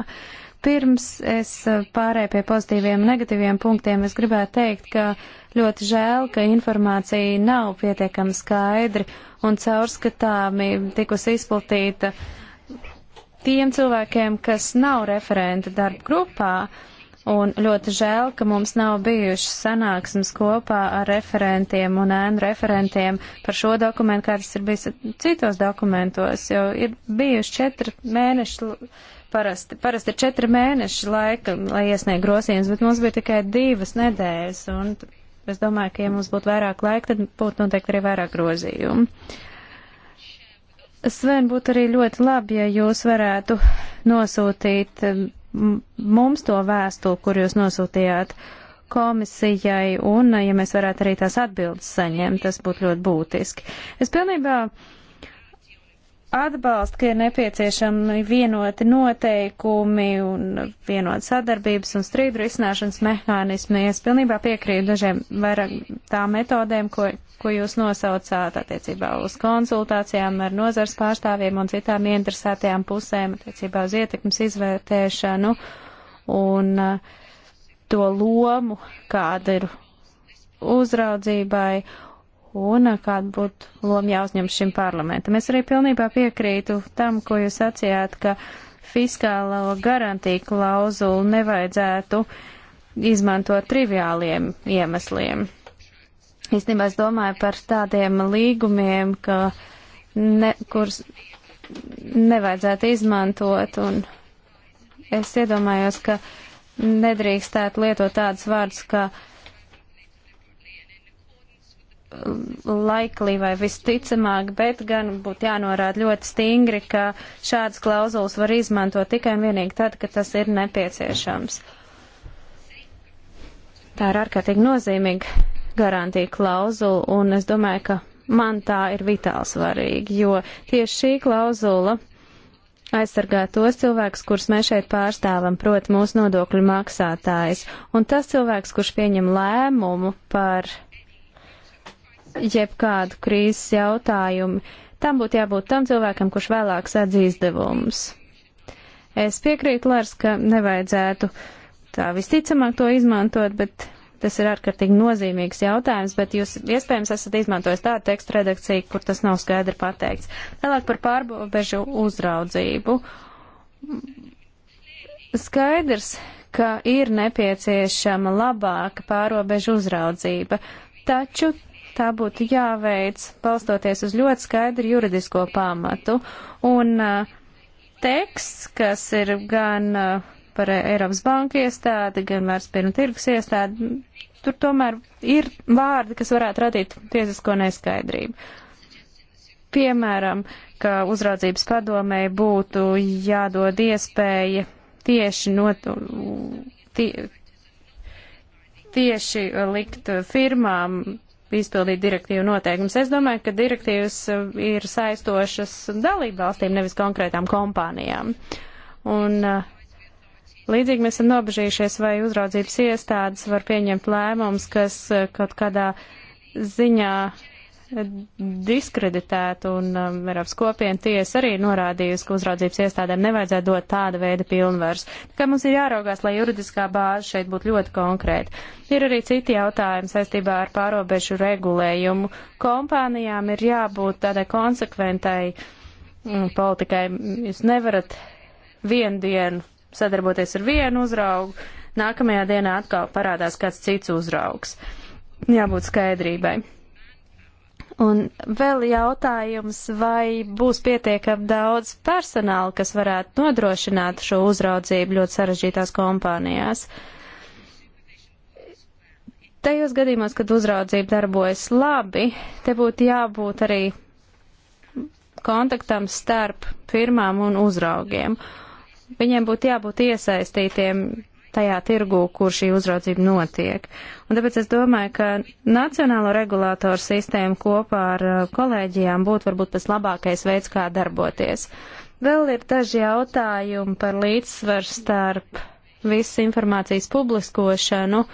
Pirms es pārēju pie pozitīviem un negatīviem punktiem, es gribētu teikt, ka ļoti žēl, ka informācija nav pietiekami skaidri un caurskatāmi tikusi izplatīta tiem cilvēkiem, kas nav referenti darba grupā. Uh, un ļoti žēl, ka mums nav bijušas sanāksmes kopā ar referentiem un ēnu referentiem par šo dokumentu, kā tas ir bijis citos dokumentos, jo ir bijuši četri mēneši. Parasti, parasti ir četri mēneši laika, lai iesniegtu grozījumus, bet mums bija tikai divas nedēļas. Un es domāju, ka, ja mums būtu vairāk laika, tad būtu noteikti arī vairāk grozījumu. Sven, būtu arī ļoti labi, ja jūs varētu nosūtīt mums to vēstuli, kur jūs nosūtījāt komisijai, un ja mēs varētu arī tās atbildes saņemt, tas būtu ļoti būtiski. Es pilnībā atbalstu, ka ir nepieciešami vienoti noteikumi un vienot sadarbības un strīdu risināšanas mehānismi. Es pilnībā piekrītu dažiem vairāk tām metodēm, ko, ko jūs nosaucāt attiecībā uz konsultācijām ar nozars pārstāvjiem un citām interesētajām pusēm, attiecībā uz ietekmes izvērtēšanu un uh, to lomu, kāda ir uzraudzībai un kāda būtu loma jāuzņem šim parlamentam. Es arī pilnībā piekrītu tam, ko jūs sacījāt, ka fiskālo garantiju klauzulu nevajadzētu izmantot triviāliem iemesliem. Īstenībā es domāju par tādiem līgumiem, ka ne, kurus nevajadzētu izmantot, un es iedomājos, ka nedrīkstētu lietot tādus vārdus, ka uh, laiklī vai visticamāk, bet gan būtu jānorāda ļoti stingri, ka šādas klauzulas var izmantot tikai un vienīgi tad, kad tas ir nepieciešams. Tā ir ārkārtīgi nozīmīga garantija klauzula, un es domāju, ka man tā ir vitāli svarīga, jo tieši šī klauzula aizsargā tos cilvēkus, kurus mēs šeit pārstāvam, proti mūsu nodokļu maksātājs, un tas cilvēks, kurš pieņem lēmumu par jebkādu krīzes jautājumu. Tam būtu jābūt tam cilvēkam, kurš vēlāk sēdz izdevumus. Es piekrītu, Lars, ka nevajadzētu tā visticamāk to izmantot, bet tas ir ārkārtīgi nozīmīgs jautājums, bet jūs iespējams esat izmantojis tādu tekstu redakciju, kur tas nav skaidri pateikts. Tālāk par pārbežu uzraudzību. Skaidrs, ka ir nepieciešama labāka pārobežu uzraudzība, taču tā būtu jāveic balstoties uz ļoti skaidru juridisko pamatu. Un uh, teksts, kas ir gan uh, par Eiropas banku iestādi, gan vairs pirma tirgus iestādi, tur tomēr ir vārdi, kas varētu radīt tiesisko neskaidrību. Piemēram, ka uzraudzības padomēji būtu jādod iespēja tieši not, tie, tieši likt firmām izpildīt direktīvu noteikumus. Es domāju, ka direktīvas eh, ir saistošas dalību valstīm, nevis konkrētām kompānijām. Un eh, līdzīgi mēs esam nobežījušies, vai uzraudzības iestādes var pieņemt lēmums, kas eh, kaut kādā ziņā diskreditēta, un um, Eiropas kopiena tiesa arī norādījusi, ka uzraudzības iestādēm nevajadzētu dot tāda veida pilnvars. Tā kā mums ir jāraugās, lai juridiskā bāze šeit būtu ļoti konkrēta. Ir arī citi jautājumi saistībā ar pārobežu regulējumu. Kompānijām ir jābūt tādai konsekventai mm, politikai. Jūs nevarat vienu dienu sadarboties ar vienu uzraugu, nākamajā dienā atkal parādās kāds cits uzraugs. Jābūt skaidrībai. Un vēl jautājums, vai būs pietiekami daudz personāla, kas varētu nodrošināt šo uzraudzību ļoti sarežģītās kompānijās? Tajos gadījumos, kad uzraudzība darbojas labi, te būtu jābūt arī kontaktam starp firmām un uzraugiem. Viņiem būtu jābūt iesaistītiem tajā tirgu, kur šī uzraudzība notiek. Un tāpēc es domāju, ka nacionālo regulātoru sistēmu kopā ar uh, kolēģijām būtu varbūt pats labākais veids, kā darboties. Vēl ir daži jautājumi par līdzsvaru starp visu informācijas publiskošanu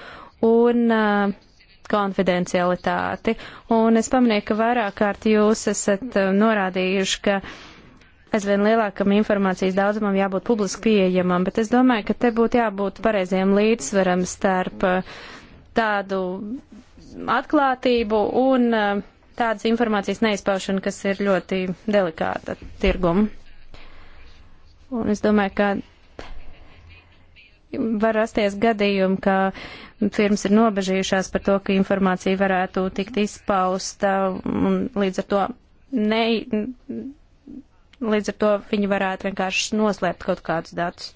un uh, konfidencialitāti. Un es pamanīju, ka vairāk kārt jūs esat uh, norādījuši, ka uh, aizvien lielākam informācijas daudzumam jābūt publiski pieejamam, bet es domāju, ka te būtu jābūt pareiziem līdzsveram starp uh, tādu atklātību un uh, tādas informācijas neizpaušanu, kas ir ļoti delikāta tirgumu. Un es domāju, ka var rasties gadījumi, ka firmas ir nobežījušās par to, ka informācija varētu tikt izpausta un līdz ar to ne, līdz ar to viņi varētu vienkārši noslēpt kaut kādus datus.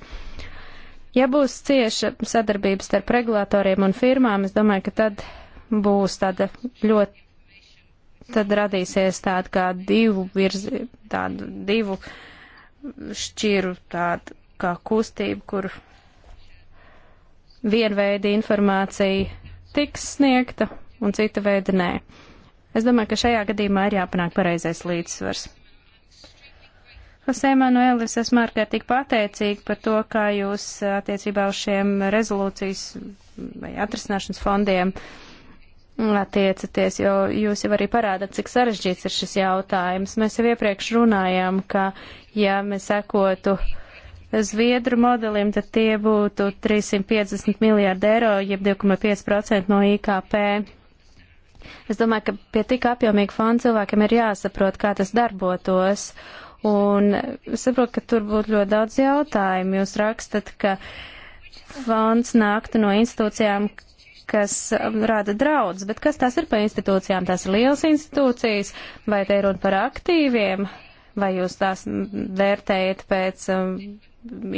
Ja būs cieša sadarbība starp regulātoriem un firmām, es domāju, ka tad būs tāda ļoti, tad radīsies tāda kā divu virzi, tādu divu šķiru, tādu kā kustību, kur vienveida informācija tiks sniegta un cita veida nē. Es domāju, ka šajā gadījumā ir jāpanāk pareizais līdzsvars. Jose Manuel, es esmu ārkārtīgi pateicīga par to, kā jūs attiecībā uz šiem rezolūcijas vai atrisināšanas fondiem attiecaties, jo jūs jau arī parādat, cik sarežģīts ir šis jautājums. Mēs jau iepriekš runājām, ka ja mēs sekotu Zviedru modelim, tad tie būtu 350 miljārdi eiro, jeb 2,5% no IKP. Es domāju, ka pie tik apjomīga fonda cilvēkiem ir jāsaprot, kā tas darbotos. Uh, Un saprotu, ka tur būtu ļoti daudz jautājumu. Jūs rakstat, ka fonds nāktu no institūcijām, kas rada draudz, bet kas tās ir par institūcijām? Tās ir lielas institūcijas, vai te ir runa par aktīviem, vai jūs tās vērtējat pēc um,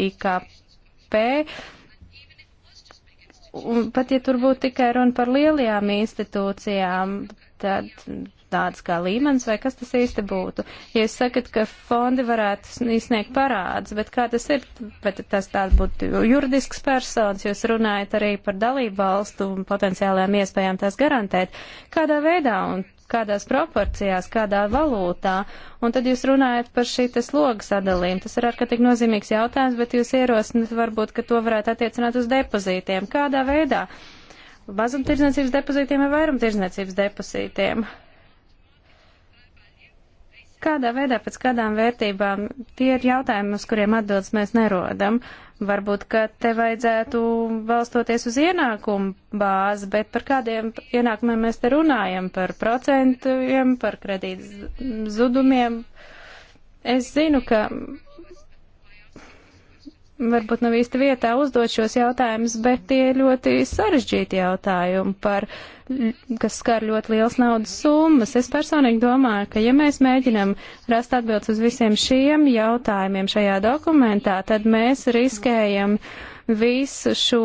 IKP? Un pat ja tur būtu tikai runa par lielajām institūcijām, tad tāds kā līmenis, vai kas tas īsti būtu. Ja jūs sakat, ka fondi varētu izsniegt parādus, bet kā tas ir, bet tas tāds būtu juridisks personas, jūs runājat arī par dalību valstu un potenciālajām iespējām tās garantēt, kādā veidā un kādās proporcijās, kādā valūtā, un tad jūs runājat par šī tas loga sadalījumu. Tas ir ārkārtīgi nozīmīgs jautājums, bet jūs ierosinat varbūt, ka to varētu attiecināt uz depozītiem. Kādā veidā? Mazumtirdzniecības depozītiem vai vairumtirdzniecības depozītiem? kādā veidā, pēc kādām vērtībām, tie ir jautājumi, uz kuriem atbildes mēs nerodam. Varbūt, ka te vajadzētu balstoties uz ienākumu bāzi, bet par kādiem ienākumiem mēs te runājam, par procentiem, par kredītas zudumiem. Es zinu, ka varbūt nav īsti vietā uzdot šos jautājumus, bet tie ļoti sarežģīti jautājumi, par, kas skar ļoti liels naudas summas. Es personīgi domāju, ka ja mēs mēģinam rast atbildes uz visiem šiem jautājumiem šajā dokumentā, tad mēs riskējam visu šo,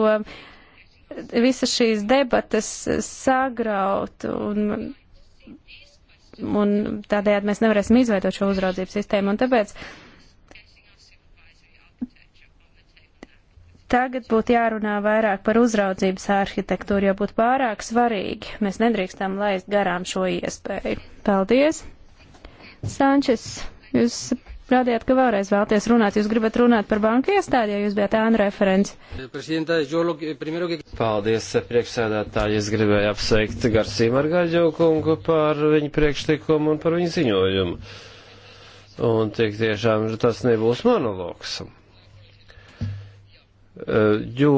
visas šīs debatas sagraut un, un tādējādi mēs nevarēsim izveidot šo uzraudzību sistēmu. Un tāpēc Tagad būtu jārunā vairāk par uzraudzības arhitektūru, jo būtu pārāk svarīgi. Mēs nedrīkstam laist garām šo iespēju. Paldies! Sančes, jūs Rādījāt, ka vēlreiz vēlties runāt. Jūs gribat runāt par banku iestādi, ja jūs bijat ēnu referents. Paldies, priekšsēdētāji. Es gribēju apsveikt Garsīm ar Gaļģaukungu par viņu priekšlikumu un par viņu ziņojumu. Un tik tiešām tas nebūs monologs. Eh, jo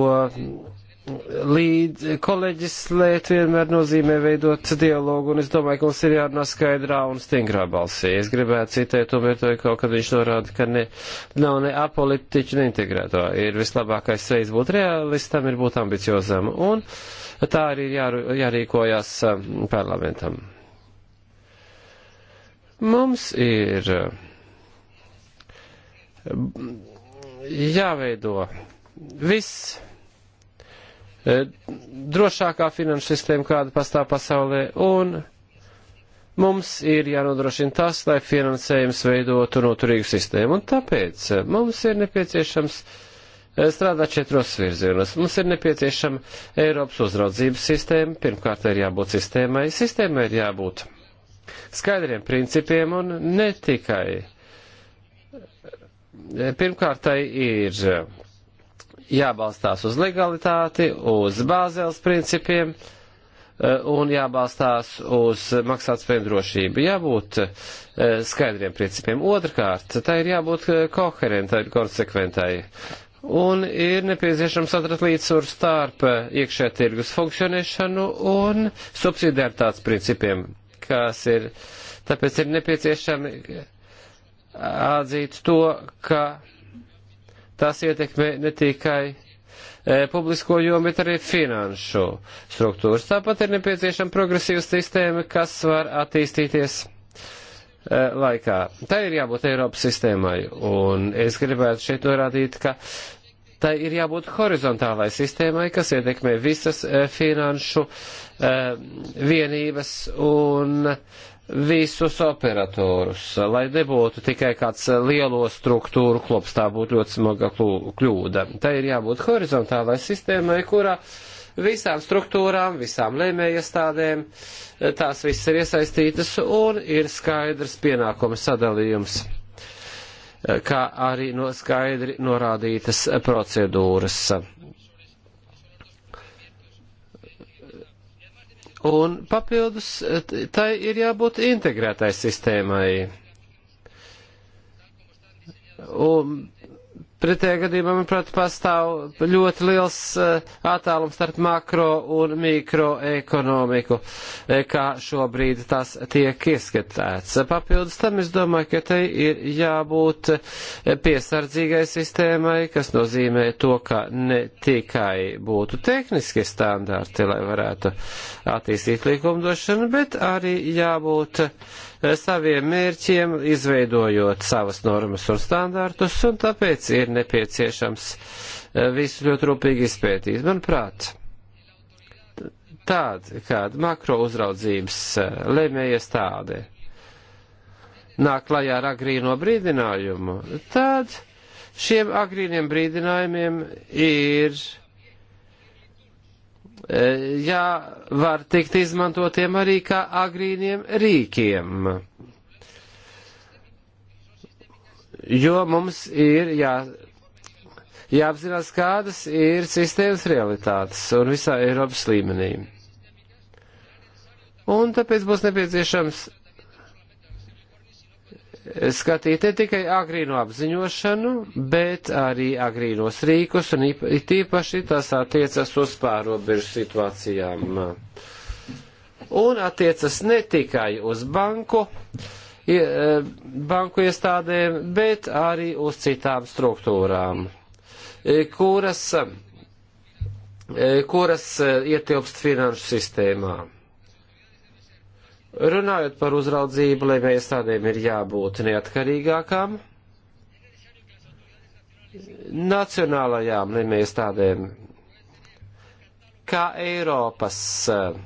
līdz kolēģis lēt vienmēr nozīmē veidot dialogu, un es domāju, ka mums ir jārunā skaidrā un stingrā balsī. Es gribētu citēt to vietoju, kad viņš norāda, ka ne, nav ne apolitiķu, ne integrēto. Ir vislabākais veids būt realistam, ir būt ambiciozam, un tā arī ir jār, jārīkojas eh, parlamentam. Mums ir eh, jāveido viss e, drošākā finanšu sistēma, kāda pastāv pasaulē, un mums ir jānodrošina tas, lai finansējums veidotu noturīgu sistēmu. Un tāpēc e, mums ir nepieciešams e, strādāt četros virzienos. Mums ir nepieciešama Eiropas uzraudzības sistēma. Pirmkārt, ir jābūt sistēmai. Sistēmai ir jābūt skaidriem principiem un ne tikai. Pirmkārt, tai ir jābalstās uz legalitāti, uz bāzēles principiem e, un jābalstās uz maksātspēju drošību. Jābūt e, skaidriem principiem. Otrkārt, tā ir jābūt e, koherentai, konsekventai. Un ir nepieciešams atrast līdzsvaru starp iekšē tirgus funkcionēšanu un subsidiaritātes principiem, kas ir, tāpēc ir nepieciešami atzīt to, ka Tas ietekmē ne tikai e, publisko jomu, bet arī finanšu struktūras. Tāpat ir nepieciešama progresīva sistēma, kas var attīstīties e, laikā. Tā ir jābūt Eiropas sistēmai, un es gribētu šeit norādīt, ka tai ir jābūt horizontālai sistēmai, kas ietekmē visas e, finanšu vienības un visus operatorus, lai nebūtu tikai kāds lielo struktūru klops, tā būtu ļoti smaga kļūda. Tā ir jābūt horizontālai sistēmai, kurā visām struktūrām, visām lēmējiestādēm, tās visas ir iesaistītas un ir skaidrs pienākuma sadalījums, kā arī no skaidri norādītas procedūras. Un papildus eh, tai ir jābūt integrētai sistēmai. Un Pretējā gadījumā, manuprāt, pastāv ļoti liels eh, attālums starp makro un mikroekonomiku, eh, kā šobrīd tas tiek ieskatēts. Papildus tam es domāju, ka te ir jābūt eh, piesardzīgai sistēmai, kas nozīmē to, ka ne tikai būtu tehniski standarti, lai varētu attīstīt likumdošanu, bet arī jābūt uh, Eh, saviem mērķiem, izveidojot savas normas un standārtus, un tāpēc ir nepieciešams eh, visu ļoti rūpīgi izpētīt. Manuprāt, tāda, kāda makro uzraudzības eh, lēmējas tāda nāk klajā ar agrīno brīdinājumu, tad šiem agrīniem brīdinājumiem ir E, jā, var tikt izmantotiem arī kā agrīniem rīkiem. Jo mums ir jā, jāapzinās, kādas ir sistēmas realitātes un visā Eiropas līmenī. Un tāpēc būs nepieciešams skatīt ne tikai agrīno apziņošanu, bet arī agrīnos rīkus, un tīpaši tas attiecas uz pārobežu situācijām. Un attiecas ne tikai uz banku, eh, banku iestādēm, bet arī uz citām struktūrām, e, kuras, e, kuras e, ietilpst finanšu sistēmām Runājot par uzraudzību, lai mēs tādiem ir jābūt neatkarīgākām, nacionālajām lemējas tādēm, kā Eiropas eh,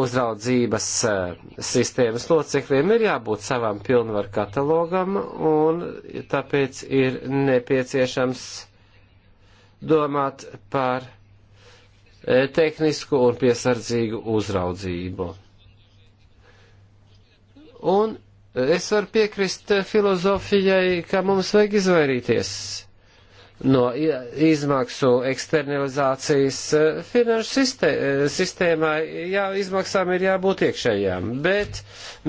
uzraudzības eh, sistēmas locekļiem ir jābūt savam pilnvaru katalogam, un tāpēc ir nepieciešams domāt par eh, tehnisku un piesardzīgu uzraudzību. Un es varu piekrist filozofijai, ka mums vajag izvairīties no izmaksu eksternalizācijas eh, finanšu sistē, eh, sistēmā. Jā, izmaksām ir jābūt iekšējām, bet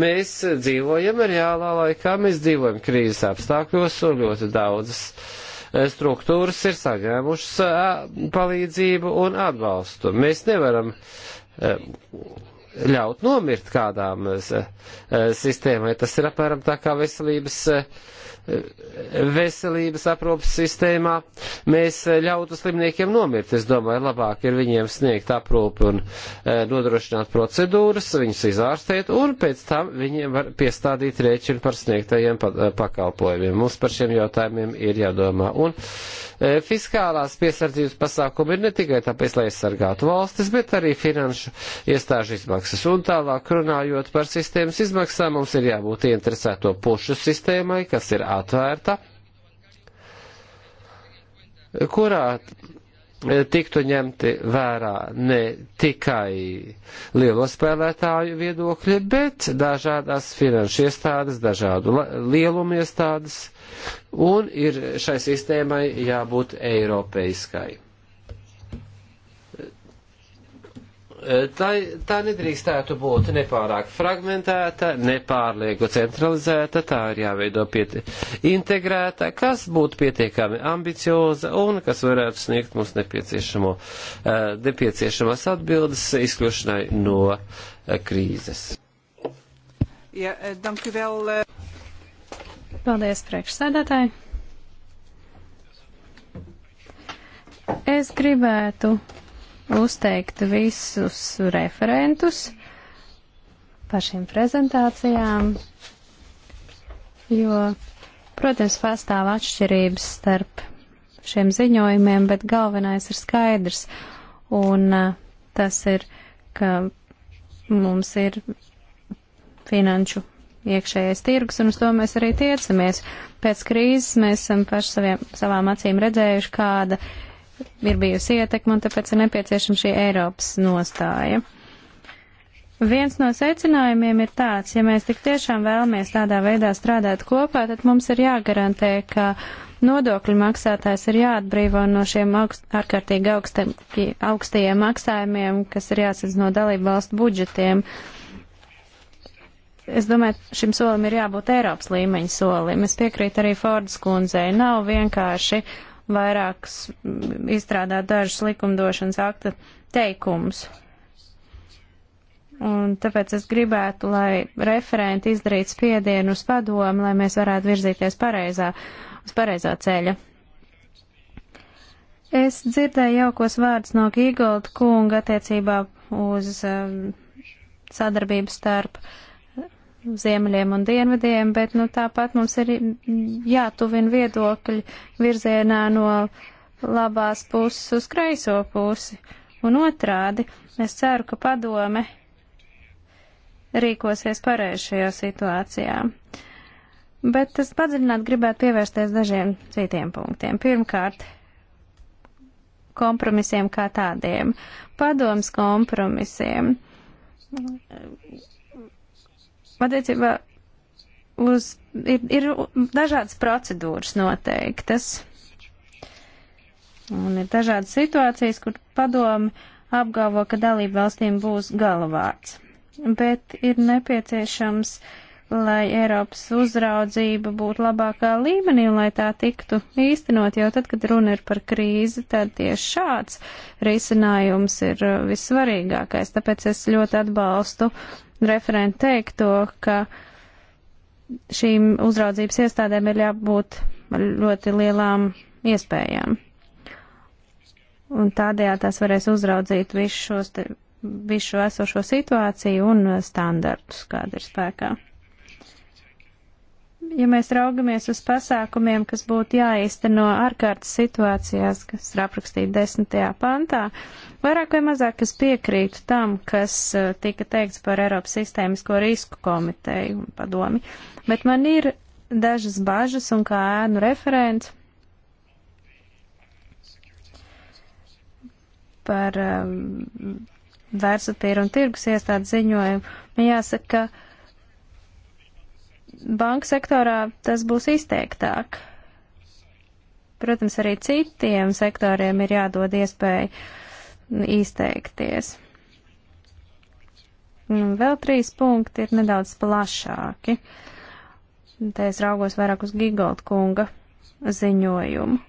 mēs dzīvojam reālā laikā, mēs dzīvojam krīzes apstākļos un ļoti daudzas eh, struktūras ir saņēmušas palīdzību un atbalstu. Mēs nevaram ļaut nomirt kādām eh, eh, sistēmai. Tas ir apmēram tā kā veselības uh, veselības aprūpas sistēmā mēs eh, ļautu slimniekiem nomirt. Es domāju, labāk ir viņiem sniegt aprūpi un eh, nodrošināt procedūras, viņus izārstēt un pēc tam viņiem var piestādīt rēķinu par sniegtajiem eh, pakalpojumiem. Mums par šiem jautājumiem ir jādomā. Un fiskālās piesardzības pasākumi ir ne tikai tāpēc, lai aizsargātu valstis, bet arī finanšu iestāžu izmaksas. Un tālāk runājot par sistēmas izmaksām, mums ir jābūt interesēto pušu sistēmai, kas ir atvērta, kurā tiktu ņemti vērā ne tikai lielo spēlētāju viedokļi, bet dažādas finanšu iestādes, dažādu lielumu iestādes, un ir šai sistēmai jābūt eiropeiskai. Eh, tā, tā nedrīkstētu būt nepārāk fragmentēta, nepārlieku centralizēta, tā ir jāveido pieti integrēta, kas būtu pietiekami ambicioza un kas varētu sniegt mums nepieciešamo, eh, nepieciešamās atbildes izkļūšanai no eh, krīzes. Ja, danku vēl. Paldies, priekšsēdētāji. Es gribētu uzteikt visus referentus par šīm prezentācijām, jo, protams, pastāv atšķirības starp šiem ziņojumiem, bet galvenais ir skaidrs, un eh, tas ir, ka mums ir finanšu iekšējais tirgus, un uz to mēs arī tiecamies. Pēc krīzes mēs esam paši saviem, savām acīm redzējuši, kāda ir bijusi ietekma un tāpēc ir nepieciešama šī Eiropas nostāja. Viens no secinājumiem ir tāds, ja mēs tik tiešām vēlamies tādā veidā strādāt kopā, tad mums ir jāgarantē, ka nodokļu maksātājs ir jāatbrīvo no šiem augst, ārkārtīgi augsta, augstajiem maksājumiem, kas ir jāsadz no dalību valstu budžetiem. Es domāju, šim solim ir jābūt Eiropas līmeņa solim. Es piekrītu arī Fordas kundzei. Nav vienkārši vairākas mm, izstrādāt dažus likumdošanas akta teikumus. Un tāpēc es gribētu, lai referenti izdarītu spiedienu uz padomu, lai mēs varētu virzīties pareizā, uz pareizā ceļa. Es dzirdēju jaukos vārdus no Gigolda kunga attiecībā uz um, sadarbību starp uh, ziemeļiem un dienvidiem, bet nu, tāpat mums ir jātuvina viedokļi virzienā no labās puses uz kreiso pusi. Un otrādi, es ceru, ka padome rīkosies pareizi šajā situācijā. Bet es padziļināt gribētu pievērsties dažiem citiem punktiem. Pirmkārt, kompromisiem kā tādiem, padoms kompromisiem attiecībā uz, ir, ir dažādas procedūras noteiktas. Un ir dažādas situācijas, kur padomi apgalvo, ka dalību valstīm būs galvārds. Bet ir nepieciešams, lai Eiropas uzraudzība būtu labākā līmenī un lai tā tiktu īstenot, jo tad, kad runa ir par krīzi, tad tieši šāds risinājums ir uh, vissvarīgākais. Tāpēc es ļoti atbalstu referenta teikto, ka šīm uzraudzības iestādēm ir jābūt ļoti lielām iespējām. Un tādējādi tās varēs uzraudzīt visu, šos te, visu esošo situāciju un standartus, kāda ir spēkā ja mēs raugamies uz pasākumiem, kas būtu jāīsteno ārkārtas situācijās, kas ir aprakstīti desmitajā pantā, vairāk vai mazāk es piekrītu tam, kas eh, tika teikts par Eiropas sistēmisko risku komiteju un padomi, bet man ir dažas bažas un kā ēnu referents par um, vērtspapīru un tirgus iestādes ziņojumu, man jāsaka, ka banku sektorā tas būs izteiktāk. Protams, arī citiem sektoriem ir jādod iespēja izteikties. Un vēl trīs punkti ir nedaudz plašāki. Te es raugos vairāk uz Gigold kunga ziņojumu.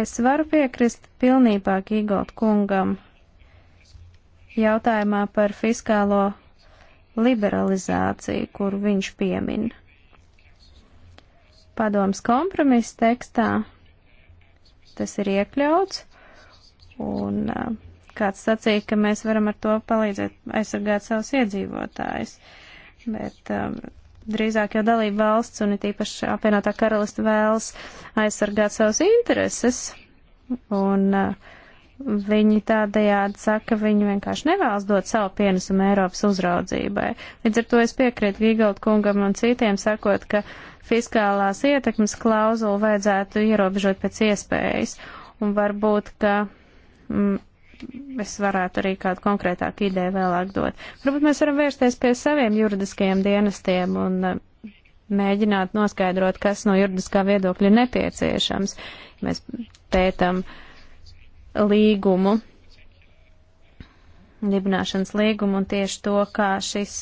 Es varu piekrist pilnībā Gigold kungam jautājumā par fiskālo liberalizāciju, kur viņš piemin. Padoms kompromisa tekstā tas ir iekļauts, un eh, kāds sacīja, ka mēs varam ar to palīdzēt aizsargāt savus iedzīvotājus, bet um, drīzāk jau dalība valsts un it īpaši apvienotā karalista vēlas aizsargāt savus intereses, un uh, Viņi tādējādi saka, viņi vienkārši nevēlas dot savu pienesumu Eiropas uzraudzībai. Līdz ar to es piekrītu Gigalt kungam un citiem sakot, ka fiskālās ietekmes klauzulu vajadzētu ierobežot pēc iespējas. Un varbūt, ka mm, es varētu arī kādu konkrētāku ideju vēlāk dot. Varbūt mēs varam vērsties pie saviem juridiskajiem dienestiem un mm, mēģināt noskaidrot, kas no juridiskā viedokļa ir nepieciešams. Mēs pētam uh, līgumu, dibināšanas līgumu un tieši to, kā šis,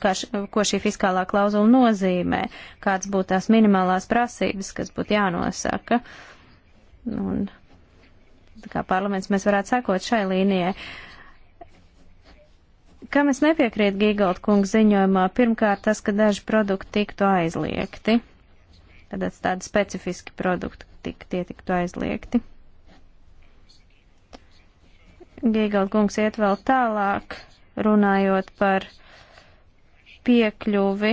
kā š, ko šī fiskālā klauzula nozīmē, kāds būtu tās minimālās prasības, kas būtu jānosaka. Un, kā parlaments mēs varētu sekot šai līnijai. Kam es nepiekrītu Gigalt kungs ziņojumā, pirmkārt tas, ka daži produkti tiktu aizliegti. Tad tādi specifiski produkti tik, tie tiktu aizliegti. Gīgalt kungs iet vēl tālāk, runājot par piekļuvi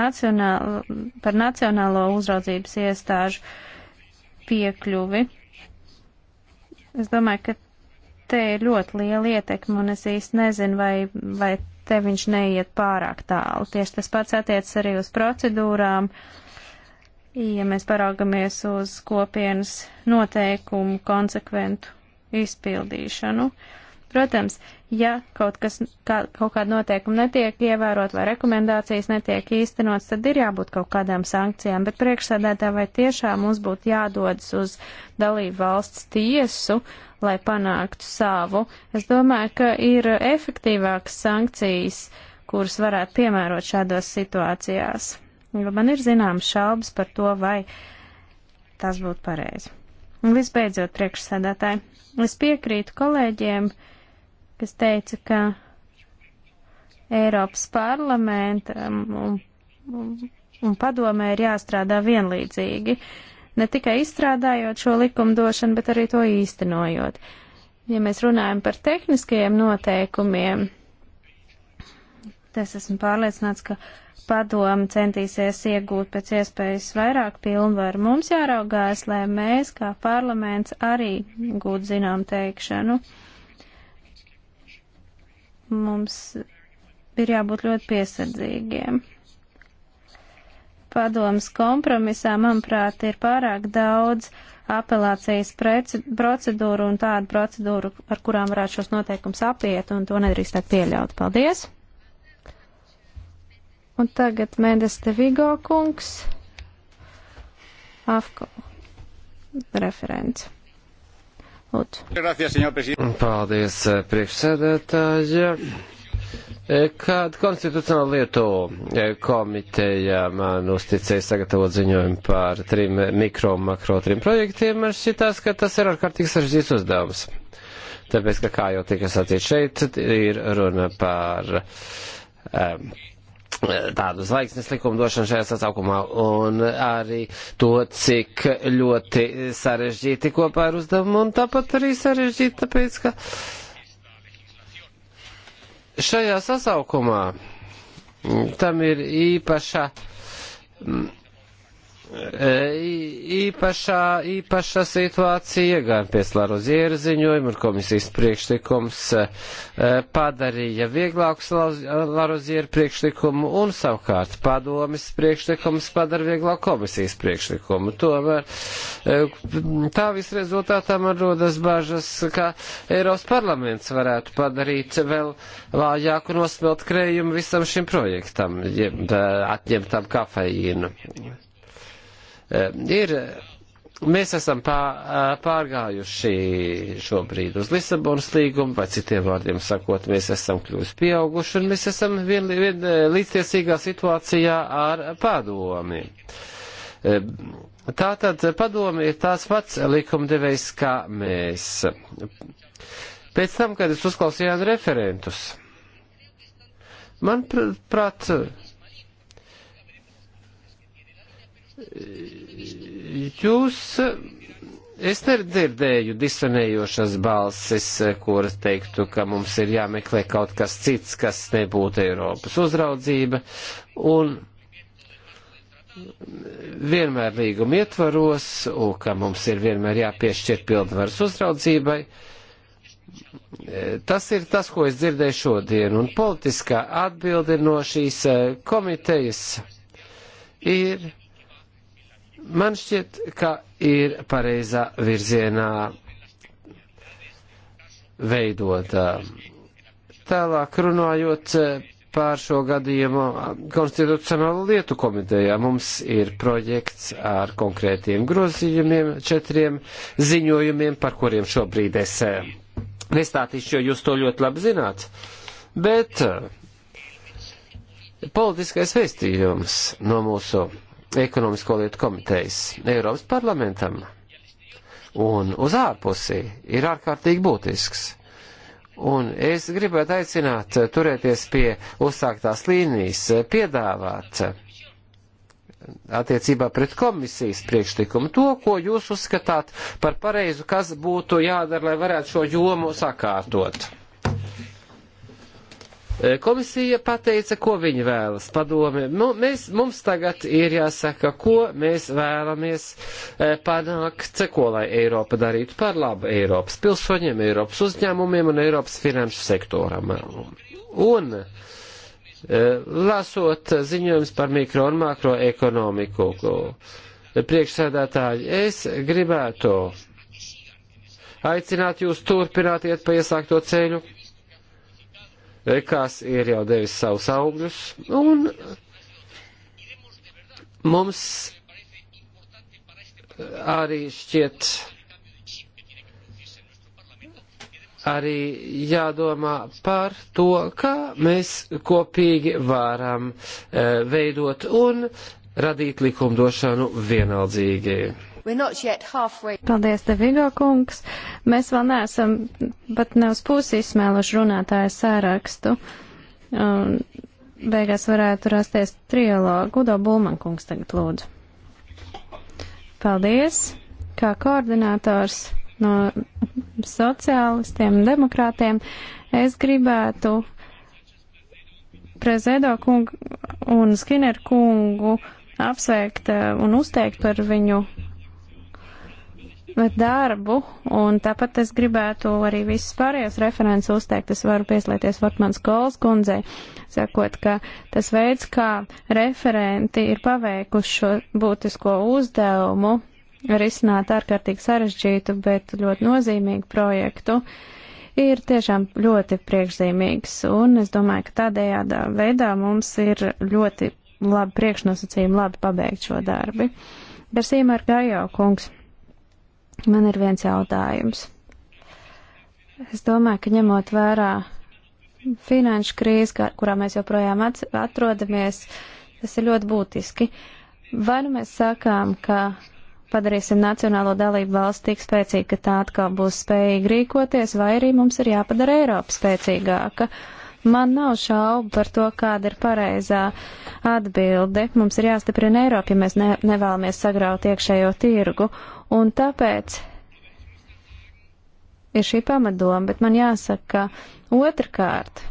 nacionālo, par nacionālo uzraudzības iestāžu piekļuvi. Es domāju, ka te ir ļoti liela ietekme, un es īsti nezinu, vai, vai te viņš neiet pārāk tālu. Tieši tas pats attiecas arī uz procedūrām. Ja mēs paraugamies uz kopienas noteikumu konsekventu izpildīšanu. Protams, ja kaut, kas, kā, kaut kāda noteikuma netiek ievērot vai rekomendācijas netiek īstenots, tad ir jābūt kaut kādām sankcijām, bet priekšsādētā vai tiešām mums būtu jādodas uz dalību valsts tiesu, lai panāktu savu. Es domāju, ka ir efektīvākas sankcijas, kuras varētu piemērot šādos situācijās. Jo man ir zināmas šaubas par to, vai tas būtu pareizi. Un visbeidzot, priekšsēdētāji, Es piekrītu kolēģiem, kas teica, ka Eiropas parlamentam un, un padomē ir jāstrādā vienlīdzīgi, ne tikai izstrādājot šo likumdošanu, bet arī to īstenojot. Ja mēs runājam par tehniskajiem noteikumiem, tas esmu pārliecināts, ka uh, padoma centīsies iegūt pēc iespējas vairāk pilnvaru. Mums jāraugās, lai mēs kā parlaments arī gūtu zinām teikšanu. Mums ir jābūt ļoti piesardzīgiem. Padomas kompromisā, manuprāt, ir pārāk daudz apelācijas procedūru un tādu procedūru, ar kurām varētu šos noteikumus apiet, un to nedrīkstētu pieļaut. Paldies! Un tagad Mendes de Vigo kungs, AFCO referents. Lūdzu. Paldies, eh, priekšsēdētāji. Eh, Kad Konstitucionāla lietu eh, komiteja man uzticēja sagatavot ziņojumu par trim mikro un makro trim projektiem, man šķitās, ka tas ir ārkārtīgi sarežģīts uzdevums. Tāpēc, ka kā jau tika sacīts šeit, ir runa par um, tādu zvaigznes likumdošanu šajā sasaukumā un arī to, cik ļoti sarežģīti kopā ir uzdevumi un tāpat arī sarežģīti, tāpēc, ka šajā sasaukumā tam ir īpaša. Mm, E, īpašā, īpašā situācija gan pie Slaroziera ziņojuma un komisijas priekšlikums e, e, padarīja vieglāku Laroziera priekšlikumu un savukārt padomis priekšlikums padara vieglāku komisijas priekšlikumu. Tomēr tā visrezultātā man rodas bažas, ka Eiropas parlaments varētu padarīt vēl vājāku nospelt krējumu visam šim projektam, atņemtam kafeīnu. Eh, ir, mēs esam pā, eh, pārgājuši šobrīd uz Lisabonas līgumu, vai citiem vārdiem sakot, mēs esam kļūst pieauguši un mēs esam vien, vien, eh, līdztiesīgā situācijā ar padomi. Tātad padomi ir tās pats likumdevējs kā mēs. Pēc tam, kad es uzklausīju referentus, man prāt, Jūs, es nedzirdēju disonējošas balsis, kuras teiktu, ka mums ir jāmeklē kaut kas cits, kas nebūtu Eiropas uzraudzība, un vienmēr līguma ietvaros, un ka mums ir vienmēr jāpiešķir pildvaras uzraudzībai. Tas ir tas, ko es dzirdēju šodien, un politiskā atbildi no šīs eh, komitejas ir Man šķiet, ka ir pareizā virzienā veidotā. Eh, tālāk runājot eh, pār šo gadījumu eh, Konstitucionālo lietu komitejā. Mums ir projekts ar konkrētiem grozījumiem, četriem ziņojumiem, par kuriem šobrīd es nestātīšu, jo jūs to ļoti labi zināt. Bet politiskais vēstījums no mūsu ekonomisko lietu komitejas Eiropas parlamentam un uz ārpusi ir ārkārtīgi būtisks. Un es gribētu aicināt eh, turēties pie uzsāktās līnijas, eh, piedāvāt eh, attiecībā pret komisijas priekšlikumu to, ko jūs uzskatāt par pareizu, kas būtu jādara, lai varētu šo jomu sakārtot. E, komisija pateica, ko viņi vēlas, padome. Nu, mēs, mums tagad ir jāsaka, ko mēs vēlamies e, panākt, ko lai Eiropa darītu par labu Eiropas pilsoņiem, Eiropas uzņēmumiem un Eiropas finanšu sektoram. Un e, lasot ziņojums par mikro un makroekonomiku, priekšsēdētāji, es gribētu aicināt jūs turpinātiet pa iesākto ceļu kas ir jau devis savus augļus, un mums arī šķiet arī jādomā par to, kā mēs kopīgi varam eh, veidot un radīt likumdošanu vienaldzīgi. Paldies, Devigo kungs. Mēs vēl neesam pat ne uz pusi izsmēluši runātāju sārakstu. Um, beigās varētu rasties trialogu. Udo Bulman kungs tagad lūdzu. Paldies. Kā koordinators no sociālistiem un demokrātiem, es gribētu Prezedo kungu un Skinner kungu apsveikt eh, un uzteikt par viņu darbu, un tāpat es gribētu arī visus pārējos referents uzteikt, es varu pieslēties Vortmans Kols kundzei, sakot, ka tas veids, kā referenti ir paveikuši šo būtisko uzdevumu, risināt ārkārtīgi sarežģītu, bet ļoti nozīmīgu projektu, ir tiešām ļoti priekšzīmīgs, un es domāju, ka tādējādā veidā mums ir ļoti labi priekšnosacījumi labi pabeigt šo darbi. Garsīmēr Gajo kungs. Man ir viens jautājums. Es domāju, ka ņemot vērā finanšu krīzi, kurā mēs joprojām atrodamies, tas ir ļoti būtiski. Vai nu mēs sakām, ka padarīsim nacionālo dalību valsts tik spēcīgu, ka tā atkal būs spējīga rīkoties, vai arī mums ir jāpadara Eiropa spēcīgāka. Uh, Man nav šaubu par to, kāda ir pareizā atbilde. Mums ir jāstiprina Eiropa, ja mēs ne, nevēlamies sagraut iekšējo tirgu. Un tāpēc ir šī pamatdoma, bet man jāsaka, ka otrkārt,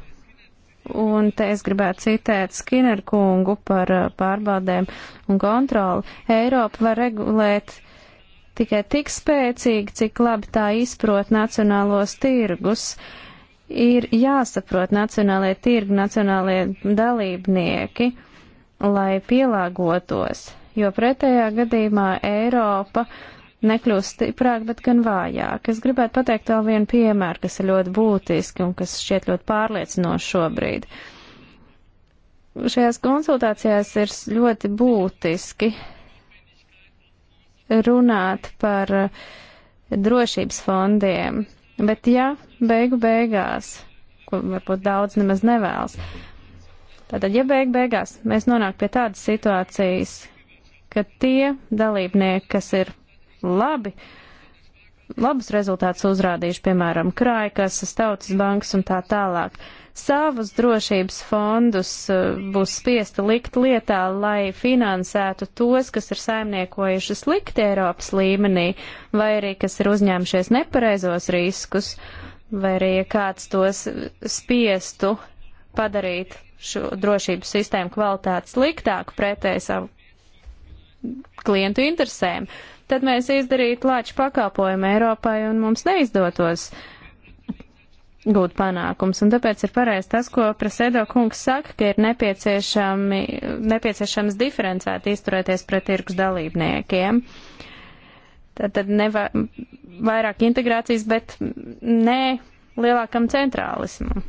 un te es gribētu citēt Skinner kungu par uh, pārbaudēm un kontroli, Eiropa var regulēt tikai tik spēcīgi, cik labi tā izprot nacionālos tirgus. Uh, ir jāsaprot nacionālajie tirgi, nacionālajie dalībnieki, lai pielāgotos, jo pretējā gadījumā Eiropa nekļūst stiprāk, bet gan vājāk. Es gribētu pateikt vēl vienu piemēru, kas ir ļoti būtiski un kas šķiet ļoti pārliecinoši šobrīd. Šajās konsultācijās ir ļoti būtiski runāt par eh, drošības fondiem, Bet ja beigu beigās, ko varbūt daudz nemaz nevēlas, tātad ja beigu beigās mēs nonāk pie tādas situācijas, ka tie dalībnieki, kas ir labi, labus rezultātus uzrādījuši, piemēram, krājkases, tautas bankas un tā tālāk, uh, savus drošības fondus eh, būs spiesta likt lietā, lai finansētu tos, kas ir saimniekojuši slikti Eiropas līmenī, vai arī kas ir uzņēmušies nepareizos riskus, vai arī ja kāds tos spiestu padarīt šo drošības sistēmu kvalitāti sliktāku pretēji savu klientu interesēm, tad mēs izdarītu lāču pakalpojumu Eiropai un mums neizdotos uh, gūt panākums. Un tāpēc ir pareizi tas, ko Prasēdo kungs saka, ka ir nepieciešams diferencēt izturēties pret tirgus dalībniekiem. Tad, tad neva, vairāk integrācijas, bet ne lielākam centrālismam.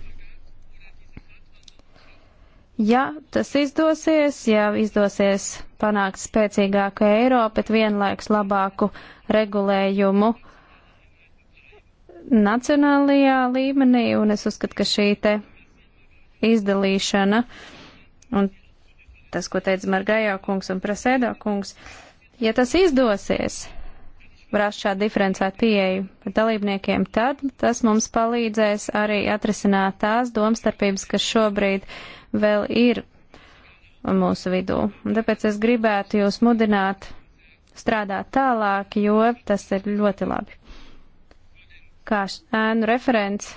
Ja tas izdosies, ja izdosies panākt spēcīgāku Eiropu, bet vienlaiks labāku regulējumu, nacionālajā līmenī, un es uzskatu, ka šī te izdalīšana, un tas, ko teica Margajā kungs un Prasēdā kungs, ja tas izdosies rast šādu diferencētu pieeju par dalībniekiem, tad tas mums palīdzēs arī atrisināt tās domstarpības, kas šobrīd vēl ir mūsu vidū. Un tāpēc es gribētu jūs mudināt strādāt tālāk, jo tas ir ļoti labi kā ēnu referents.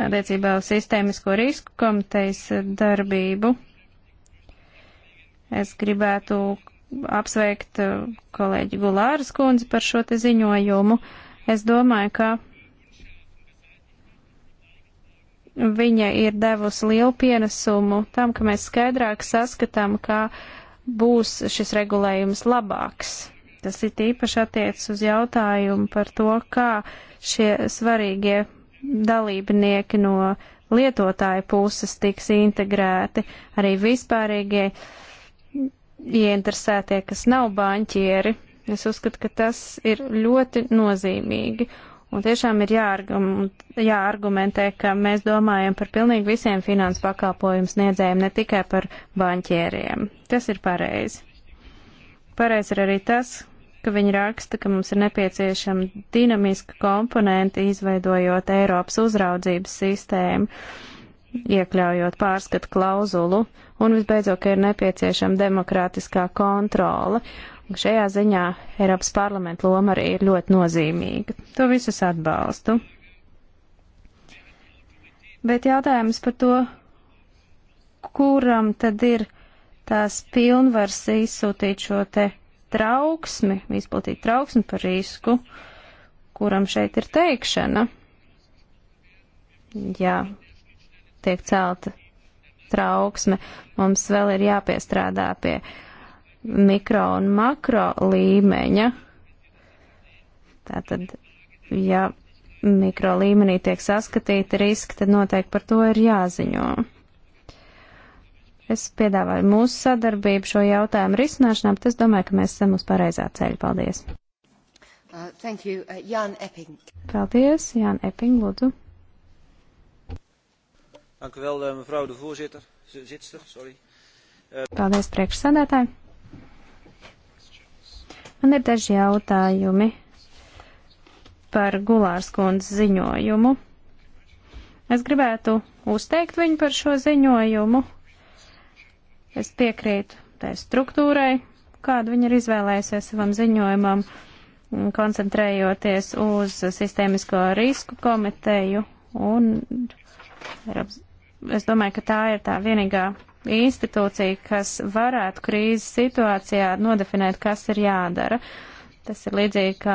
Attiecībā uz sistēmisko risku komitejas darbību es gribētu apsveikt uh, kolēģi Gulāras kundzi par šo te ziņojumu. Es domāju, ka viņa ir devusi lielu pienesumu tam, ka mēs skaidrāk saskatām, kā ka būs šis regulējums labāks. Tas ir īpaši attiecas uz jautājumu par to, kā šie svarīgie dalībnieki no lietotāja puses tiks integrēti, arī vispārīgie ieinteresētie, kas nav baņķieri. Es uzskatu, ka tas ir ļoti nozīmīgi. Un tiešām ir jāargumentē, ka mēs domājam par pilnīgi visiem finansu pakalpojumu sniedzējiem, ne tikai par banķieriem. Tas ir pareizi. Pareizi ir arī tas, ka viņi raksta, ka mums ir nepieciešama dinamiska komponente, izveidojot Eiropas uzraudzības sistēmu, iekļaujot pārskatu klauzulu, un visbeidzot, ka ir nepieciešama demokrātiskā kontrola. Uh, Šajā ziņā Eiropas parlamenta loma arī ir ļoti nozīmīga. To visus atbalstu. Bet jautājums par to, kuram tad ir tās pilnvars izsūtīt šo te trauksmi, izplatīt trauksmi par risku, kuram šeit ir teikšana. Jā, tiek celta trauksme, mums vēl ir jāpiestrādā pie uh, mikro un makro līmeņa. Tātad, ja mikro līmenī tiek saskatīti riski, tad noteikti par to ir jāziņo. Es piedāvāju mūsu sadarbību šo jautājumu risināšanā, bet es domāju, ka mēs esam uz pareizā ceļa. Paldies! Uh, thank you. Uh, Jan Epping. Paldies, Jan Epping, lūdzu. Dank u wel, eh, mevrouw de voorzitter. Zitster, sorry. Uh... Paldies, priekšsēdētāji. Man ir daži jautājumi par Gulārs kundzes ziņojumu. Es gribētu uzteikt viņu par šo ziņojumu. Es piekrītu tai struktūrai, kādu viņa ir izvēlējusies savam ziņojumam, koncentrējoties uz sistēmisko risku komiteju. Un es domāju, ka tā ir tā vienīgā institūcija, kas varētu krīzes situācijā nodefinēt, kas ir jādara. Tas ir līdzīgi, kā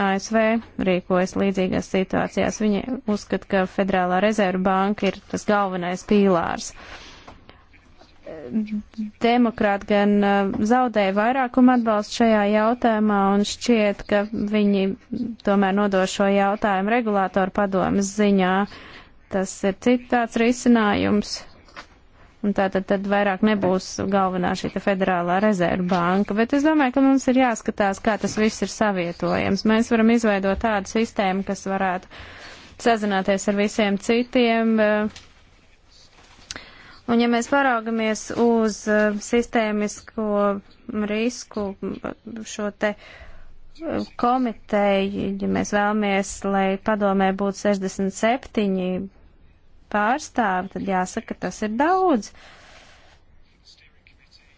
ASV rīkojas līdzīgās situācijās. Viņi uzskata, ka Federālā rezerva banka ir tas galvenais pīlārs. Demokrāti gan zaudēja vairākumu atbalstu šajā jautājumā un šķiet, ka viņi tomēr nodos šo jautājumu regulātoru padomas ziņā. Tas ir citāds risinājums, Un tātad tad vairāk nebūs galvenā šī federālā rezerva banka. Bet es domāju, ka mums ir jāskatās, kā tas viss ir savietojams. Mēs varam izveidot tādu sistēmu, kas varētu sazināties ar visiem citiem. Un ja mēs paraugamies uz eh, sistēmisko risku šo te eh, komiteju, ja mēs vēlamies, lai padomē būtu 67 pārstāvi, tad jāsaka, tas ir daudz.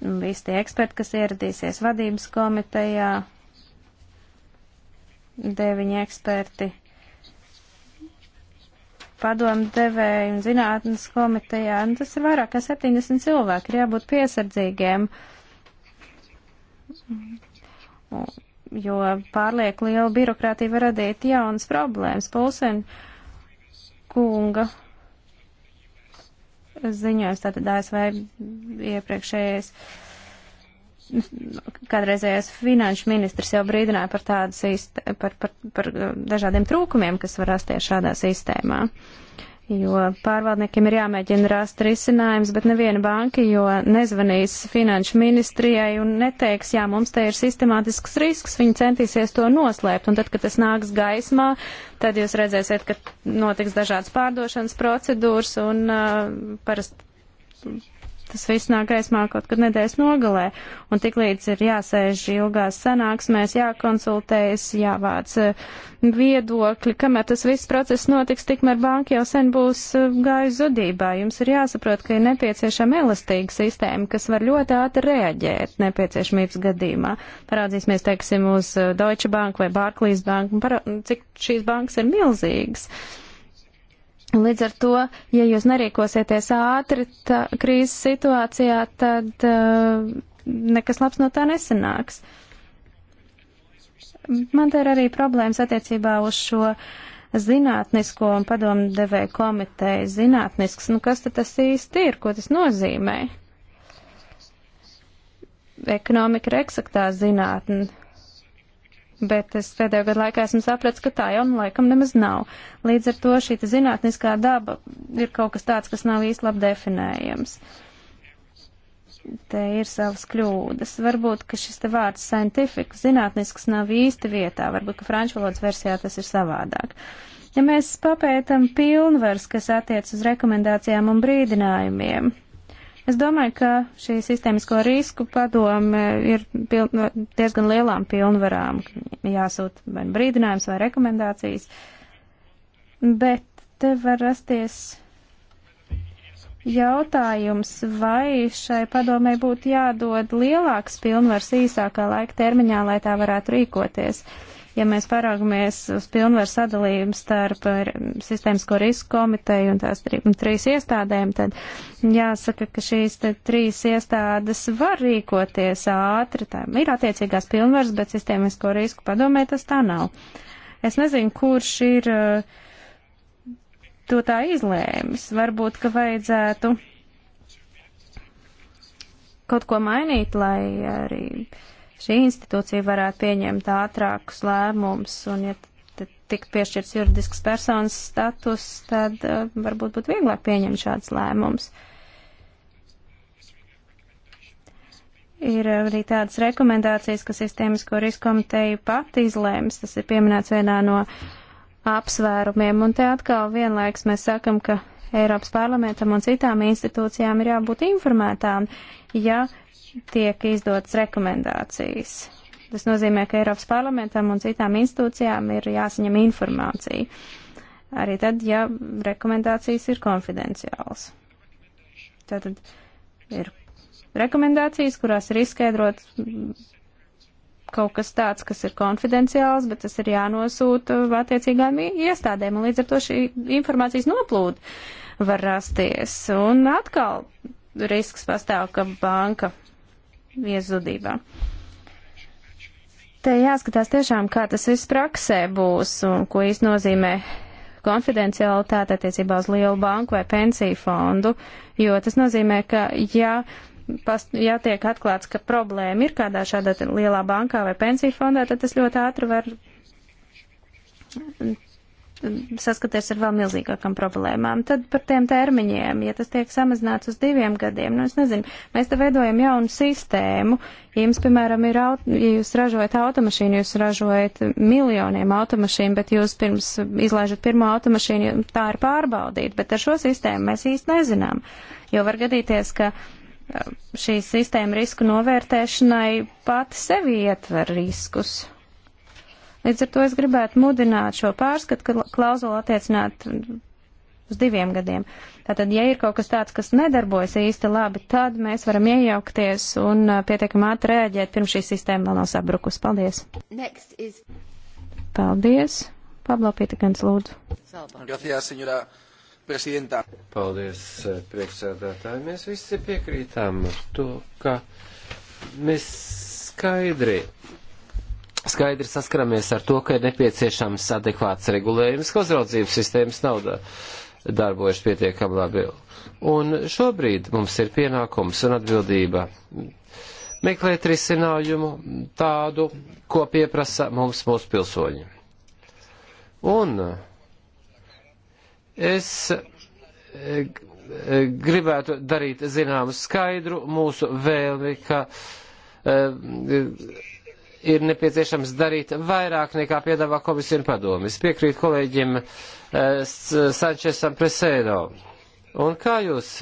Visi tie eksperti, kas ieradīsies vadības komitejā, deviņi eksperti padomdevēji un zinātnes komitejā, nu, tas ir vairāk kā 70 cilvēki, ir jābūt piesardzīgiem, jo pārlieku liela birokrātija var radīt jaunas problēmas. Pulsen kunga ziņojums, tātad ASV iepriekšējais kādreizējais finanšu ministrs jau brīdināja par, tādu, par, par, par dažādiem trūkumiem, kas var rasties šādā sistēmā. Uh, jo pārvaldniekiem ir jāmēģina rast risinājums, bet neviena banka, jo nezvanīs finanšu ministrijai un neteiks, jā, mums te ir sistemātisks risks, viņi centīsies to noslēpt, un tad, kad tas nāks gaismā, tad jūs redzēsiet, ka notiks dažādas pārdošanas procedūras, un uh, parasti tas viss nāk gaismā kaut kad nedēļas nogalē, un tik līdz ir jāsēž ilgās sanāksmēs, jākonsultējas, jāvāc eh, viedokļi, kamēr tas viss process notiks, tikmēr banka jau sen būs eh, gājusi zudībā. Jums ir jāsaprot, ka ir nepieciešama elastīga sistēma, kas var ļoti ātri reaģēt nepieciešamības gadījumā. Parādzīsimies, teiksim, uz eh, Deutsche Bank vai Barclays Bank, un para, cik šīs bankas ir milzīgas. Uh, Līdz ar to, ja jūs nerīkosieties ātri tā, krīzes situācijā, tad uh, nekas labs no tā nesanāks. Man te ir arī problēmas attiecībā uz šo zinātnisko un padomdevēju komiteju. Zinātnisks, nu kas tad tas īsti ir, ko tas nozīmē? Ekonomika ir eksaktā zinātne, bet es pēdējo gadu laikā esmu sapratis, ka tā jau nu laikam nemaz nav. Līdz ar to šī zinātniskā daba ir kaut kas tāds, kas nav īsti labi definējams. Te ir savas kļūdas. Varbūt, ka šis te vārds scientific, zinātnisks, nav īsti vietā. Varbūt, ka franču valodas versijā tas ir savādāk. Ja mēs papētam pilnvars, kas attiec uz rekomendācijām un brīdinājumiem, Es domāju, ka šī sistēmisko risku padome ir piln, diezgan lielām pilnvarām, jāsūt vai nu brīdinājums vai rekomendācijas, bet te var rasties jautājums, vai šai padomē būtu jādod lielāks pilnvars īsākā laika termiņā, lai tā varētu rīkoties. Uh, ja mēs paraugamies uz pilnvaru sadalījumu starp eh, sistēmisko risku komiteju un tās tri, un trīs iestādēm, tad jāsaka, ka šīs te, trīs iestādes var rīkoties ātri. Tā ir attiecīgās pilnvaras, bet sistēmisko risku padomē tas tā nav. Es nezinu, kurš ir eh, to tā izlēmis. Varbūt, ka vajadzētu kaut ko mainīt, lai arī. Uh, šī institūcija varētu pieņemt ātrākus lēmumus, un ja tikt piešķirts juridisks personas status, tad uh, varbūt būtu vieglāk pieņemt šāds lēmums. Ir arī tādas rekomendācijas, ka sistēmisko risku komiteja pati izlēms, tas ir pieminēts vienā no apsvērumiem, un te atkal vienlaiks mēs sakam, ka Eiropas parlamentam un citām institūcijām ir jābūt informētām, ja tiek izdotas rekomendācijas. Tas nozīmē, ka Eiropas parlamentam un citām institūcijām ir jāsaņem informācija. Arī tad, ja rekomendācijas ir konfidenciāls. Tātad ir rekomendācijas, kurās ir izskaidrot kaut kas tāds, kas ir konfidenciāls, bet tas ir jānosūta attiecīgām iestādēm, un līdz ar to šī informācijas noplūda var rasties. Un atkal risks pastāv, ka banka iezudībā. Te jāskatās tiešām, kā tas viss praksē būs un ko īsti nozīmē konfidencialitāte attiecībā uz lielu banku vai pensiju fondu, jo tas nozīmē, ka ja, pas, ja tiek atklāts, ka problēma ir kādā šādā lielā bankā vai pensiju fondā, tad tas ļoti ātri var saskaties ar vēl milzīgākām problēmām. Tad par tiem termiņiem, ja tas tiek samazināts uz diviem gadiem, nu es nezinu, mēs te veidojam jaunu sistēmu. Ja jums, piemēram, ir, aut, ja jūs ražojat automašīnu, jūs ražojat miljoniem automašīnu, bet jūs pirms izlaižat pirmo automašīnu, tā ir pārbaudīta, bet ar šo sistēmu mēs īsti nezinām. Jo var gadīties, ka uh, šī sistēma risku novērtēšanai pati sevi ietver riskus. Līdz ar to es gribētu mudināt šo pārskatu klauzulu attiecināt uz diviem gadiem. Tātad, ja ir kaut kas tāds, kas nedarbojas īsti labi, tad mēs varam iejaukties un uh, pietiekami ātri rēģēt, pirms šī sistēma vēl nav sabrukus. Paldies! Is... Paldies! Pablo Pītikans, lūdzu. Gracias, señora presidenta. Paldies, eh, priekšsēdētāji. Mēs visi piekrītām to, ka mēs skaidri skaidri saskaramies ar to, ka ir nepieciešams adekvāts regulējums, ka uzraudzības sistēmas nav darbojas pietiekami labi. Un šobrīd mums ir pienākums un atbildība meklēt risinājumu tādu, ko pieprasa mums mūsu pilsoņi. Un es e, e, gribētu darīt zināmu skaidru mūsu vēlmi, ka e, ir nepieciešams darīt vairāk nekā piedāvā komisija un padomis. Piekrīt kolēģim eh, Sančesam Presēdo. Un kā jūs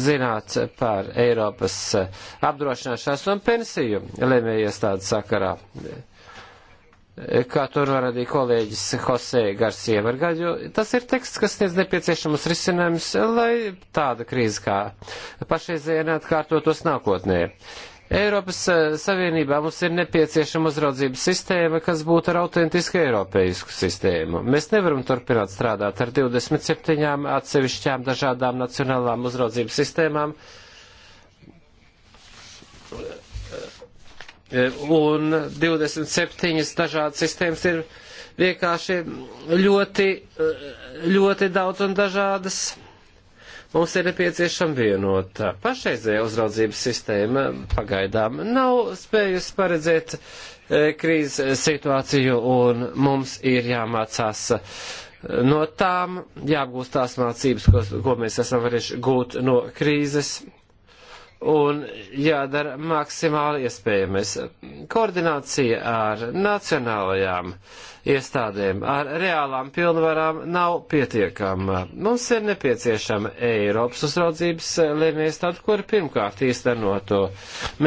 zināt par Eiropas eh, apdrošināšanas un pensiju lemējies tāda sakarā? Eh, kā tur norādīja kolēģis Jose Garcia Vargaļo, tas ir teksts, kas sniedz nepieciešamus risinājumus, lai tāda krīze kā pašreizējā neatkārtotos nākotnē. Uh, Eiropas eh, Savienībā mums ir nepieciešama uzraudzības sistēma, kas būtu ar autentisku eiropeisku sistēmu. Mēs nevaram turpināt strādāt ar 27 atsevišķām dažādām nacionālām uzraudzības sistēmām. Eh, un 27 dažādas sistēmas ir vienkārši ļoti, eh, ļoti daudz un dažādas Mums ir nepieciešama vienota. Pašreizējā uzraudzības sistēma pagaidām nav spējusi paredzēt e, krīzes situāciju, un mums ir jāmācās e, no tām, jāapgūst tās mācības, ko, ko mēs esam varējuši gūt no krīzes un jādara maksimāli iespējamais. Koordinācija ar nacionālajām iestādēm, ar reālām pilnvarām nav pietiekama. Mums ir nepieciešama Eiropas uzraudzības lēmē iestāde, kur pirmkārt īstenotu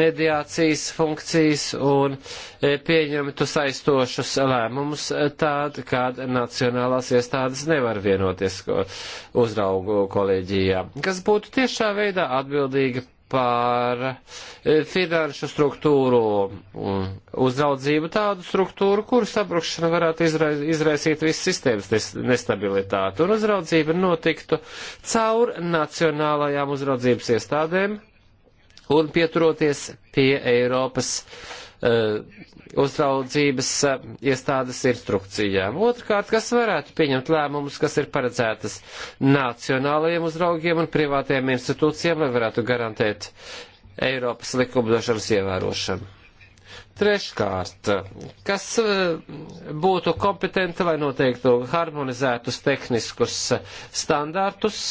mediācijas funkcijas un e, pieņemtu saistošus lēmumus tād, kād nacionālās iestādes nevar vienoties ko uzraugu kolēģijā, kas būtu tiešā veidā atbildīga par e, finanšu struktūru uzraudzību tādu struktūru, kuru sabrukšana varētu izraisīt visu sistēmas nestabilitāti, un uzraudzība notiktu caur nacionālajām uzraudzības iestādēm un pieturoties pie Eiropas uh, Eh, uzraudzības eh, iestādes instrukcijām. Otrkārt, kas varētu pieņemt lēmumus, kas ir paredzētas nacionālajiem uzraugiem un privātajiem institūcijiem, lai varētu garantēt Eiropas likumdošanas ievērošanu. Treškārt, kas eh, būtu kompetenti, lai noteiktu harmonizētus tehniskus standārtus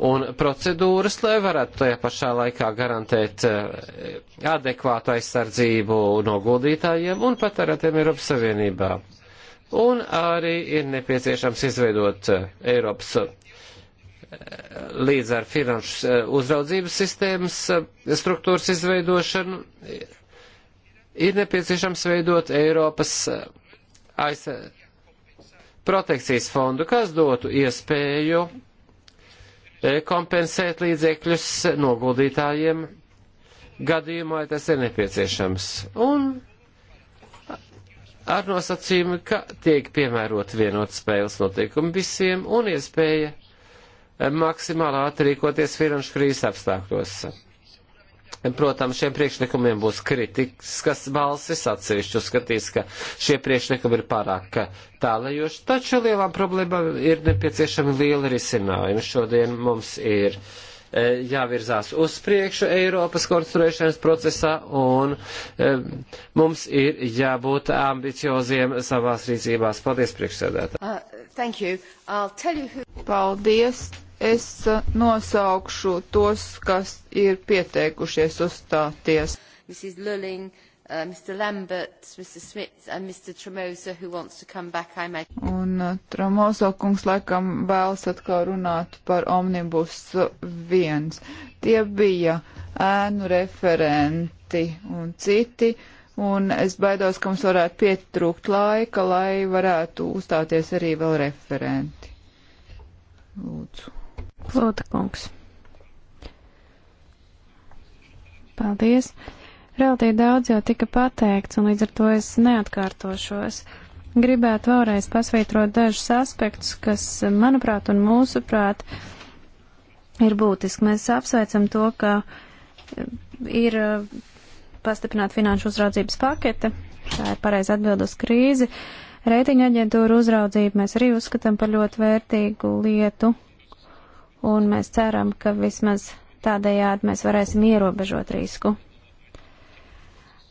un procedūras, lai varētu tajā pašā laikā garantēt eh, adekvātu aizsardzību noguldītājiem un patērētiem Eiropas Savienībā. Un arī ir nepieciešams izveidot eh, Eiropas eh, līdz ar finanšu uzraudzības sistēmas struktūras izveidošanu, ir nepieciešams veidot Eiropas aiz, protekcijas fondu, kas dotu iespēju E, kompensēt līdzekļus noguldītājiem gadījumā, ja tas ir nepieciešams. Un ar nosacījumu, ka tiek piemērot vienot spēles noteikumi visiem un iespēja maksimāli ātri rīkoties finanšu krīzes apstākļos. Protams, šiem priekšlikumiem būs kritiskas balsis, atsevišķi uzskatīs, ka šie priekšlikumi ir pārāk tālajoši, taču lielām problēmām ir nepieciešami lieli risinājumi. Šodien mums ir e, jāvirzās uz priekšu Eiropas konstruēšanas procesā, un e, mums ir jābūt ambicioziem savās rīcībās. Paldies, priekšsēdētāji! Uh, who... Paldies! Es eh, nosaukšu tos, kas ir pieteikušies uzstāties. Mrs. Lulling, uh, eh, Mr. Lamberts, Mr. Smits and Mr. Tremosa, who wants to come back, I imagine. Un uh, Tremosa kungs laikam vēlas atkal runāt par omnibus viens. Tie bija ēnu referenti un citi. Uh, un es baidos, ka mums varētu pietrūkt laika, lai varētu uzstāties arī vēl referenti. Lūdzu. Plūta kungs. Paldies. Realtī daudz jau tika pateikts, un līdz ar to es neatkārtošos. Gribētu vēlreiz pasvītrot dažus aspektus, kas, manuprāt, un mūsuprāt, ir būtiski. Mēs apsveicam to, ka ir uh, pastiprināta finanšu uzraudzības pakete, tā ir pareizi atbild uz krīzi. Reitinga aģentūra uzraudzību mēs arī uzskatām par ļoti vērtīgu lietu, un mēs ceram, ka vismaz tādējādi mēs varēsim ierobežot risku.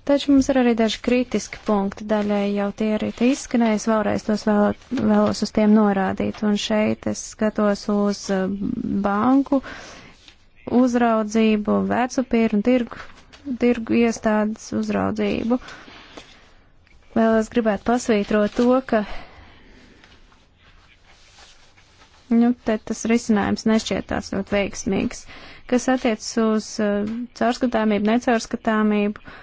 Taču mums ir arī daži kritiski punkti, daļai jau tie arī te izskanējas, vēlreiz tos vēl, vēlos uz tiem norādīt. Un šeit es skatos uz eh, banku uzraudzību, vecupīru un tirgu, tirgu iestādes uzraudzību. Vēl es gribētu pasvītrot to, ka Nu, te tas risinājums nešķietās ļoti veiksmīgs. Kas attiecas uz uh, caurskatāmību, necaurskatāmību,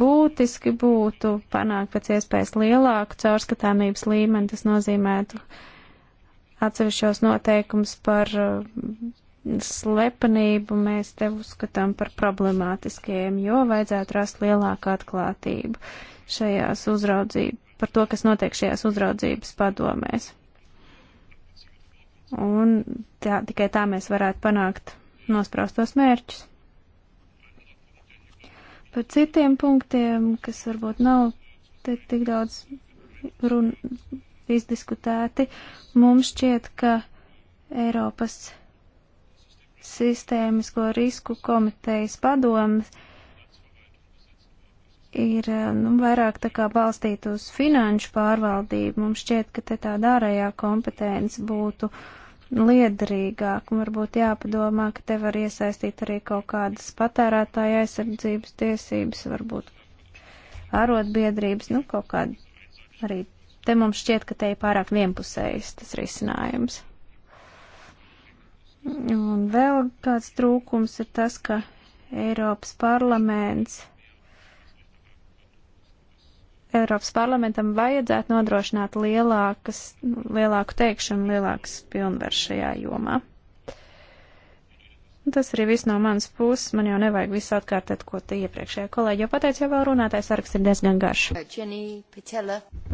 būtiski būtu panākt pēc iespējas lielāku caurskatāmības līmeni. Tas nozīmētu atsevišķos noteikums par uh, slepenību. Mēs te uzskatām par problemātiskiem, jo vajadzētu rast lielāku atklātību šajās uzraudzību, par to, kas notiek šajās uzraudzības padomēs. Un tā, tikai tā mēs varētu panākt nospraustos mērķus. Par citiem punktiem, kas varbūt nav tik, tik daudz run, izdiskutēti, mums šķiet, ka Eiropas sistēmisko risku komitejas padomas ir nu, vairāk tā kā balstīt uz finanšu pārvaldību. Mums šķiet, ka te tāda ārējā kompetence būtu uh, liederīgāk, un varbūt jāpadomā, ka te var iesaistīt arī kaut kādas patērētāja aizsardzības tiesības, varbūt arotbiedrības, nu kaut kāda arī te mums šķiet, ka te ir pārāk vienpusējs tas risinājums. Un vēl kāds trūkums ir tas, ka Eiropas parlaments Eiropas parlamentam vajadzētu nodrošināt lielākas, lielāku teikšanu, lielākas pilnvaru šajā jomā. Tas arī viss no manas puses. Man jau nevajag visu atkārtot, ko te iepriekšējā kolēģi jau pateica, jau vēl runātais saraksts ir diezgan garš.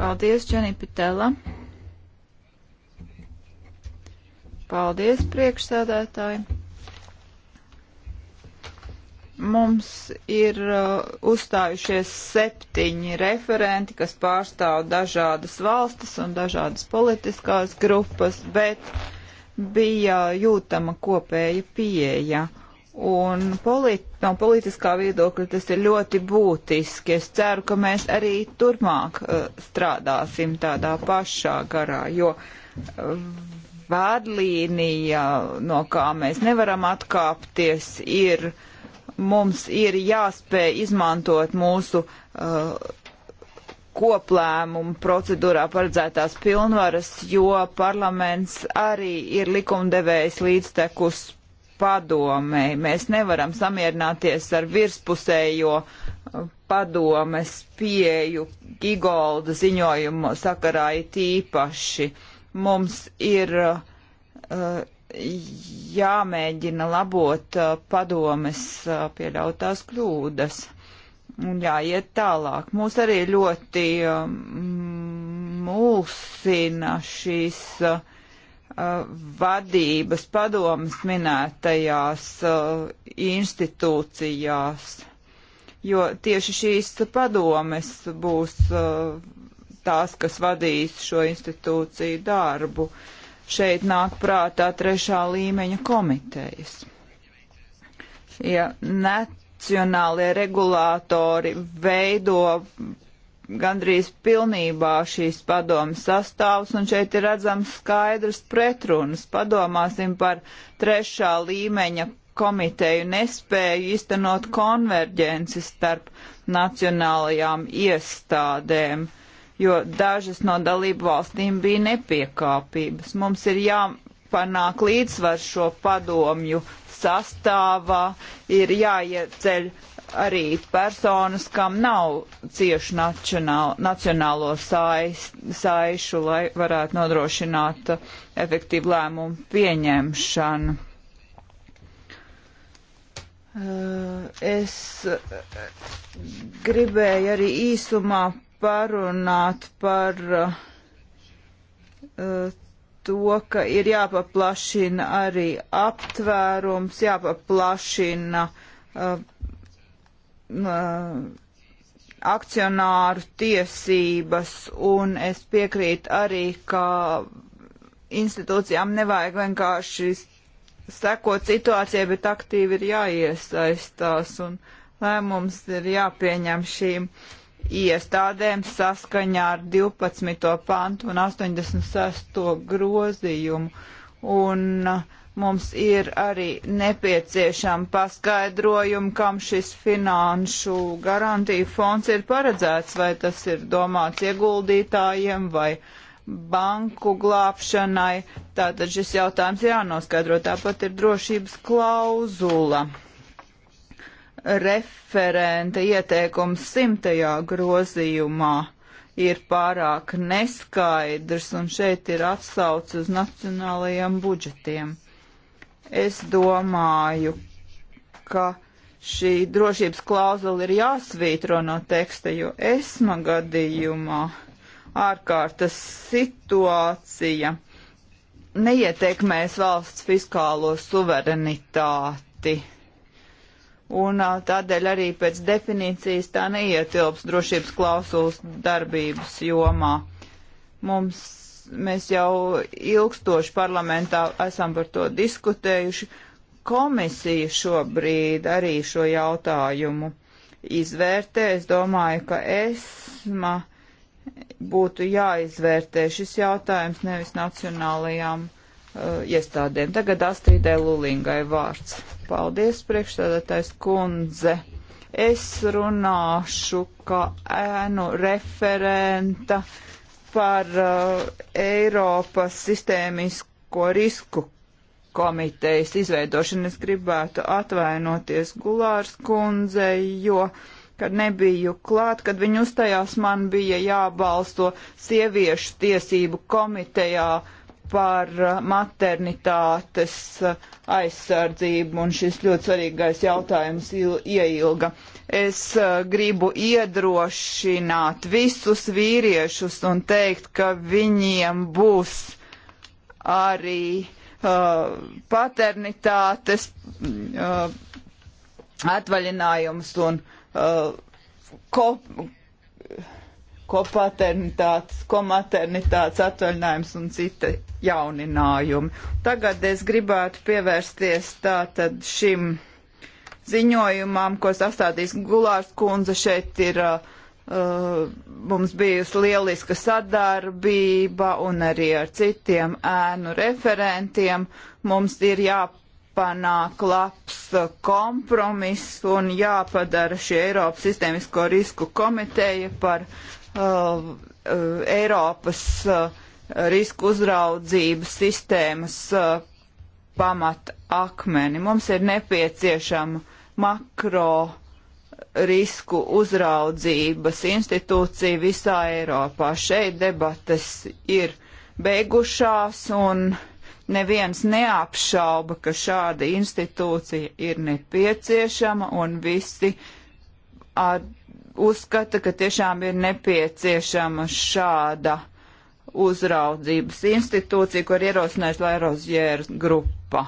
Paldies, Dženī Pitela. Paldies, priekšsēdētāji. Mums ir uh, uzstājušies septiņi referenti, kas pārstāv dažādas valstis un dažādas politiskās grupas, bet bija jūtama kopēja pieeja. Un polit, no politiskā viedokļa tas ir ļoti būtiski. Es ceru, ka mēs arī turpmāk uh, strādāsim tādā pašā garā, jo uh, vēdlīnija, no kā mēs nevaram atkāpties, ir uh, mums ir jāspēj izmantot mūsu uh, koplēmumu procedūrā paredzētās pilnvaras, jo parlaments arī ir likumdevējs līdztekus padomēji. Mēs nevaram samierināties ar virspusējo uh, padomes pieju Gigolda ziņojumu sakarā it īpaši. Mums ir uh, jāmēģina labot uh, padomes uh, pieļautās kļūdas un jāiet tālāk. Mūs arī ļoti um, mulsina šīs uh, vadības padomas minētajās institūcijās, jo tieši šīs padomes būs tās, kas vadīs šo institūciju darbu. Uh, šeit nāk prātā trešā līmeņa komitejas. Ja nacionālie regulātori veido gandrīz pilnībā šīs padomas sastāvs, un šeit ir redzams skaidrs pretrunas. Padomāsim par trešā līmeņa komiteju nespēju iztenot konverģenci starp nacionālajām iestādēm. Uh, jo dažas no dalību valstīm bija nepiekāpības. Mums ir jāpanāk līdzsvars šo padomju sastāvā, ir jāieceļ arī personas, kam nav cieši nacionālo, nacionālo sais, saišu, lai varētu nodrošināt efektīvu lēmumu pieņemšanu. Uh, es uh, gribēju arī īsumā parunāt par uh, to, ka ir jāpaplašina arī aptvērums, jāpaplašina uh, uh, akcionāru tiesības, un es piekrītu arī, ka institūcijām nevajag vienkārši sekot situācijai, bet aktīvi ir jāiesaistās, un lēmums ir jāpieņem šīm uh, iestādēm saskaņā ar 12. pantu un 86. grozījumu. Un uh, mums ir arī nepieciešama paskaidrojuma, kam šis finanšu garantiju fonds ir paredzēts, vai tas ir domāts ieguldītājiem vai banku glābšanai. Tātad šis jautājums jānoskaidro. Tāpat ir drošības klauzula referenta ieteikums simtajā grozījumā ir pārāk neskaidrs, un šeit ir atsauce uz nacionālajiem budžetiem. Es domāju, ka šī drošības klauzula ir jāsvītro no teksta, jo esma gadījumā ārkārtas situācija neietekmēs valsts fiskālo suverenitāti un tādēļ arī pēc definīcijas tā neietilps drošības klausulas darbības jomā. Mums, mēs jau ilgstoši parlamentā esam par to diskutējuši. Komisija šobrīd arī šo jautājumu izvērtē. Es domāju, ka esma būtu jāizvērtē šis jautājums nevis nacionālajām uh, iestādēm. Tagad Astridē Lulingai vārds. Paldies, priekšstādātais kundze. Es runāšu kā ēnu referenta par uh, Eiropas sistēmisko risku komitejas izveidošanu. Es gribētu atvainoties Gulārs kundzei, jo kad nebiju klāt, kad viņi uzstājās, man bija jābalsto sieviešu tiesību komitejā par uh, maternitātes uh, aizsardzību, un šis ļoti svarīgais jautājums ieilga. Es uh, gribu iedrošināt visus vīriešus un teikt, ka viņiem būs arī uh, paternitātes uh, atvaļinājums un uh, ko, kopaternitātes, komaternitātes atvaļinājums un cita jauninājumi. Tagad es gribētu pievērsties tātad šim ziņojumam, ko sastādīs Gulārs kundze. Šeit ir uh, uh mums bijusi lieliska sadarbība un arī ar citiem ēnu referentiem. Mums ir jāpārādās jāpanāk labs uh, kompromiss un jāpadara šī Eiropas sistēmisko risku komiteja par Uh, uh, Eiropas uh, risku uzraudzības sistēmas uh, pamata akmeni. Mums ir nepieciešama makro risku uzraudzības institūcija visā Eiropā. Šeit debates ir beigušās un neviens neapšauba, ka šāda institūcija ir nepieciešama un visi ar uzskata, ka tiešām ir nepieciešama šāda uzraudzības institūcija, kur ierosinājusi Lairozjēra grupa.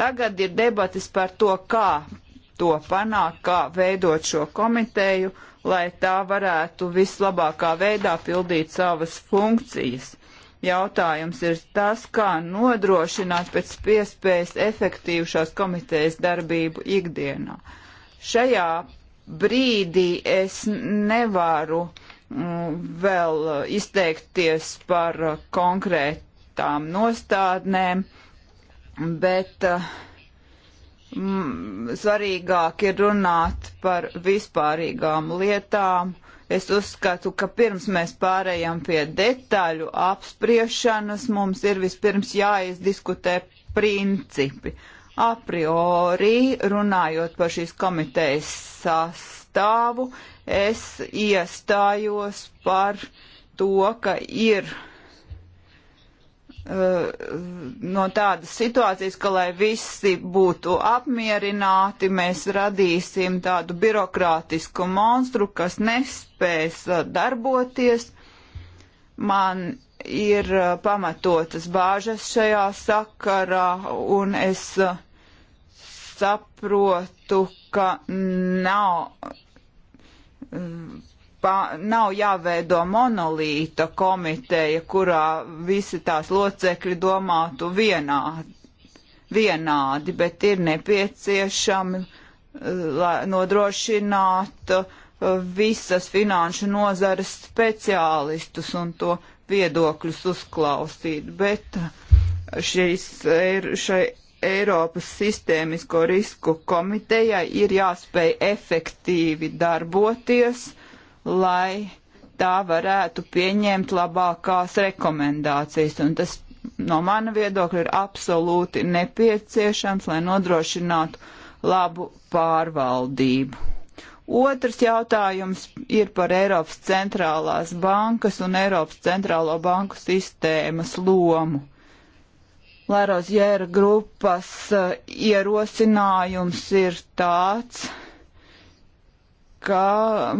Tagad ir debatas par to, kā to panākt, kā veidot šo komiteju, lai tā varētu vislabākā veidā pildīt savas funkcijas. Jautājums ir tas, kā nodrošināt pēc iespējas efektīvu šās komitejas darbību ikdienā. Šajā brīdī es nevaru mm, vēl izteikties par konkrētām nostādnēm, bet mm, svarīgāk ir runāt par vispārīgām lietām. Es uzskatu, ka pirms mēs pārējām pie detaļu apspriešanas, mums ir vispirms jāizdiskutē principi. Uh, A priori, runājot par šīs komitejas sastāvu, es iestājos par to, ka ir uh, no tādas situācijas, ka lai visi būtu apmierināti, mēs radīsim tādu birokrātisku monstru, kas nespēs uh, darboties. Man ir uh, pamatotas bāžas šajā sakarā, un es uh, saprotu, ka nav. Um, pa, nav jāveido monolīta komiteja, kurā visi tās locekļi domātu vienā, vienādi, bet ir nepieciešami nodrošināt uh, visas finanšu nozares speciālistus un to viedokļus uzklausīt. Bet uh, šis, šai Eiropas sistēmisko risku komitejai ir jāspēj efektīvi darboties, lai tā varētu pieņemt labākās rekomendācijas. Un tas no mana viedokļa ir absolūti nepieciešams, lai nodrošinātu labu pārvaldību. Otrs jautājums ir par Eiropas centrālās bankas un Eiropas centrālo banku sistēmas lomu Lērozjēra grupas eh, ierosinājums ir tāds, ka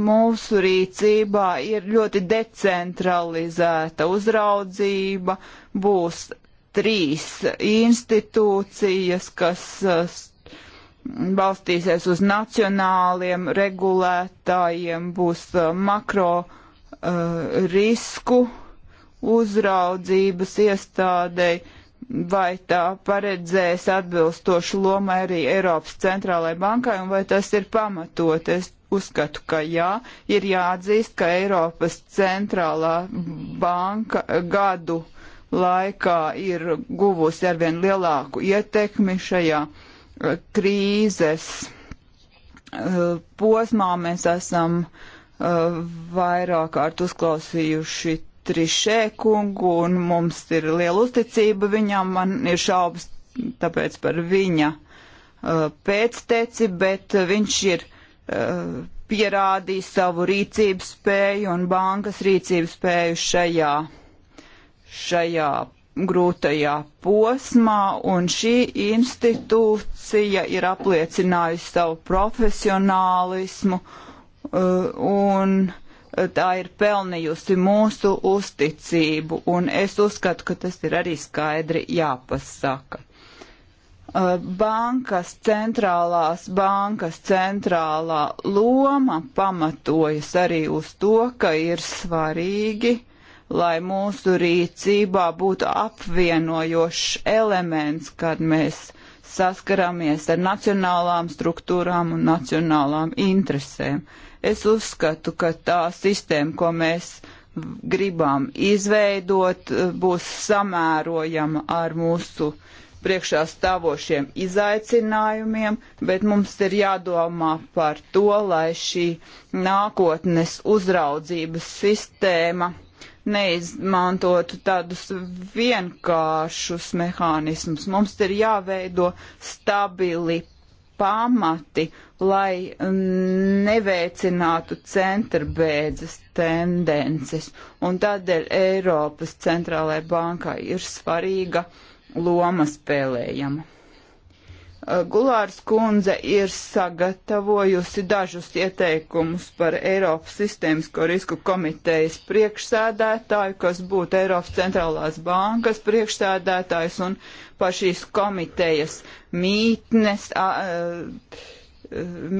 mūsu rīcībā ir ļoti decentralizēta uzraudzība, būs trīs institūcijas, kas eh, balstīsies uz nacionāliem regulētājiem, būs eh, makro uh, risku uzraudzības iestādei vai tā paredzēs atbilstošu lomu arī Eiropas centrālai bankai un vai tas ir pamatot. Es uzskatu, ka jā, ir jāatzīst, ka Eiropas centrālā banka gadu laikā ir guvusi arvien lielāku ietekmi šajā uh, krīzes uh, posmā. Mēs esam uh, vairāk kārt uzklausījuši Trišē kungu, un mums ir liela uzticība viņam, man ir šaubas tāpēc par viņa uh, pēcteci, bet viņš ir uh, pierādījis savu rīcības spēju un bankas rīcības spēju šajā, šajā grūtajā posmā, un šī institūcija ir apliecinājusi savu profesionālismu, uh, un tā ir pelnījusi mūsu uzticību, un es uzskatu, ka tas ir arī skaidri jāpasaka. Bankas centrālās, bankas centrālā loma pamatojas arī uz to, ka ir svarīgi, lai mūsu rīcībā būtu apvienojošs elements, kad mēs saskaramies ar nacionālām struktūrām un nacionālām interesēm. Uh, Es uzskatu, ka tā sistēma, ko mēs gribam izveidot, būs samērojama ar mūsu priekšā stāvošiem izaicinājumiem, bet mums ir jādomā par to, lai šī nākotnes uzraudzības sistēma neizmantotu tādus vienkāršus mehānismus. Mums ir jāveido stabili pamati, lai neveicinātu centrbēdzas tendences. Un tādēļ Eiropas centrālajai bankai ir svarīga loma spēlējama. Eh, Gulārs kundze ir sagatavojusi dažus ieteikumus par Eiropas sistēmisko risku komitejas priekšsēdētāju, kas būtu Eiropas centrālās bankas priekšsēdētājs un par šīs komitejas mītnes, eh,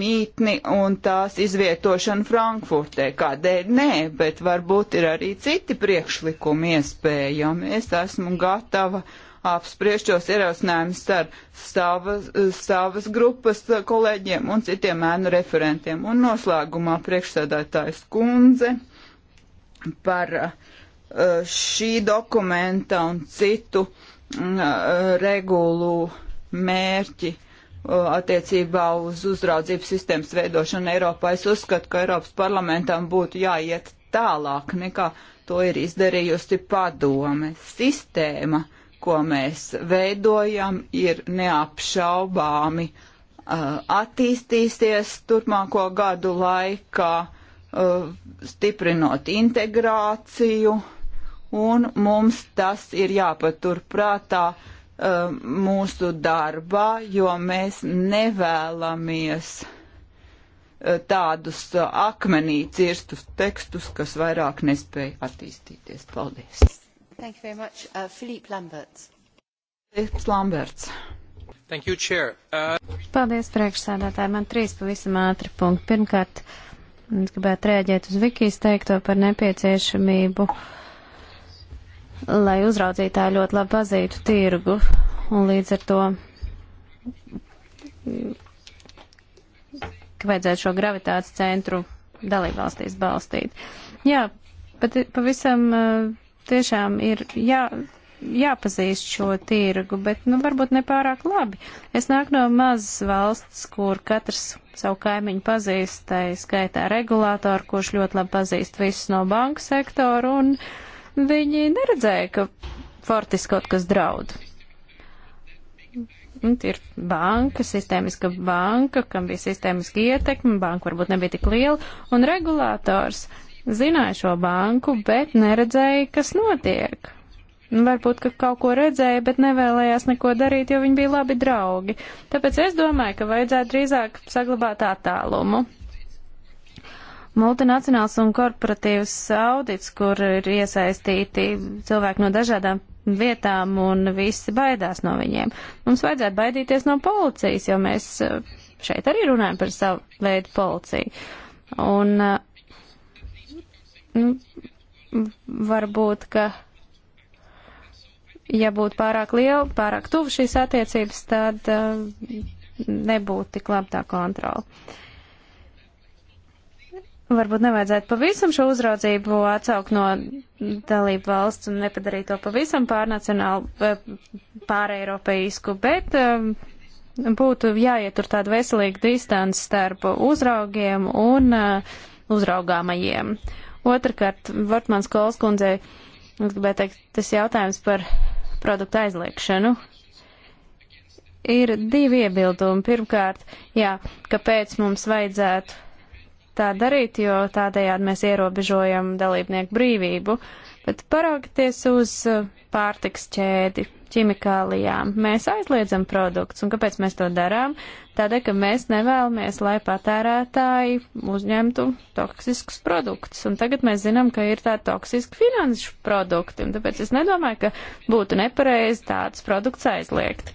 mītni un tās izvietošanu Frankfurtē. Kādēļ? Nē, bet varbūt ir arī citi priekšlikumi iespējami. Es esmu gatava. Uh, apspriest šos ierosinājumus ar savas, savas grupas kolēģiem un citiem ēnu referentiem. Un noslēgumā priekšsēdētājs kundze par uh, šī dokumenta un citu mm, uh, regulu mērķi uh, attiecībā uz uzraudzības sistēmas veidošanu Eiropā. Es uzskatu, ka Eiropas parlamentam būtu jāiet tālāk nekā to ir izdarījusi padome. Sistēma uh, ko mēs veidojam, ir neapšaubāmi uh, attīstīsies turpmāko gadu laikā, uh, stiprinot integrāciju, un mums tas ir jāpaturprātā uh, mūsu darbā, jo mēs nevēlamies uh, tādus uh, akmenī cirstus tekstus, kas vairāk nespēja attīstīties. Paldies! Thank you very much. Uh, Philippe Lamberts. Philips Lamberts. Thank you, Chair. Uh... Paldies, priekšsēdētāji. Man trīs pavisam ātri punkti. Pirmkārt, es gribētu rēģēt uz Vikijas teikto par nepieciešamību, lai uzraudzītāji ļoti labi pazītu tirgu un līdz ar to ka vajadzētu šo gravitācijas centru dalībvalstīs balstīt. Jā, pat pavisam uh, tiešām ir jā, jāpazīst šo tirgu, bet, nu, varbūt nepārāk labi. Es nāku no mazas valsts, kur katrs savu kaimiņu pazīst, tā skaitā regulātoru, kurš ļoti labi pazīst visus no banku sektoru, un viņi neredzēja, ka Fortis kaut kas draud. Un ir banka, sistēmiska banka, kam bija sistēmiska ietekme, banka varbūt nebija tik liela, un regulātors zināja šo banku, bet neredzēja, kas notiek. Nu, varbūt, ka kaut ko redzēja, bet nevēlējās neko darīt, jo viņi bija labi draugi. Tāpēc es domāju, ka vajadzētu drīzāk saglabāt attālumu. Multinacionāls un korporatīvs audits, kur ir iesaistīti cilvēki no dažādām vietām un visi baidās no viņiem. Mums vajadzētu baidīties no policijas, jo mēs eh, šeit arī runājam par savu veidu policiju. Un uh, Nu, varbūt, ka ja būtu pārāk liela, pārāk tuvu šīs attiecības, tad uh, nebūtu tik labi tā kontrola. Varbūt nevajadzētu pavisam šo uzraudzību atsaukt no dalību valsts un nepadarīt to pavisam pārnacionālu, eh, pāreiropeisku, bet um, būtu jāietur tāda veselīga distance starp uzraugiem un uh, uzraugāmajiem. Uh, Otrakārt, Vortmans Kolskundzei, es gribēju teikt, tas jautājums par produktu aizliekšanu. Ir divi iebildumi. Pirmkārt, jā, kāpēc mums vajadzētu tā darīt, jo tādējādi mēs ierobežojam dalībnieku brīvību, bet paraugties uz pārtiks ķēdi ķimikālijām. Mēs aizliedzam produkts, un kāpēc mēs to darām? Tādēļ, ka mēs nevēlamies, lai patērētāji uzņemtu toksiskus produktus, un tagad mēs zinām, ka ir tādi toksiski finanšu produkti, un tāpēc es nedomāju, ka būtu nepareizi tāds produkts aizliegt.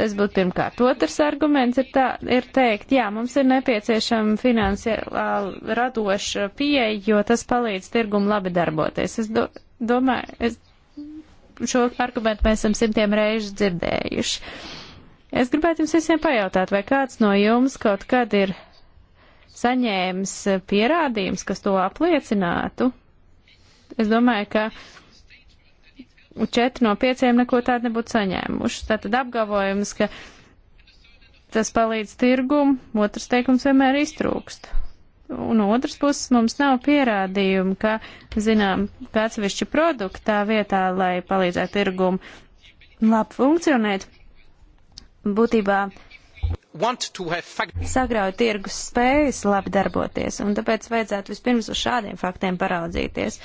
Tas būtu pirmkārt. Otrs arguments ir, tā, ir teikt, jā, mums ir nepieciešama finansiāli radoša pieeja, jo tas palīdz tirgumu labi darboties. Es do, domāju, es šo argumentu mēs esam simtiem reižu dzirdējuši. Es gribētu jums visiem pajautāt, vai kāds no jums kaut kad ir saņēmis pierādījums, kas to apliecinātu? Es domāju, ka četri no pieciem neko tādu nebūtu saņēmuši. Tātad apgalvojums, ka tas palīdz tirgumu, otrs teikums vienmēr iztrūkst. Un otrs puses mums nav pierādījumu, ka, zinām, ka atsevišķi produkti tā vietā, lai palīdzētu tirgumu labi funkcionēt, būtībā sagrauj tirgus spējas labi darboties, un tāpēc vajadzētu vispirms uz šādiem faktiem paraudzīties.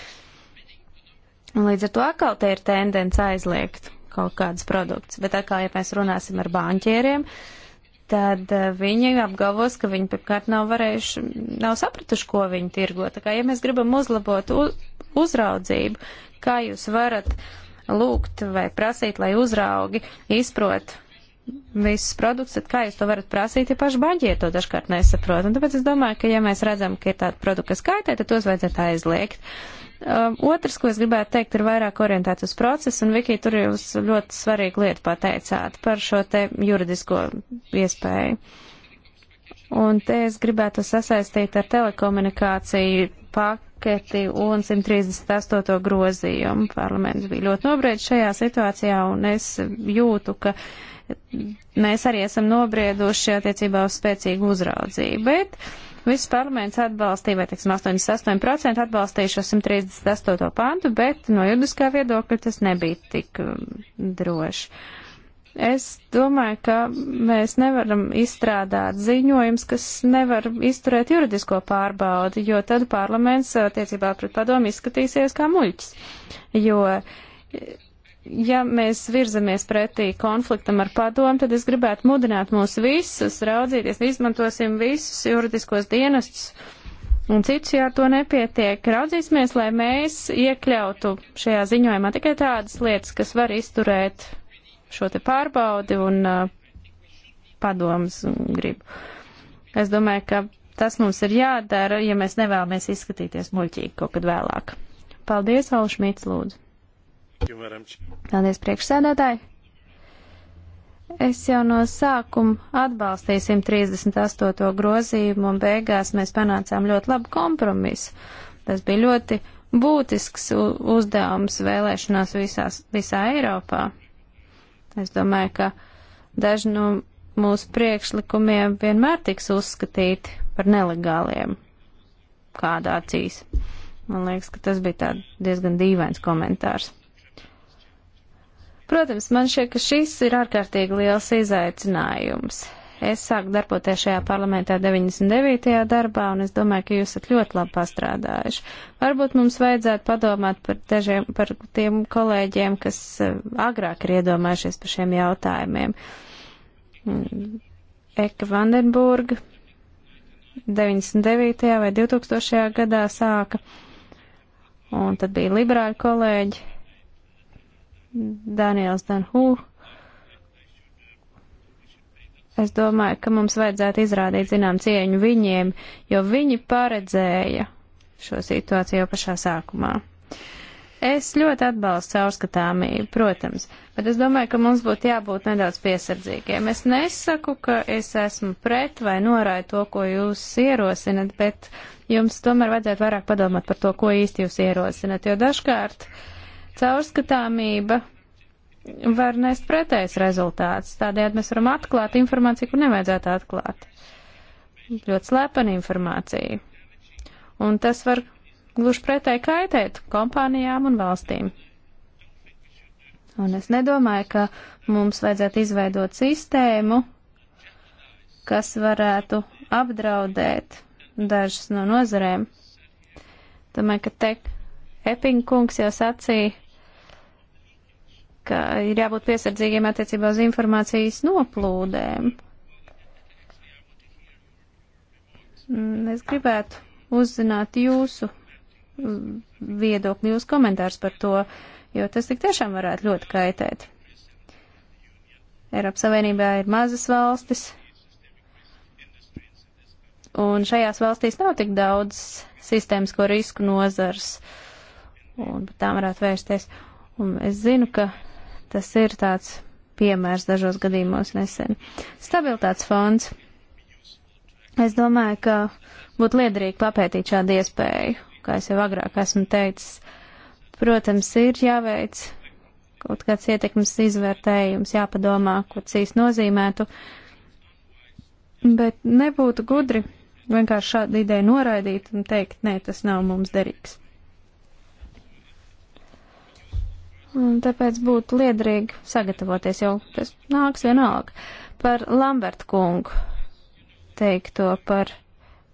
Un līdz ar to atkal te ir tendence aizliegt kaut kādas produkts, bet atkal, ja mēs runāsim ar bāņķieriem, uh, tad eh, viņi apgalvos, ka viņi pirmkārt nav varējuši, nav sapratuši, ko viņi tirgo. Tā kā, ja mēs gribam uzlabot uzraudzību, kā jūs varat lūgt vai prasīt, lai uzraugi izprot visus produktus, tad kā jūs to varat prasīt, ja paši banķieri to dažkārt nesaprot. Un tāpēc es domāju, ka ja mēs redzam, ka ir tāda produkta, kas kaitē, tad tos vajadzētu aizliegt. Um, otrs, ko es gribētu teikt, ir vairāk orientēts uz procesu, un Viki, tur jūs ļoti svarīgu lietu pateicāt par šo te juridisko iespēju. Un te es gribētu sasaistīt ar telekomunikāciju paketi un 138. grozījumu. Parlaments bija ļoti nobriedz šajā situācijā, un es jūtu, ka. Uh, mēs arī esam nobrieduši attiecībā uz spēcīgu uzraudzību. Bet viss parlaments atbalstīja, vai teiksim, 88% atbalstīja šo 138. pantu, bet no judiskā viedokļa tas nebija tik um, droši. Es domāju, ka mēs nevaram izstrādāt ziņojums, kas nevar izturēt juridisko pārbaudi, jo tad parlaments attiecībā pret padomu izskatīsies kā muļķis. Jo ja mēs virzamies pretī konfliktam ar padomu, tad es gribētu mudināt mūs visus raudzīties, izmantosim visus juridiskos dienestus un citus, ja ar to nepietiek. Raudzīsimies, lai mēs iekļautu šajā ziņojumā tikai tādas lietas, kas var izturēt šo te pārbaudi un uh, padomas gribu. Es domāju, ka tas mums ir jādara, ja mēs nevēlamies izskatīties muļķīgi kaut kad vēlāk. Paldies, Alšmīts, lūdzu. Paldies, priekšsēdētāji! Es jau no sākuma atbalstīju 138. grozījumu, un beigās mēs panācām ļoti labu kompromisu. Tas bija ļoti būtisks uzdevums vēlēšanās visās, visā Eiropā. Es domāju, ka daži no mūsu priekšlikumiem vienmēr tiks uzskatīti par nelegāliem kādā acīs. Man liekas, ka tas bija diezgan dīvains komentārs. Protams, man šķiet, ka šis ir ārkārtīgi liels izaicinājums. Es sāku darboties šajā parlamentā 99. darbā, un es domāju, ka jūs esat ļoti labi pastrādājuši. Varbūt mums vajadzētu padomāt par, dažiem, par tiem kolēģiem, kas eh, agrāk ir iedomājušies par šiem jautājumiem. Mm, Eka Vandenburga 99. vai 2000. gadā sāka, un tad bija liberāļu kolēģi, Daniels Danhū. Es domāju, ka mums vajadzētu izrādīt zinām cieņu viņiem, jo viņi paredzēja šo situāciju jau pašā sākumā. Es ļoti atbalstu caurskatāmību, protams, bet es domāju, ka mums būtu jābūt nedaudz piesardzīgiem. Es nesaku, ka es esmu pret vai norāju to, ko jūs ierosinat, bet jums tomēr vajadzētu vairāk padomāt par to, ko īsti jūs ierosinat, jo dažkārt uh, Caurskatāmība var nest pretējs rezultāts. Tādējādi mēs varam atklāt informāciju, kur nevajadzētu atklāt. Ļoti slepena informācija. Un tas var gluži pretēji kaitēt kompānijām un valstīm. Un es nedomāju, ka mums vajadzētu izveidot sistēmu, kas varētu apdraudēt dažas no nozarēm. Domāju, ka te Epinkungs jau sacīja, ka ir jābūt piesardzīgiem attiecībā uz informācijas noplūdēm. Mm, es gribētu uzzināt jūsu viedokli, jūsu komentārs par to, jo tas tik tiešām varētu ļoti kaitēt. Eiropas Savienībā ir mazas valstis, un šajās valstīs nav tik daudz sistēmisko risku nozars, un par tām varētu vērsties. Un es zinu, ka Tas ir tāds piemērs dažos gadījumos nesen. Stabilitātes fonds. Es domāju, ka būtu liederīgi papētīt šādu iespēju, kā es jau agrāk esmu teicis. Protams, ir jāveic kaut kāds ietekmes izvērtējums, jāpadomā, ko cīs nozīmētu, bet nebūtu gudri vienkārši šādu ideju noraidīt un teikt, nē, tas nav mums derīgs. Un tāpēc būtu liederīgi sagatavoties jau, tas nāks vienalga. Par Lamberta kungu teikto par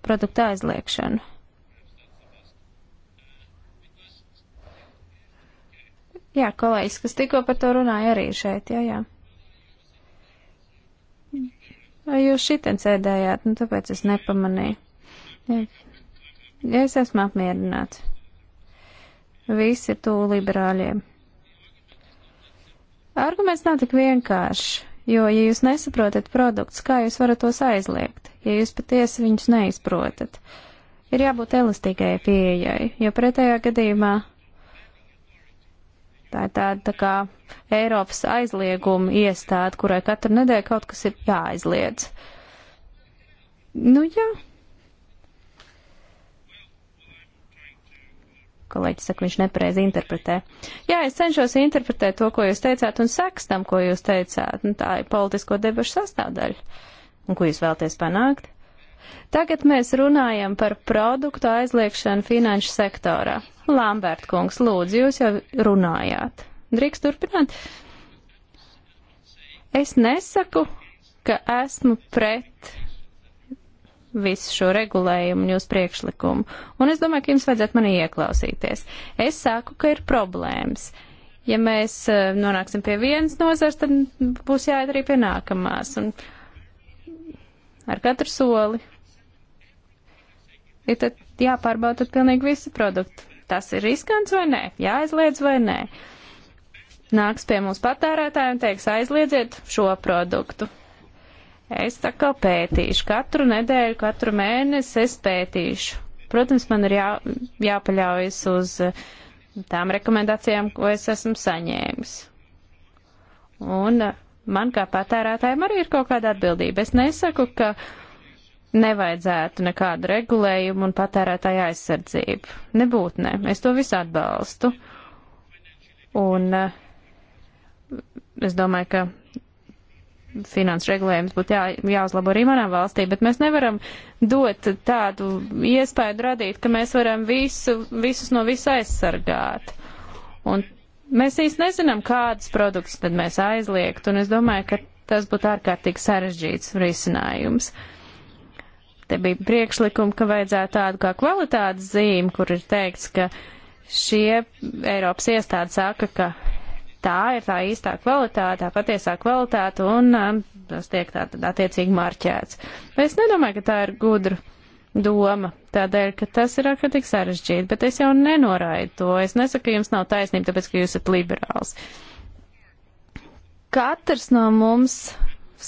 produktu aizliekšanu. Jā, kolēģis, kas tikko par to runāja arī šeit, jā, jā. Vai jūs šitien sēdējāt, nu tāpēc es nepamanīju. Jā. Es esmu apmierināts. Visi ir tūlībrāļiem. Arguments nav tik vienkāršs, jo, ja jūs nesaprotat produktus, kā jūs varat tos aizliegt, ja jūs patiesi viņus neizprotat? Ir jābūt elastīgai pieejai, jo pretējā gadījumā tā ir tāda tā kā Eiropas aizlieguma iestāde, kurai katru nedēļu kaut kas ir jāaizliedz. Nu jā, kolēģis saka, viņš nepareizi interpretē. Jā, es cenšos interpretēt to, ko jūs teicāt, un seks tam, ko jūs teicāt. Nu, tā ir politisko debašu sastāvdaļa. Un ko jūs vēlties panākt? Tagad mēs runājam par produktu aizliekšanu finanšu sektorā. Lambert kungs, lūdzu, jūs jau runājāt. Drīkst turpināt? Es nesaku, ka esmu pret visu šo regulējumu un jūsu priekšlikumu. Un es domāju, ka jums vajadzētu mani ieklausīties. Es saku, ka ir problēmas. Ja mēs eh, nonāksim pie vienas nozars, tad būs jāiet arī pie nākamās. Un ar katru soli ir tad jāpārbauda pilnīgi visi produkti. Tas ir riskants vai nē? Jāaizliedz vai nē? Nāks pie mums patērētāji un teiks, aizliedziet šo produktu Es tā kā pētīšu. Katru nedēļu, katru mēnesi es pētīšu. Protams, man ir jā, jāpaļaujas uz eh, tām rekomendācijām, ko es esmu saņēmis. Un eh, man kā patērētājiem arī ir kaut kāda atbildība. Es nesaku, ka nevajadzētu nekādu regulējumu un patērētāju aizsardzību. Nebūtu ne. Es to visu atbalstu. Un eh, es domāju, ka finanses regulējums būtu jā, jāuzlabo arī manā valstī, bet mēs nevaram dot tādu iespēju radīt, ka mēs varam visu, visus no visu aizsargāt. Un mēs īsti nezinām, kādas produktus tad mēs aizliegt, un es domāju, ka tas būtu ārkārtīgi sarežģīts risinājums. Te bija priekšlikumi, ka vajadzētu tādu kā kvalitātes zīmi, kur ir teikts, ka šie Eiropas iestādi saka, ka tā ir tā īstā kvalitāte, tā patiesā kvalitāte, un um, tas tiek tā tad attiecīgi marķēts. Bet es nedomāju, ka tā ir gudra doma, tādēļ, ka tas ir ārkārtīgi sarežģīti, bet es jau nenoraidu to. Es nesaku, ka jums nav taisnība, tāpēc, ka jūs esat liberāls. Katrs no mums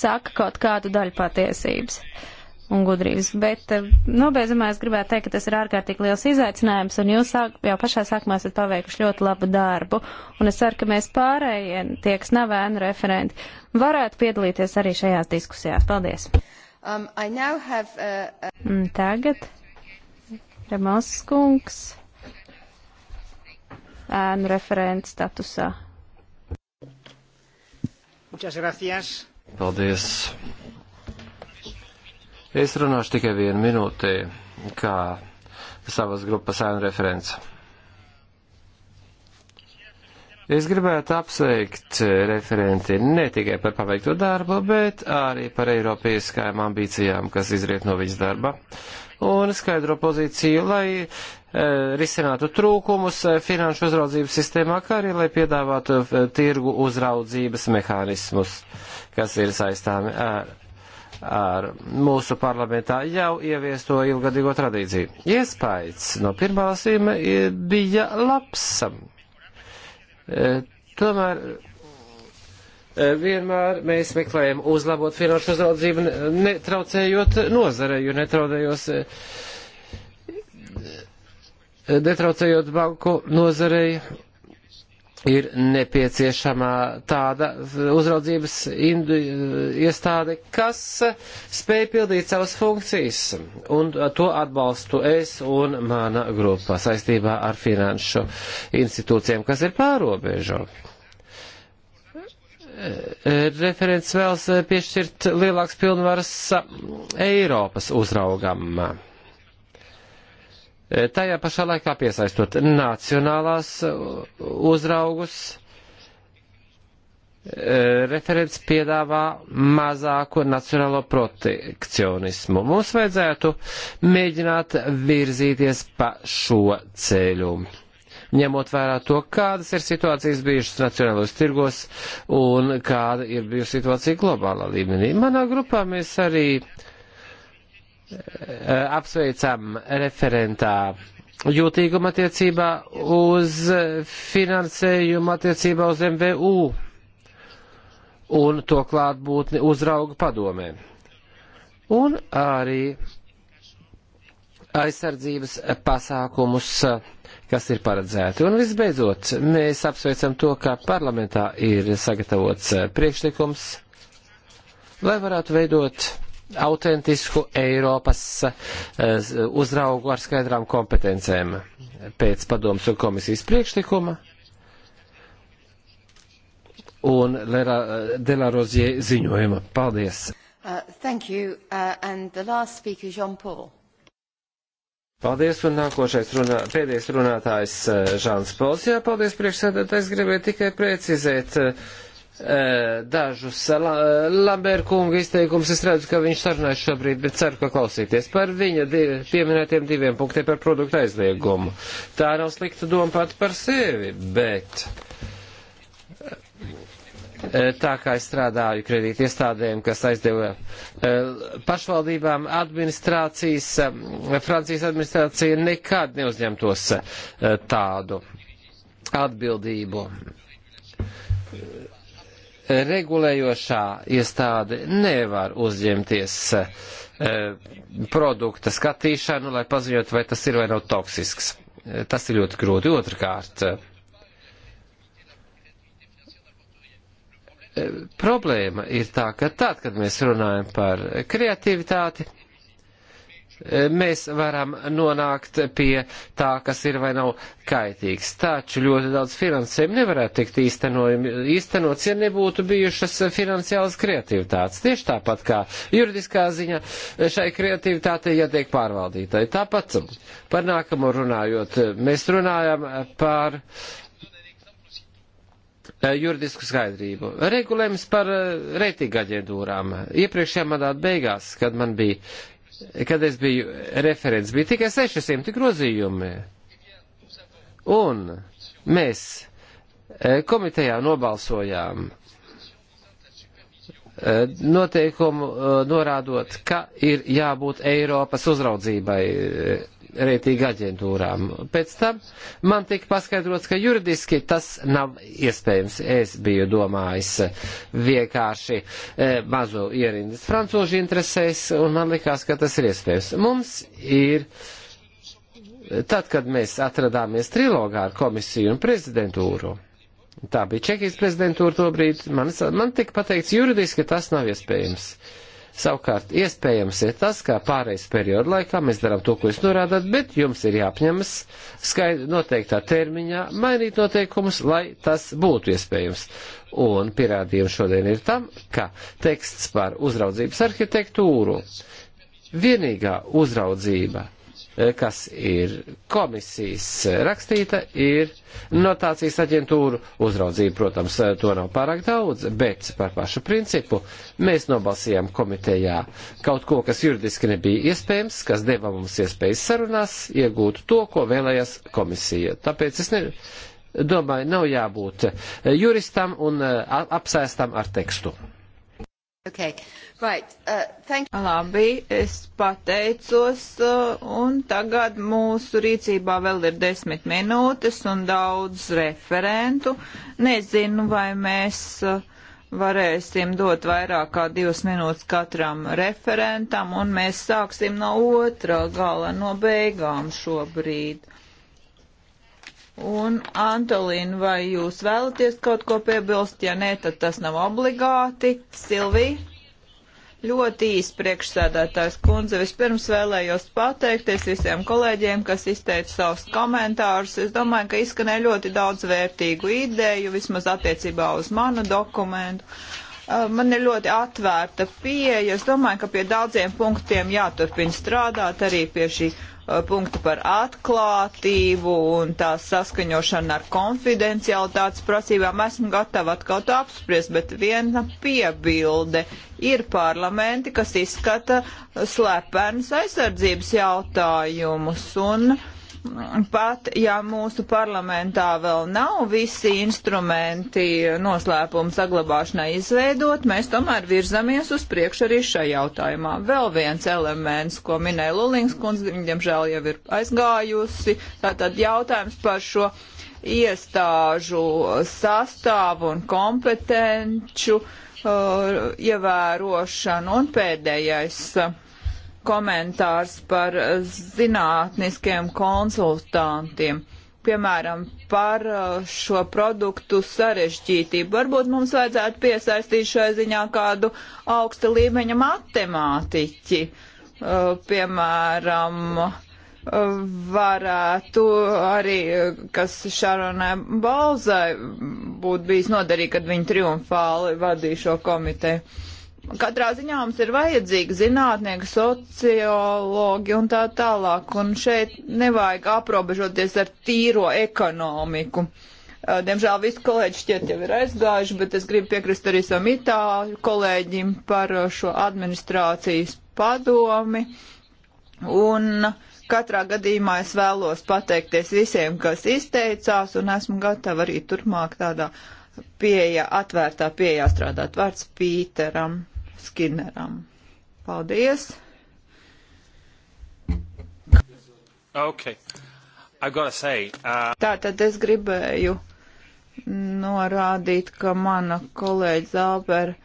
saka kaut kādu daļu patiesības. Uh, un gudrības. Bet eh, nobeidzamā es gribētu teikt, ka tas ir ārkārtīgi liels izaicinājums, un jūs sāk, jau pašā sākumā esat paveikuši ļoti labu darbu, un es ceru, ka mēs pārējie, tie, kas nav ēnu referenti, varētu piedalīties arī šajās diskusijās. Paldies! Um, have, uh, uh... Tagad Ramās Kungs ēnu referenta statusā. Muchas gracias. Paldies. Es runāšu tikai vienu minūti, kā savas grupas ēnu referents. Es gribētu apsveikt referenti ne tikai par paveikto darbu, bet arī par eiropeiskajām ambīcijām, kas izriet no viņas darba, un skaidro pozīciju, lai e, risinātu trūkumus eh, finanšu uzraudzības sistēmā, kā arī lai piedāvātu eh, tirgu uzraudzības mehānismus, kas ir saistāmi ar ar mūsu parlamentā jau ieviesto ilgadīgo tradīciju. Iespējas no pirmā lasījuma bija labs. E, tomēr e, vienmēr mēs meklējam uzlabot finanšu uzraudzību, netraucējot nozarei, jo netraudējos, e, netraucējot banku nozarei ir nepieciešama tāda uzraudzības indu, iestāde, kas spēj pildīt savas funkcijas. Un to atbalstu es un mana grupa saistībā ar finanšu institūcijiem, kas ir pārobežo. Referents vēlas piešķirt lielāks pilnvaras Eiropas uzraugam tajā pašā laikā piesaistot nacionālās uzraugus. E, referents piedāvā mazāku nacionālo protekcionismu. Mums vajadzētu mēģināt virzīties pa šo ceļu ņemot vērā to, kādas ir situācijas bijušas nacionālos tirgos un kāda ir bijusi situācija globālā līmenī. Manā grupā mēs arī uh, apsveicam referentā jūtīgumu attiecībā uz finansējumu attiecībā uz MVU un to klātbūtni uzrauga padomē. Un arī aizsardzības pasākumus, kas ir paredzēti. Un visbeidzot, mēs apsveicam to, ka parlamentā ir sagatavots priekšlikums, lai varētu veidot autentisku Eiropas eh, uzraugu ar skaidrām kompetencēm pēc padomas un komisijas priekšlikuma. Un Lera eh, Delarozie ziņojuma. Paldies! Uh, thank you. Uh, and the last speaker, Jean-Paul. Paldies, un nākošais runā, pēdējais runātājs eh, Žāns Pols. Jā, paldies, priekšsēdētājs, gribēju tikai precizēt. Uh, Eh, dažus Lamberkunga izteikumus. Es redzu, ka viņš sarunājas šobrīd, bet ceru, ka klausīties par viņa div, pieminētiem diviem punktiem par produktu aizliegumu. Tā nav slikta doma pat par sevi, bet eh, tā kā es strādāju kredīti iestādēm, kas aizdeva eh, pašvaldībām administrācijas, Francijas administrācija nekad neuzņemtos tādu atbildību regulējošā iestāde nevar uzņemties e, produkta skatīšanu, lai paziņot, vai tas ir vai nav toksisks. Eh, tas ir ļoti grūti. Otrkārt, e, problēma ir tā, ka tad, kad mēs runājam par kreativitāti, mēs varam nonākt pie tā, kas ir vai nav kaitīgs. Taču ļoti daudz finansējumu nevarētu tikt īstenots, ja nebūtu bijušas finansiālas kreativitātes. Tieši tāpat kā juridiskā ziņa šai kreativitātei jātiek pārvaldītai. Tāpat par nākamo runājot, mēs runājam par eh, juridisku skaidrību. Regulējums par eh, reitinga aģentūrām. Iepriekšējā mandāta beigās, kad man bija kad es biju referents, bija tikai 600 grozījumi. Un mēs e, komitejā nobalsojām e, noteikumu e, norādot, ka ir jābūt Eiropas uzraudzībai reitinga aģentūrām. Pēc tam man tika paskaidrots, ka juridiski tas nav iespējams. Es biju domājis vienkārši e, mazo ierindas francūžu interesēs, un man likās, ka tas ir iespējams. Mums ir. Tad, kad mēs atradāmies trilogā ar komisiju un prezidentūru, tā bija Čehijas prezidentūra tobrīd, man, man tika pateikts juridiski, tas nav iespējams. Uh, Savukārt, iespējams ir tas, ka pārejas periodu laikā mēs darām to, ko jūs norādāt, bet jums ir jāapņemas skaidri noteiktā termiņā mainīt noteikumus, lai tas būtu iespējams. Un pierādījums šodien ir tam, ka teksts par uzraudzības arhitektūru vienīgā uzraudzība Eh, kas ir komisijas eh, rakstīta, ir notācijas aģentūra uzraudzība. Protams, eh, to nav pārāk daudz, bet par pašu principu mēs nobalsījām komitejā kaut ko, kas juridiski nebija iespējams, kas deva mums iespējas sarunās iegūt to, ko vēlējās komisija. Tāpēc es ne, domāju, nav jābūt juristam un apsēstam ar tekstu. Okay. Right. Uh, thank... Labi, es pateicos, uh, un tagad mūsu rīcībā vēl ir desmit minūtes un daudz referentu. Nezinu, vai mēs uh, varēsim dot vairāk kā divas minūtes katram referentam, un mēs sāksim no otrā gala, no beigām šobrīd. Un, Antolīna, vai jūs vēlaties kaut ko piebilst? Ja nē, tad tas nav obligāti. Silvija? Ļoti īsi priekšsēdētājs kundze. Vispirms vēlējos pateikties visiem kolēģiem, kas izteica savus komentārus. Es domāju, ka izskanēja ļoti daudz vērtīgu ideju, vismaz attiecībā uz manu dokumentu. Uh, man ir ļoti atvērta pieeja. Es domāju, ka pie daudziem punktiem jāturpina strādāt arī pie šī Uh, punktu par atklātību un tā saskaņošanu ar konfidencialitātes prasībām. Esmu gatava atkal to apspriest, bet viena piebilde ir parlamenti, kas izskata slepenas aizsardzības jautājumus un uh, pat ja mūsu parlamentā vēl nav visi instrumenti noslēpumu saglabāšanai izveidot, mēs tomēr virzamies uz priekšu arī šajā jautājumā. Vēl viens elements, ko minēja Lulings kundze, viņa diemžēl jau ir aizgājusi, tātad jautājums par šo iestāžu sastāvu un kompetenču uh, ievērošanu un pēdējais. Uh, komentārs par zinātniskiem konsultantiem. Piemēram, par uh, šo produktu sarežģītību. Varbūt mums vajadzētu piesaistīt šai ziņā kādu augsta līmeņa matemātiķi. Uh, piemēram, varētu arī, kas Šaronai Balzai būtu bijis noderīgi, kad viņa triumfāli vadīja šo komiteju. Katrā ziņā mums ir vajadzīgi zinātnieki, sociologi un tā tālāk, un šeit nevajag aprobežoties ar tīro ekonomiku. Diemžēl visi kolēģi šķiet jau ir aizgājuši, bet es gribu piekrist arī savam itāļu kolēģim par šo administrācijas padomi. Un katrā gadījumā es vēlos pateikties visiem, kas izteicās, un esmu gatava arī turpmāk tādā pieeja, atvērtā pieejā strādāt. Vārds Pīteram. Skinneram. Paldies! Okay. Say, uh... Tā tad es gribēju norādīt, ka mana kolēģa Zābera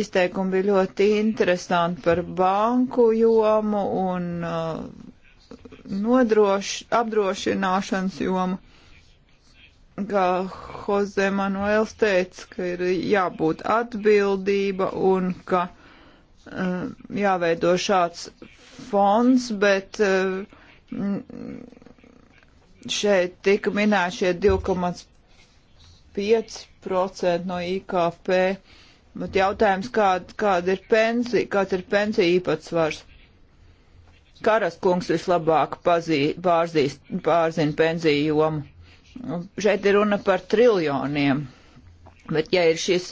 izteikumi bija ļoti interesanti par banku jomu un uh, nodroš, apdrošināšanas jomu. Kā Jose Manuels teica, ka ir jābūt atbildība un ka Uh, jāveido šāds fonds, bet uh, šeit tika minēti šie 2,5% no IKP. Bet jautājums, kāda, kāda ir pensija, kāds ir pensija īpatsvars? Karaskungs vislabāk pazī, pārzīst, pārzina pensiju jomu. Šeit ir runa par triljoniem Bet ja ir šis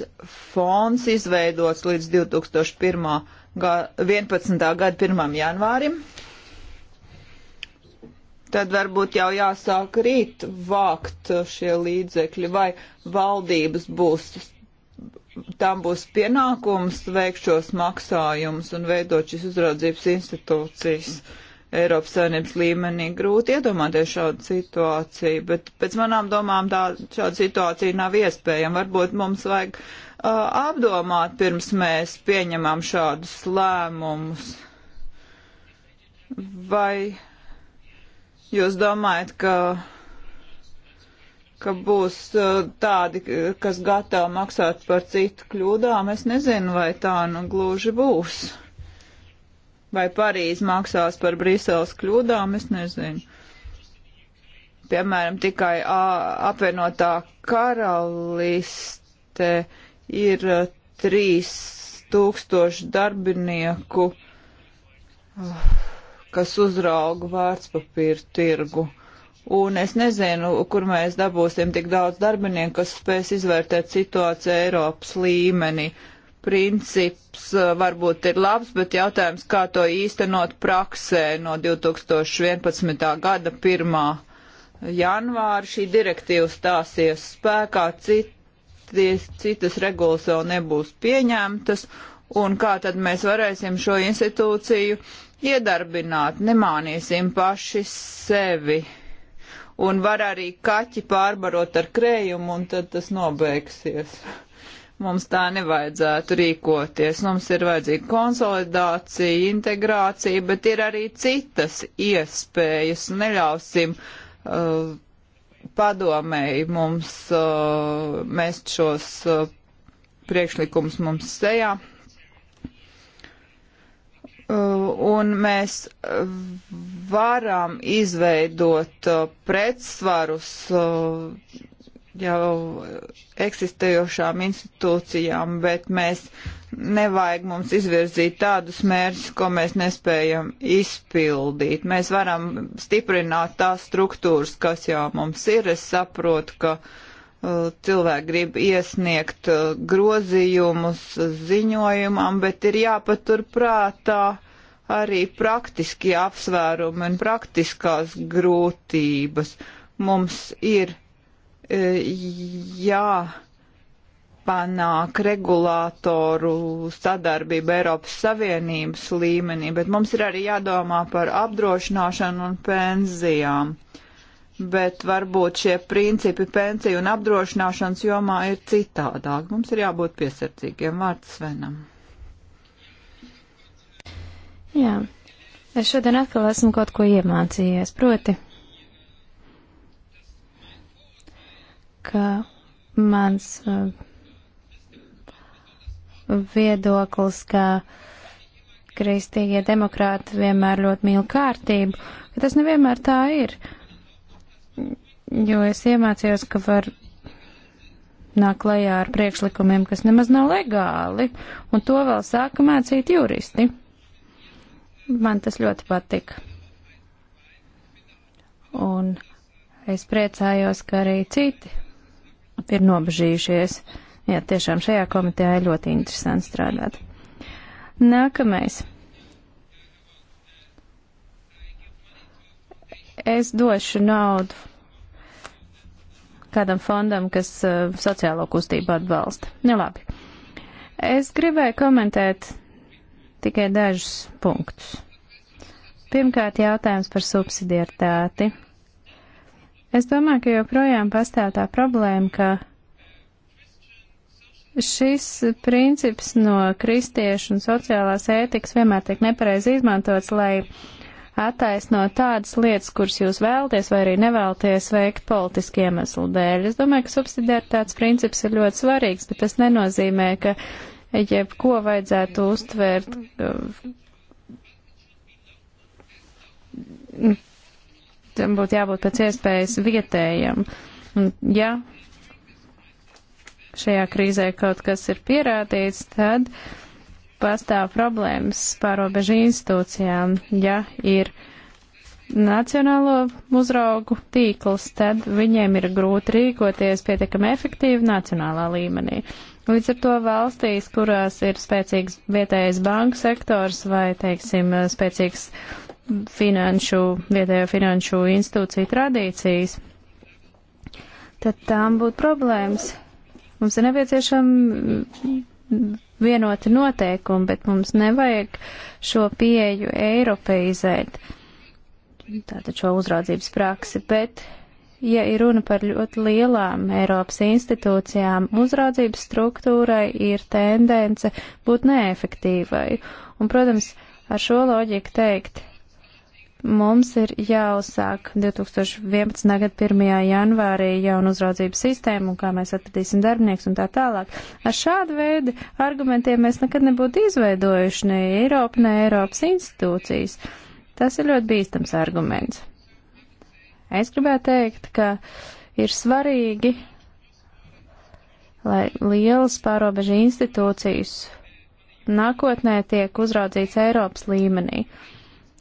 fonds izveidots līdz 2011. gada 1. janvārim, tad varbūt jau jāsāk rīt vākt šie līdzekļi, vai valdības būs, tam būs pienākums veikt šos maksājumus un veidot šīs uzraudzības institūcijas. Mm. Eiropas Savienības līmenī. Grūti iedomāties šādu situāciju, bet pēc manām domām tā, šāda situācija nav iespējama. Varbūt mums vajag uh, apdomāt pirms mēs pieņemam šādus lēmumus. Vai jūs domājat, ka ka būs tādi, kas gatavi maksāt par citu kļūdām. Es nezinu, vai tā nu gluži būs. Vai Parīze maksās par Briseles kļūdām, es nezinu. Piemēram, tikai apvienotā karaliste ir 3000 darbinieku, kas uzrauga vārtspapīru tirgu. Un es nezinu, kur mēs dabūsim tik daudz darbinieku, kas spēs izvērtēt situāciju Eiropas līmenī. Uh, princips eh, varbūt ir labs, bet jautājums, kā to īstenot praksē no 2011. gada 1. janvāra šī direktīva stāsies spēkā, citas, citas regulas vēl nebūs pieņemtas, un kā tad mēs varēsim šo institūciju iedarbināt, nemānīsim paši sevi. Un var arī kaķi pārbarot ar krējumu, un tad tas nobeigsies. Mums tā nevajadzētu rīkoties. Mums ir vajadzīga konsolidācija, integrācija, bet ir arī citas iespējas. Neļausim uh, padomēji mums uh, mest šos uh, priekšlikums mums sejā. Uh, un mēs varam izveidot uh, pretsvarus uh, jau eksistējošām institūcijām, bet mēs nevajag mums izvirzīt tādus mērķus, ko mēs nespējam izpildīt. Mēs varam stiprināt tās struktūras, kas jau mums ir. Es saprotu, ka uh, cilvēki grib iesniegt uh, grozījumus ziņojumam, bet ir jāpatur prātā arī praktiskie apsvērumi un praktiskās grūtības. Mums ir E, jāpanāk regulātoru sadarbība Eiropas Savienības līmenī, bet mums ir arī jādomā par apdrošināšanu un pensijām. Bet varbūt šie principi pensiju un apdrošināšanas jomā ir citādāk. Mums ir jābūt piesardzīgiem vārds Svenam. Jā, es šodien atkal esmu kaut ko iemācījies, proti ka mans uh, viedoklis, ka kristīgie demokrāti vienmēr ļoti mīl kārtību, ka tas nevienmēr tā ir. Jo es iemācījos, ka var nāk klajā ar priekšlikumiem, kas nemaz nav legāli, un to vēl sāka mācīt juristi. Man tas ļoti patika. Un es priecājos, ka arī citi ir nobežījušies. Jā, tiešām šajā komitejā ir ļoti interesanti strādāt. Nākamais. Es došu naudu kādam fondam, kas uh, sociālo kustību atbalsta. Nu labi. Es gribēju komentēt tikai dažus punktus. Pirmkārt, jautājums par subsidiartāti. Es domāju, ka joprojām pastāv tā problēma, ka šis princips no kristiešu un sociālās ētikas vienmēr tiek nepareizi izmantots, lai attaisno tādas lietas, kuras jūs vēlaties vai arī nevēlaties veikt politiski iemeslu dēļ. Es domāju, ka subsidiaritātes princips ir ļoti svarīgs, bet tas nenozīmē, ka jebko vajadzētu uztvērt uh, tam būtu jābūt pēc iespējas vietējam. Un, ja šajā krīzē kaut kas ir pierādīts, tad pastāv problēmas pārobežu institūcijām. Ja ir nacionālo uzraugu tīkls, tad viņiem ir grūti rīkoties pietiekami efektīvi nacionālā līmenī. Līdz ar to valstīs, kurās ir spēcīgs vietējais banku sektors vai, teiksim, spēcīgs uh, finanšu, vietējo finanšu institūciju tradīcijas, tad tām būtu problēmas. Mums ir nepieciešama vienota noteikuma, bet mums nevajag šo pieeju eiropeizēt, tātad šo uzraudzības praksi, bet, ja ir runa par ļoti lielām Eiropas institūcijām, uzraudzības struktūrai ir tendence būt neefektīvai. Un, protams, ar šo loģiku teikt, Mums ir jāuzsāk 2011. gada 1. janvārī jaunu uzraudzības sistēmu, un kā mēs atradīsim darbinieks un tā tālāk. Ar šādu veidu argumentiem mēs nekad nebūtu izveidojuši ne Eiropu, ne Eiropas institūcijas. Tas ir ļoti bīstams arguments. Es gribētu teikt, ka ir svarīgi, lai lielas pārobežu institūcijas nākotnē tiek uzraudzīts Eiropas līmenī. Uh,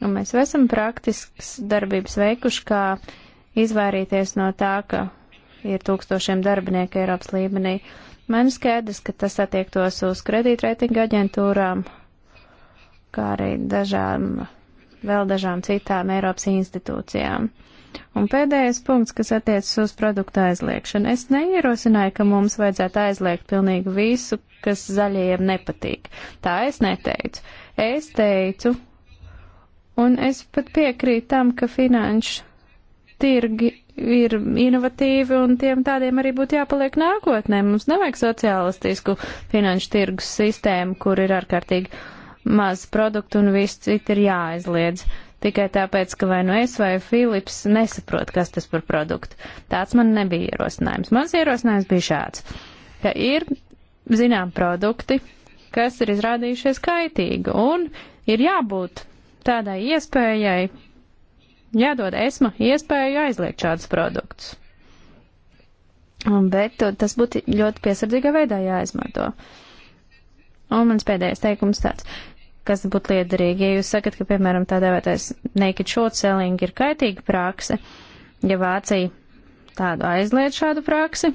Un mēs esam praktisks darbības veikuši, kā izvairīties no tā, ka ir tūkstošiem darbinieku Eiropas līmenī. Man skaidrs, ka tas attiektos uz kredītreitinga aģentūrām, kā arī dažām, vēl dažām citām Eiropas institūcijām. Un pēdējais punkts, kas attiecas uz produktu aizliekšanu. Es neierosināju, ka mums vajadzētu aizliegt pilnīgi visu, kas zaļajiem nepatīk. Tā es neteicu. Es teicu, Un es pat piekrītu tam, ka finanšu tirgi ir inovatīvi un tiem tādiem arī būtu jāpaliek nākotnē. Mums nevajag sociālistisku finanšu tirgus sistēmu, kur ir ārkārtīgi maz produktu un viss cits ir jāaizliedz. Tikai tāpēc, ka vai nu es vai Filips nesaprot, kas tas par produktu. Tāds man nebija ierosinājums. Mans ierosinājums bija šāds, ka ir zinām produkti, kas ir izrādījušies kaitīgi un ir jābūt tādai iespējai, jādod esma iespēju aizliegt šādus produktus. Bet tas būtu ļoti piesardzīgā veidā jāizmanto. Un mans pēdējais teikums tāds, kas būtu liederīgi, ja jūs sakat, ka, piemēram, tā dēvētais naked short selling ir kaitīga prakse, ja Vācija tādu aizliet šādu praksi,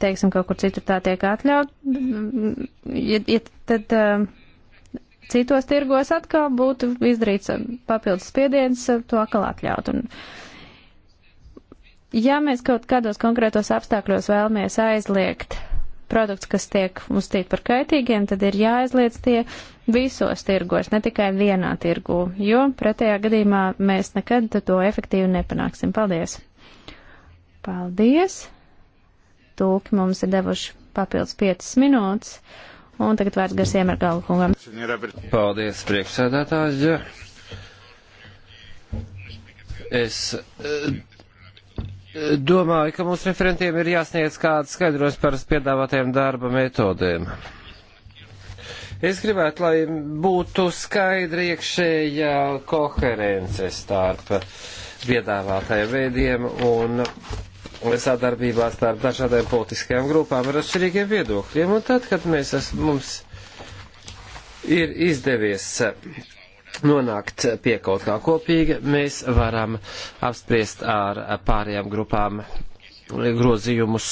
teiksim, kaut kur citur tā tiek atļaut, ja, ja tad. Uh, citos tirgos atkal būtu izdarīts papildus spiediens, eh, to atkal atļaut. Un, ja mēs kaut kādos konkrētos apstākļos vēlamies aizliegt produkts, kas tiek uzstīt par kaitīgiem, tad ir jāaizliedz tie visos tirgos, ne tikai vienā tirgū, jo pretējā gadījumā mēs nekad to efektīvi nepanāksim. Paldies! Paldies! Tūki mums ir devuši papildus 5 minūtes. Un tagad vērts garsiem ar galvu kungam. Paldies, priekšsēdētāji. Es eh, domāju, ka mums referentiem ir jāsniedz kāds skaidros par piedāvātajiem darba metodēm. Es gribētu, lai būtu skaidra iekšējā koherence starp piedāvātajiem veidiem un sadarbībā starp dažādām politiskajām grupām ar atšķirīgiem viedokļiem. Un tad, kad mēs es, mums ir izdevies eh, nonākt pie kaut kā kopīga, mēs varam apspriest ar pārējām grupām grozījumus,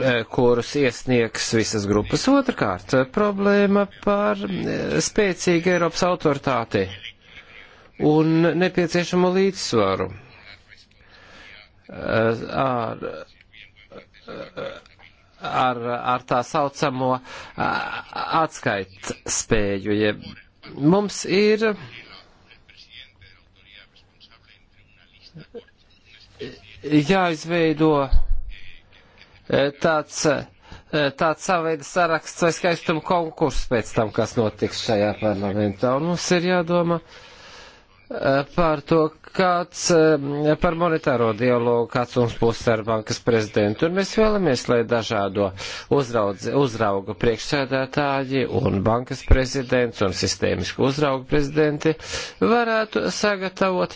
eh, kurus iesniegs visas grupas. Otrakārt, problēma par eh, spēcīgu Eiropas autoritāti un nepieciešamo līdzsvaru ar, ar, ar tā saucamo atskaitspēju. Ja mums ir jāizveido e, tāds, e, tāds savveida saraksts vai skaistuma konkurss pēc tam, kas notiks šajā parlamentā. Un mums ir jādomā. Uh, par to, kāds par monetāro dialogu, kāds mums būs ar bankas prezidentu. Un mēs vēlamies, lai dažādo uzraudz, uzrauga priekšsēdētāji un bankas prezidents un sistēmisku uzrauga prezidenti varētu sagatavot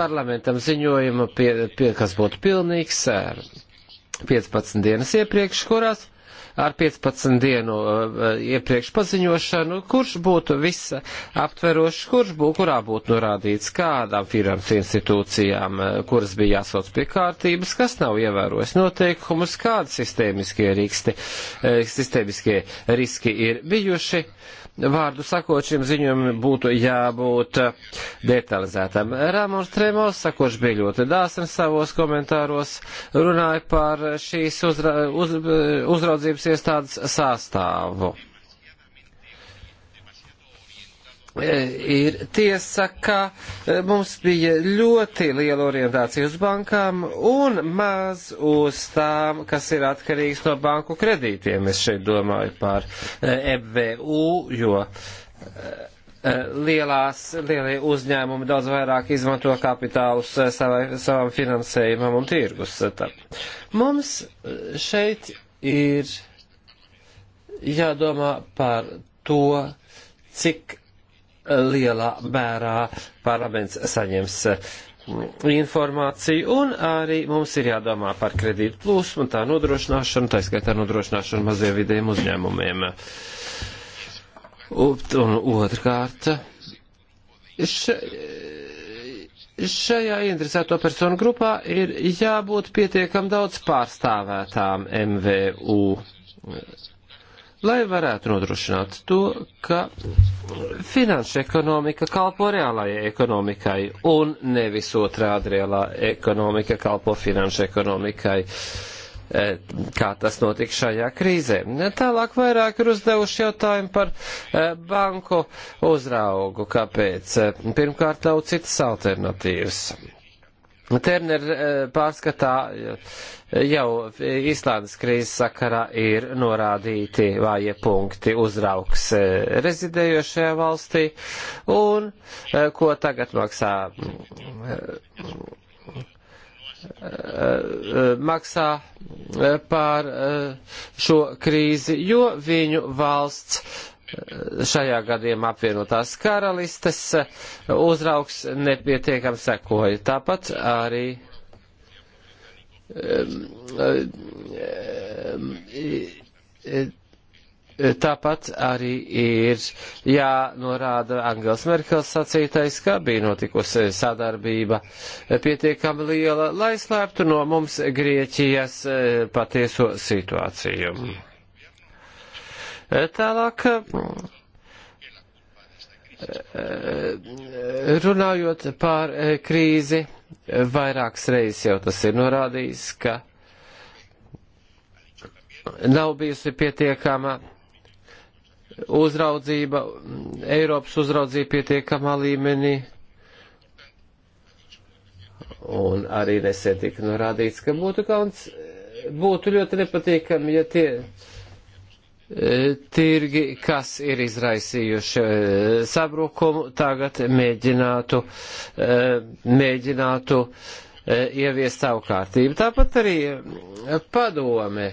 parlamentam ziņojumu, pie, pie, kas būtu pilnīgs ar 15 dienas iepriekš, kurās ar 15 dienu eh, eh, iepriekš paziņošanu, kurš būtu visa aptverošs, kurš būtu, kurā būtu norādīts kādām finansu institūcijām, eh, kuras bija jāsauc pie kārtības, kas nav ievērojis noteikumus, kādi sistēmiskie, riksti, sistēmiskie riski ir bijuši. Uh, Vārdu sakot, šim ziņojumam būtu jābūt detalizētam. Rāmons Tremos, sakoši bija ļoti dāsni savos komentāros, runāja par šīs uzra, uz, uzraudzības iestādes sastāvu. E, ir tiesa, ka e, mums bija ļoti liela orientācija uz bankām un maz uz tām, kas ir atkarīgs no banku kredītiem. Es šeit domāju par MVU, e, jo lielās, lielie uzņēmumi daudz vairāk izmanto kapitālus savai, savam finansējumam un tirgus. Tā. Mums šeit ir jādomā par to, cik lielā mērā parlaments saņems mm, informāciju, un arī mums ir jādomā par kredītu plūsmu un tā nodrošināšanu, tā skaitā nodrošināšanu maziem vidiem uzņēmumiem. Un, un otrkārt, še, šajā interesēto personu grupā ir jābūt pietiekam daudz pārstāvētām MVU lai varētu nodrošināt to, ka finanšu ekonomika kalpo reālajai ekonomikai un nevis otrādi reālā ekonomika kalpo finanšu ekonomikai e, kā tas notika šajā krīzē. Tālāk vairāk ir uzdevuši jautājumu par e, banku uzraugu, kāpēc. E, pirmkārt, nav citas alternatīvas. Turner eh, pārskatā eh, jau Īslandes krīzes sakarā ir norādīti vāje punkti uzrauks eh, rezidējošajā valstī un ko tagad maksā maksā par šo krīzi, jo viņu valsts šajā gadījumā apvienotās karalistes uzraugs nepietiekam sekoja. Tāpat arī ehm, ehm, Tāpat arī ir jānorāda Angels Merkels sacītais, ka bija notikusi sadarbība pietiekami liela, lai slēptu no mums Grieķijas eh, patieso situāciju. Tālāk, runājot par eh, krīzi, vairākas reizes jau tas ir norādījis, ka nav bijusi pietiekama uzraudzība, Eiropas uzraudzība pietiekamā līmenī. Un arī nesen tika norādīts, ka būtu kauns, būtu ļoti nepatīkami, ja tie tirgi, kas ir izraisījuši eh, sabrukumu, tagad mēģinātu, eh, mēģinātu eh, ieviest savu kārtību. Tāpat arī padome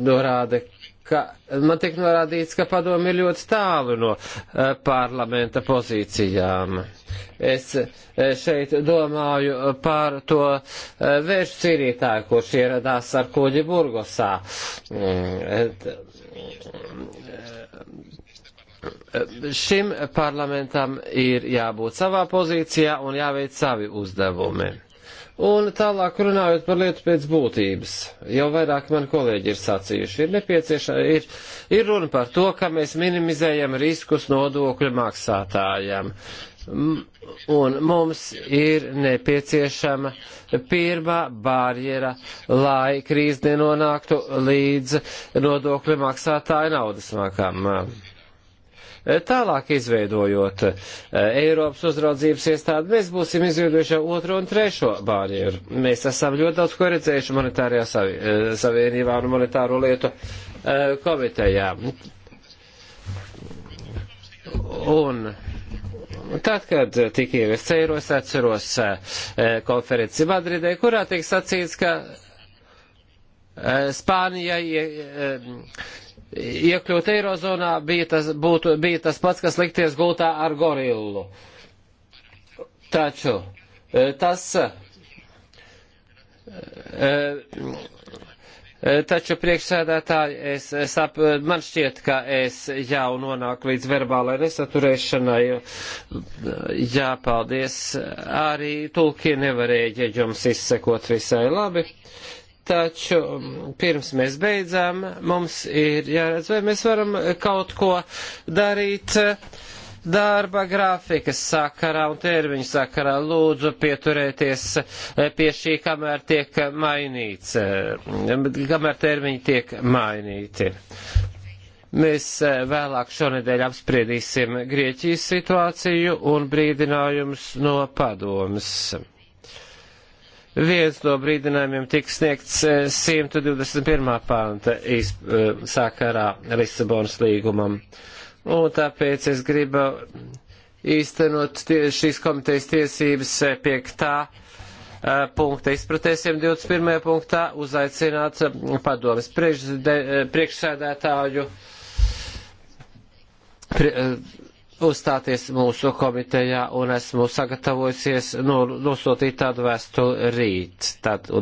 norāda, ka man tiek norādīts, ka padomi ir ļoti tālu no eh, parlamenta pozīcijām. Es eh, šeit domāju eh, par to vēršu cīrītāju, kurš ieradās ar kuģi Burgosā. Mm, šim parlamentam ir jābūt savā pozīcijā un jāveic savi uzdevumi. Un tālāk runājot par lietu pēc būtības, jau vairāk mani kolēģi ir sacījuši, ir nepieciešama, ir, ir runa par to, ka mēs minimizējam riskus nodokļu maksātājiem. Un mums ir nepieciešama pirmā barjera, lai krīze nenonāktu līdz nodokļu maksātāju naudas makām. Tālāk izveidojot eh, Eiropas uzraudzības iestādi, mēs būsim izveidojuši otro un trešo barjeru. Mēs esam ļoti daudz ko redzējuši monetārajā eh, savienībā un monetāro lietu eh, komitejā. Un Tad, kad tika ieviests eiro, es atceros konferenci Madridē, kurā tika sacīts, ka Spānijai iekļūt Eirozonā bija tas, būtu, bija tas pats, kas likties gultā ar gorillu. Taču e, tas. E, e, taču priekšsēdētāji, es, es ap, man šķiet, ka es jau nonāku līdz verbālai nesaturēšanai. Jā, paldies. Arī tulki nevarēja jums izsekot visai labi. Uh, Taču mm, pirms mēs beidzam, mums ir jāredz, vai mēs varam kaut ko darīt darba grafikas sakarā un termiņu sakarā. Lūdzu pieturēties eh, pie šī, kamēr tiek mainīts, eh, kamēr termiņi tiek mainīti. Mēs eh, vēlāk šonedēļ apspriedīsim Grieķijas situāciju un brīdinājumus no padomas. Viens no brīdinājumiem tiks sniegts 121. Eh, panta eh, sakarā Lisabonas līgumam. Un tāpēc es gribu īstenot tie, šīs komitejas tiesības eh, pie tā punkta izpratēsim 21. punktā uzaicināt padomas priekšsēdētāju. Prie, uzstāties mūsu komitejā un esmu sagatavojusies nosūtīt tādu vēstuli rīt. Tad,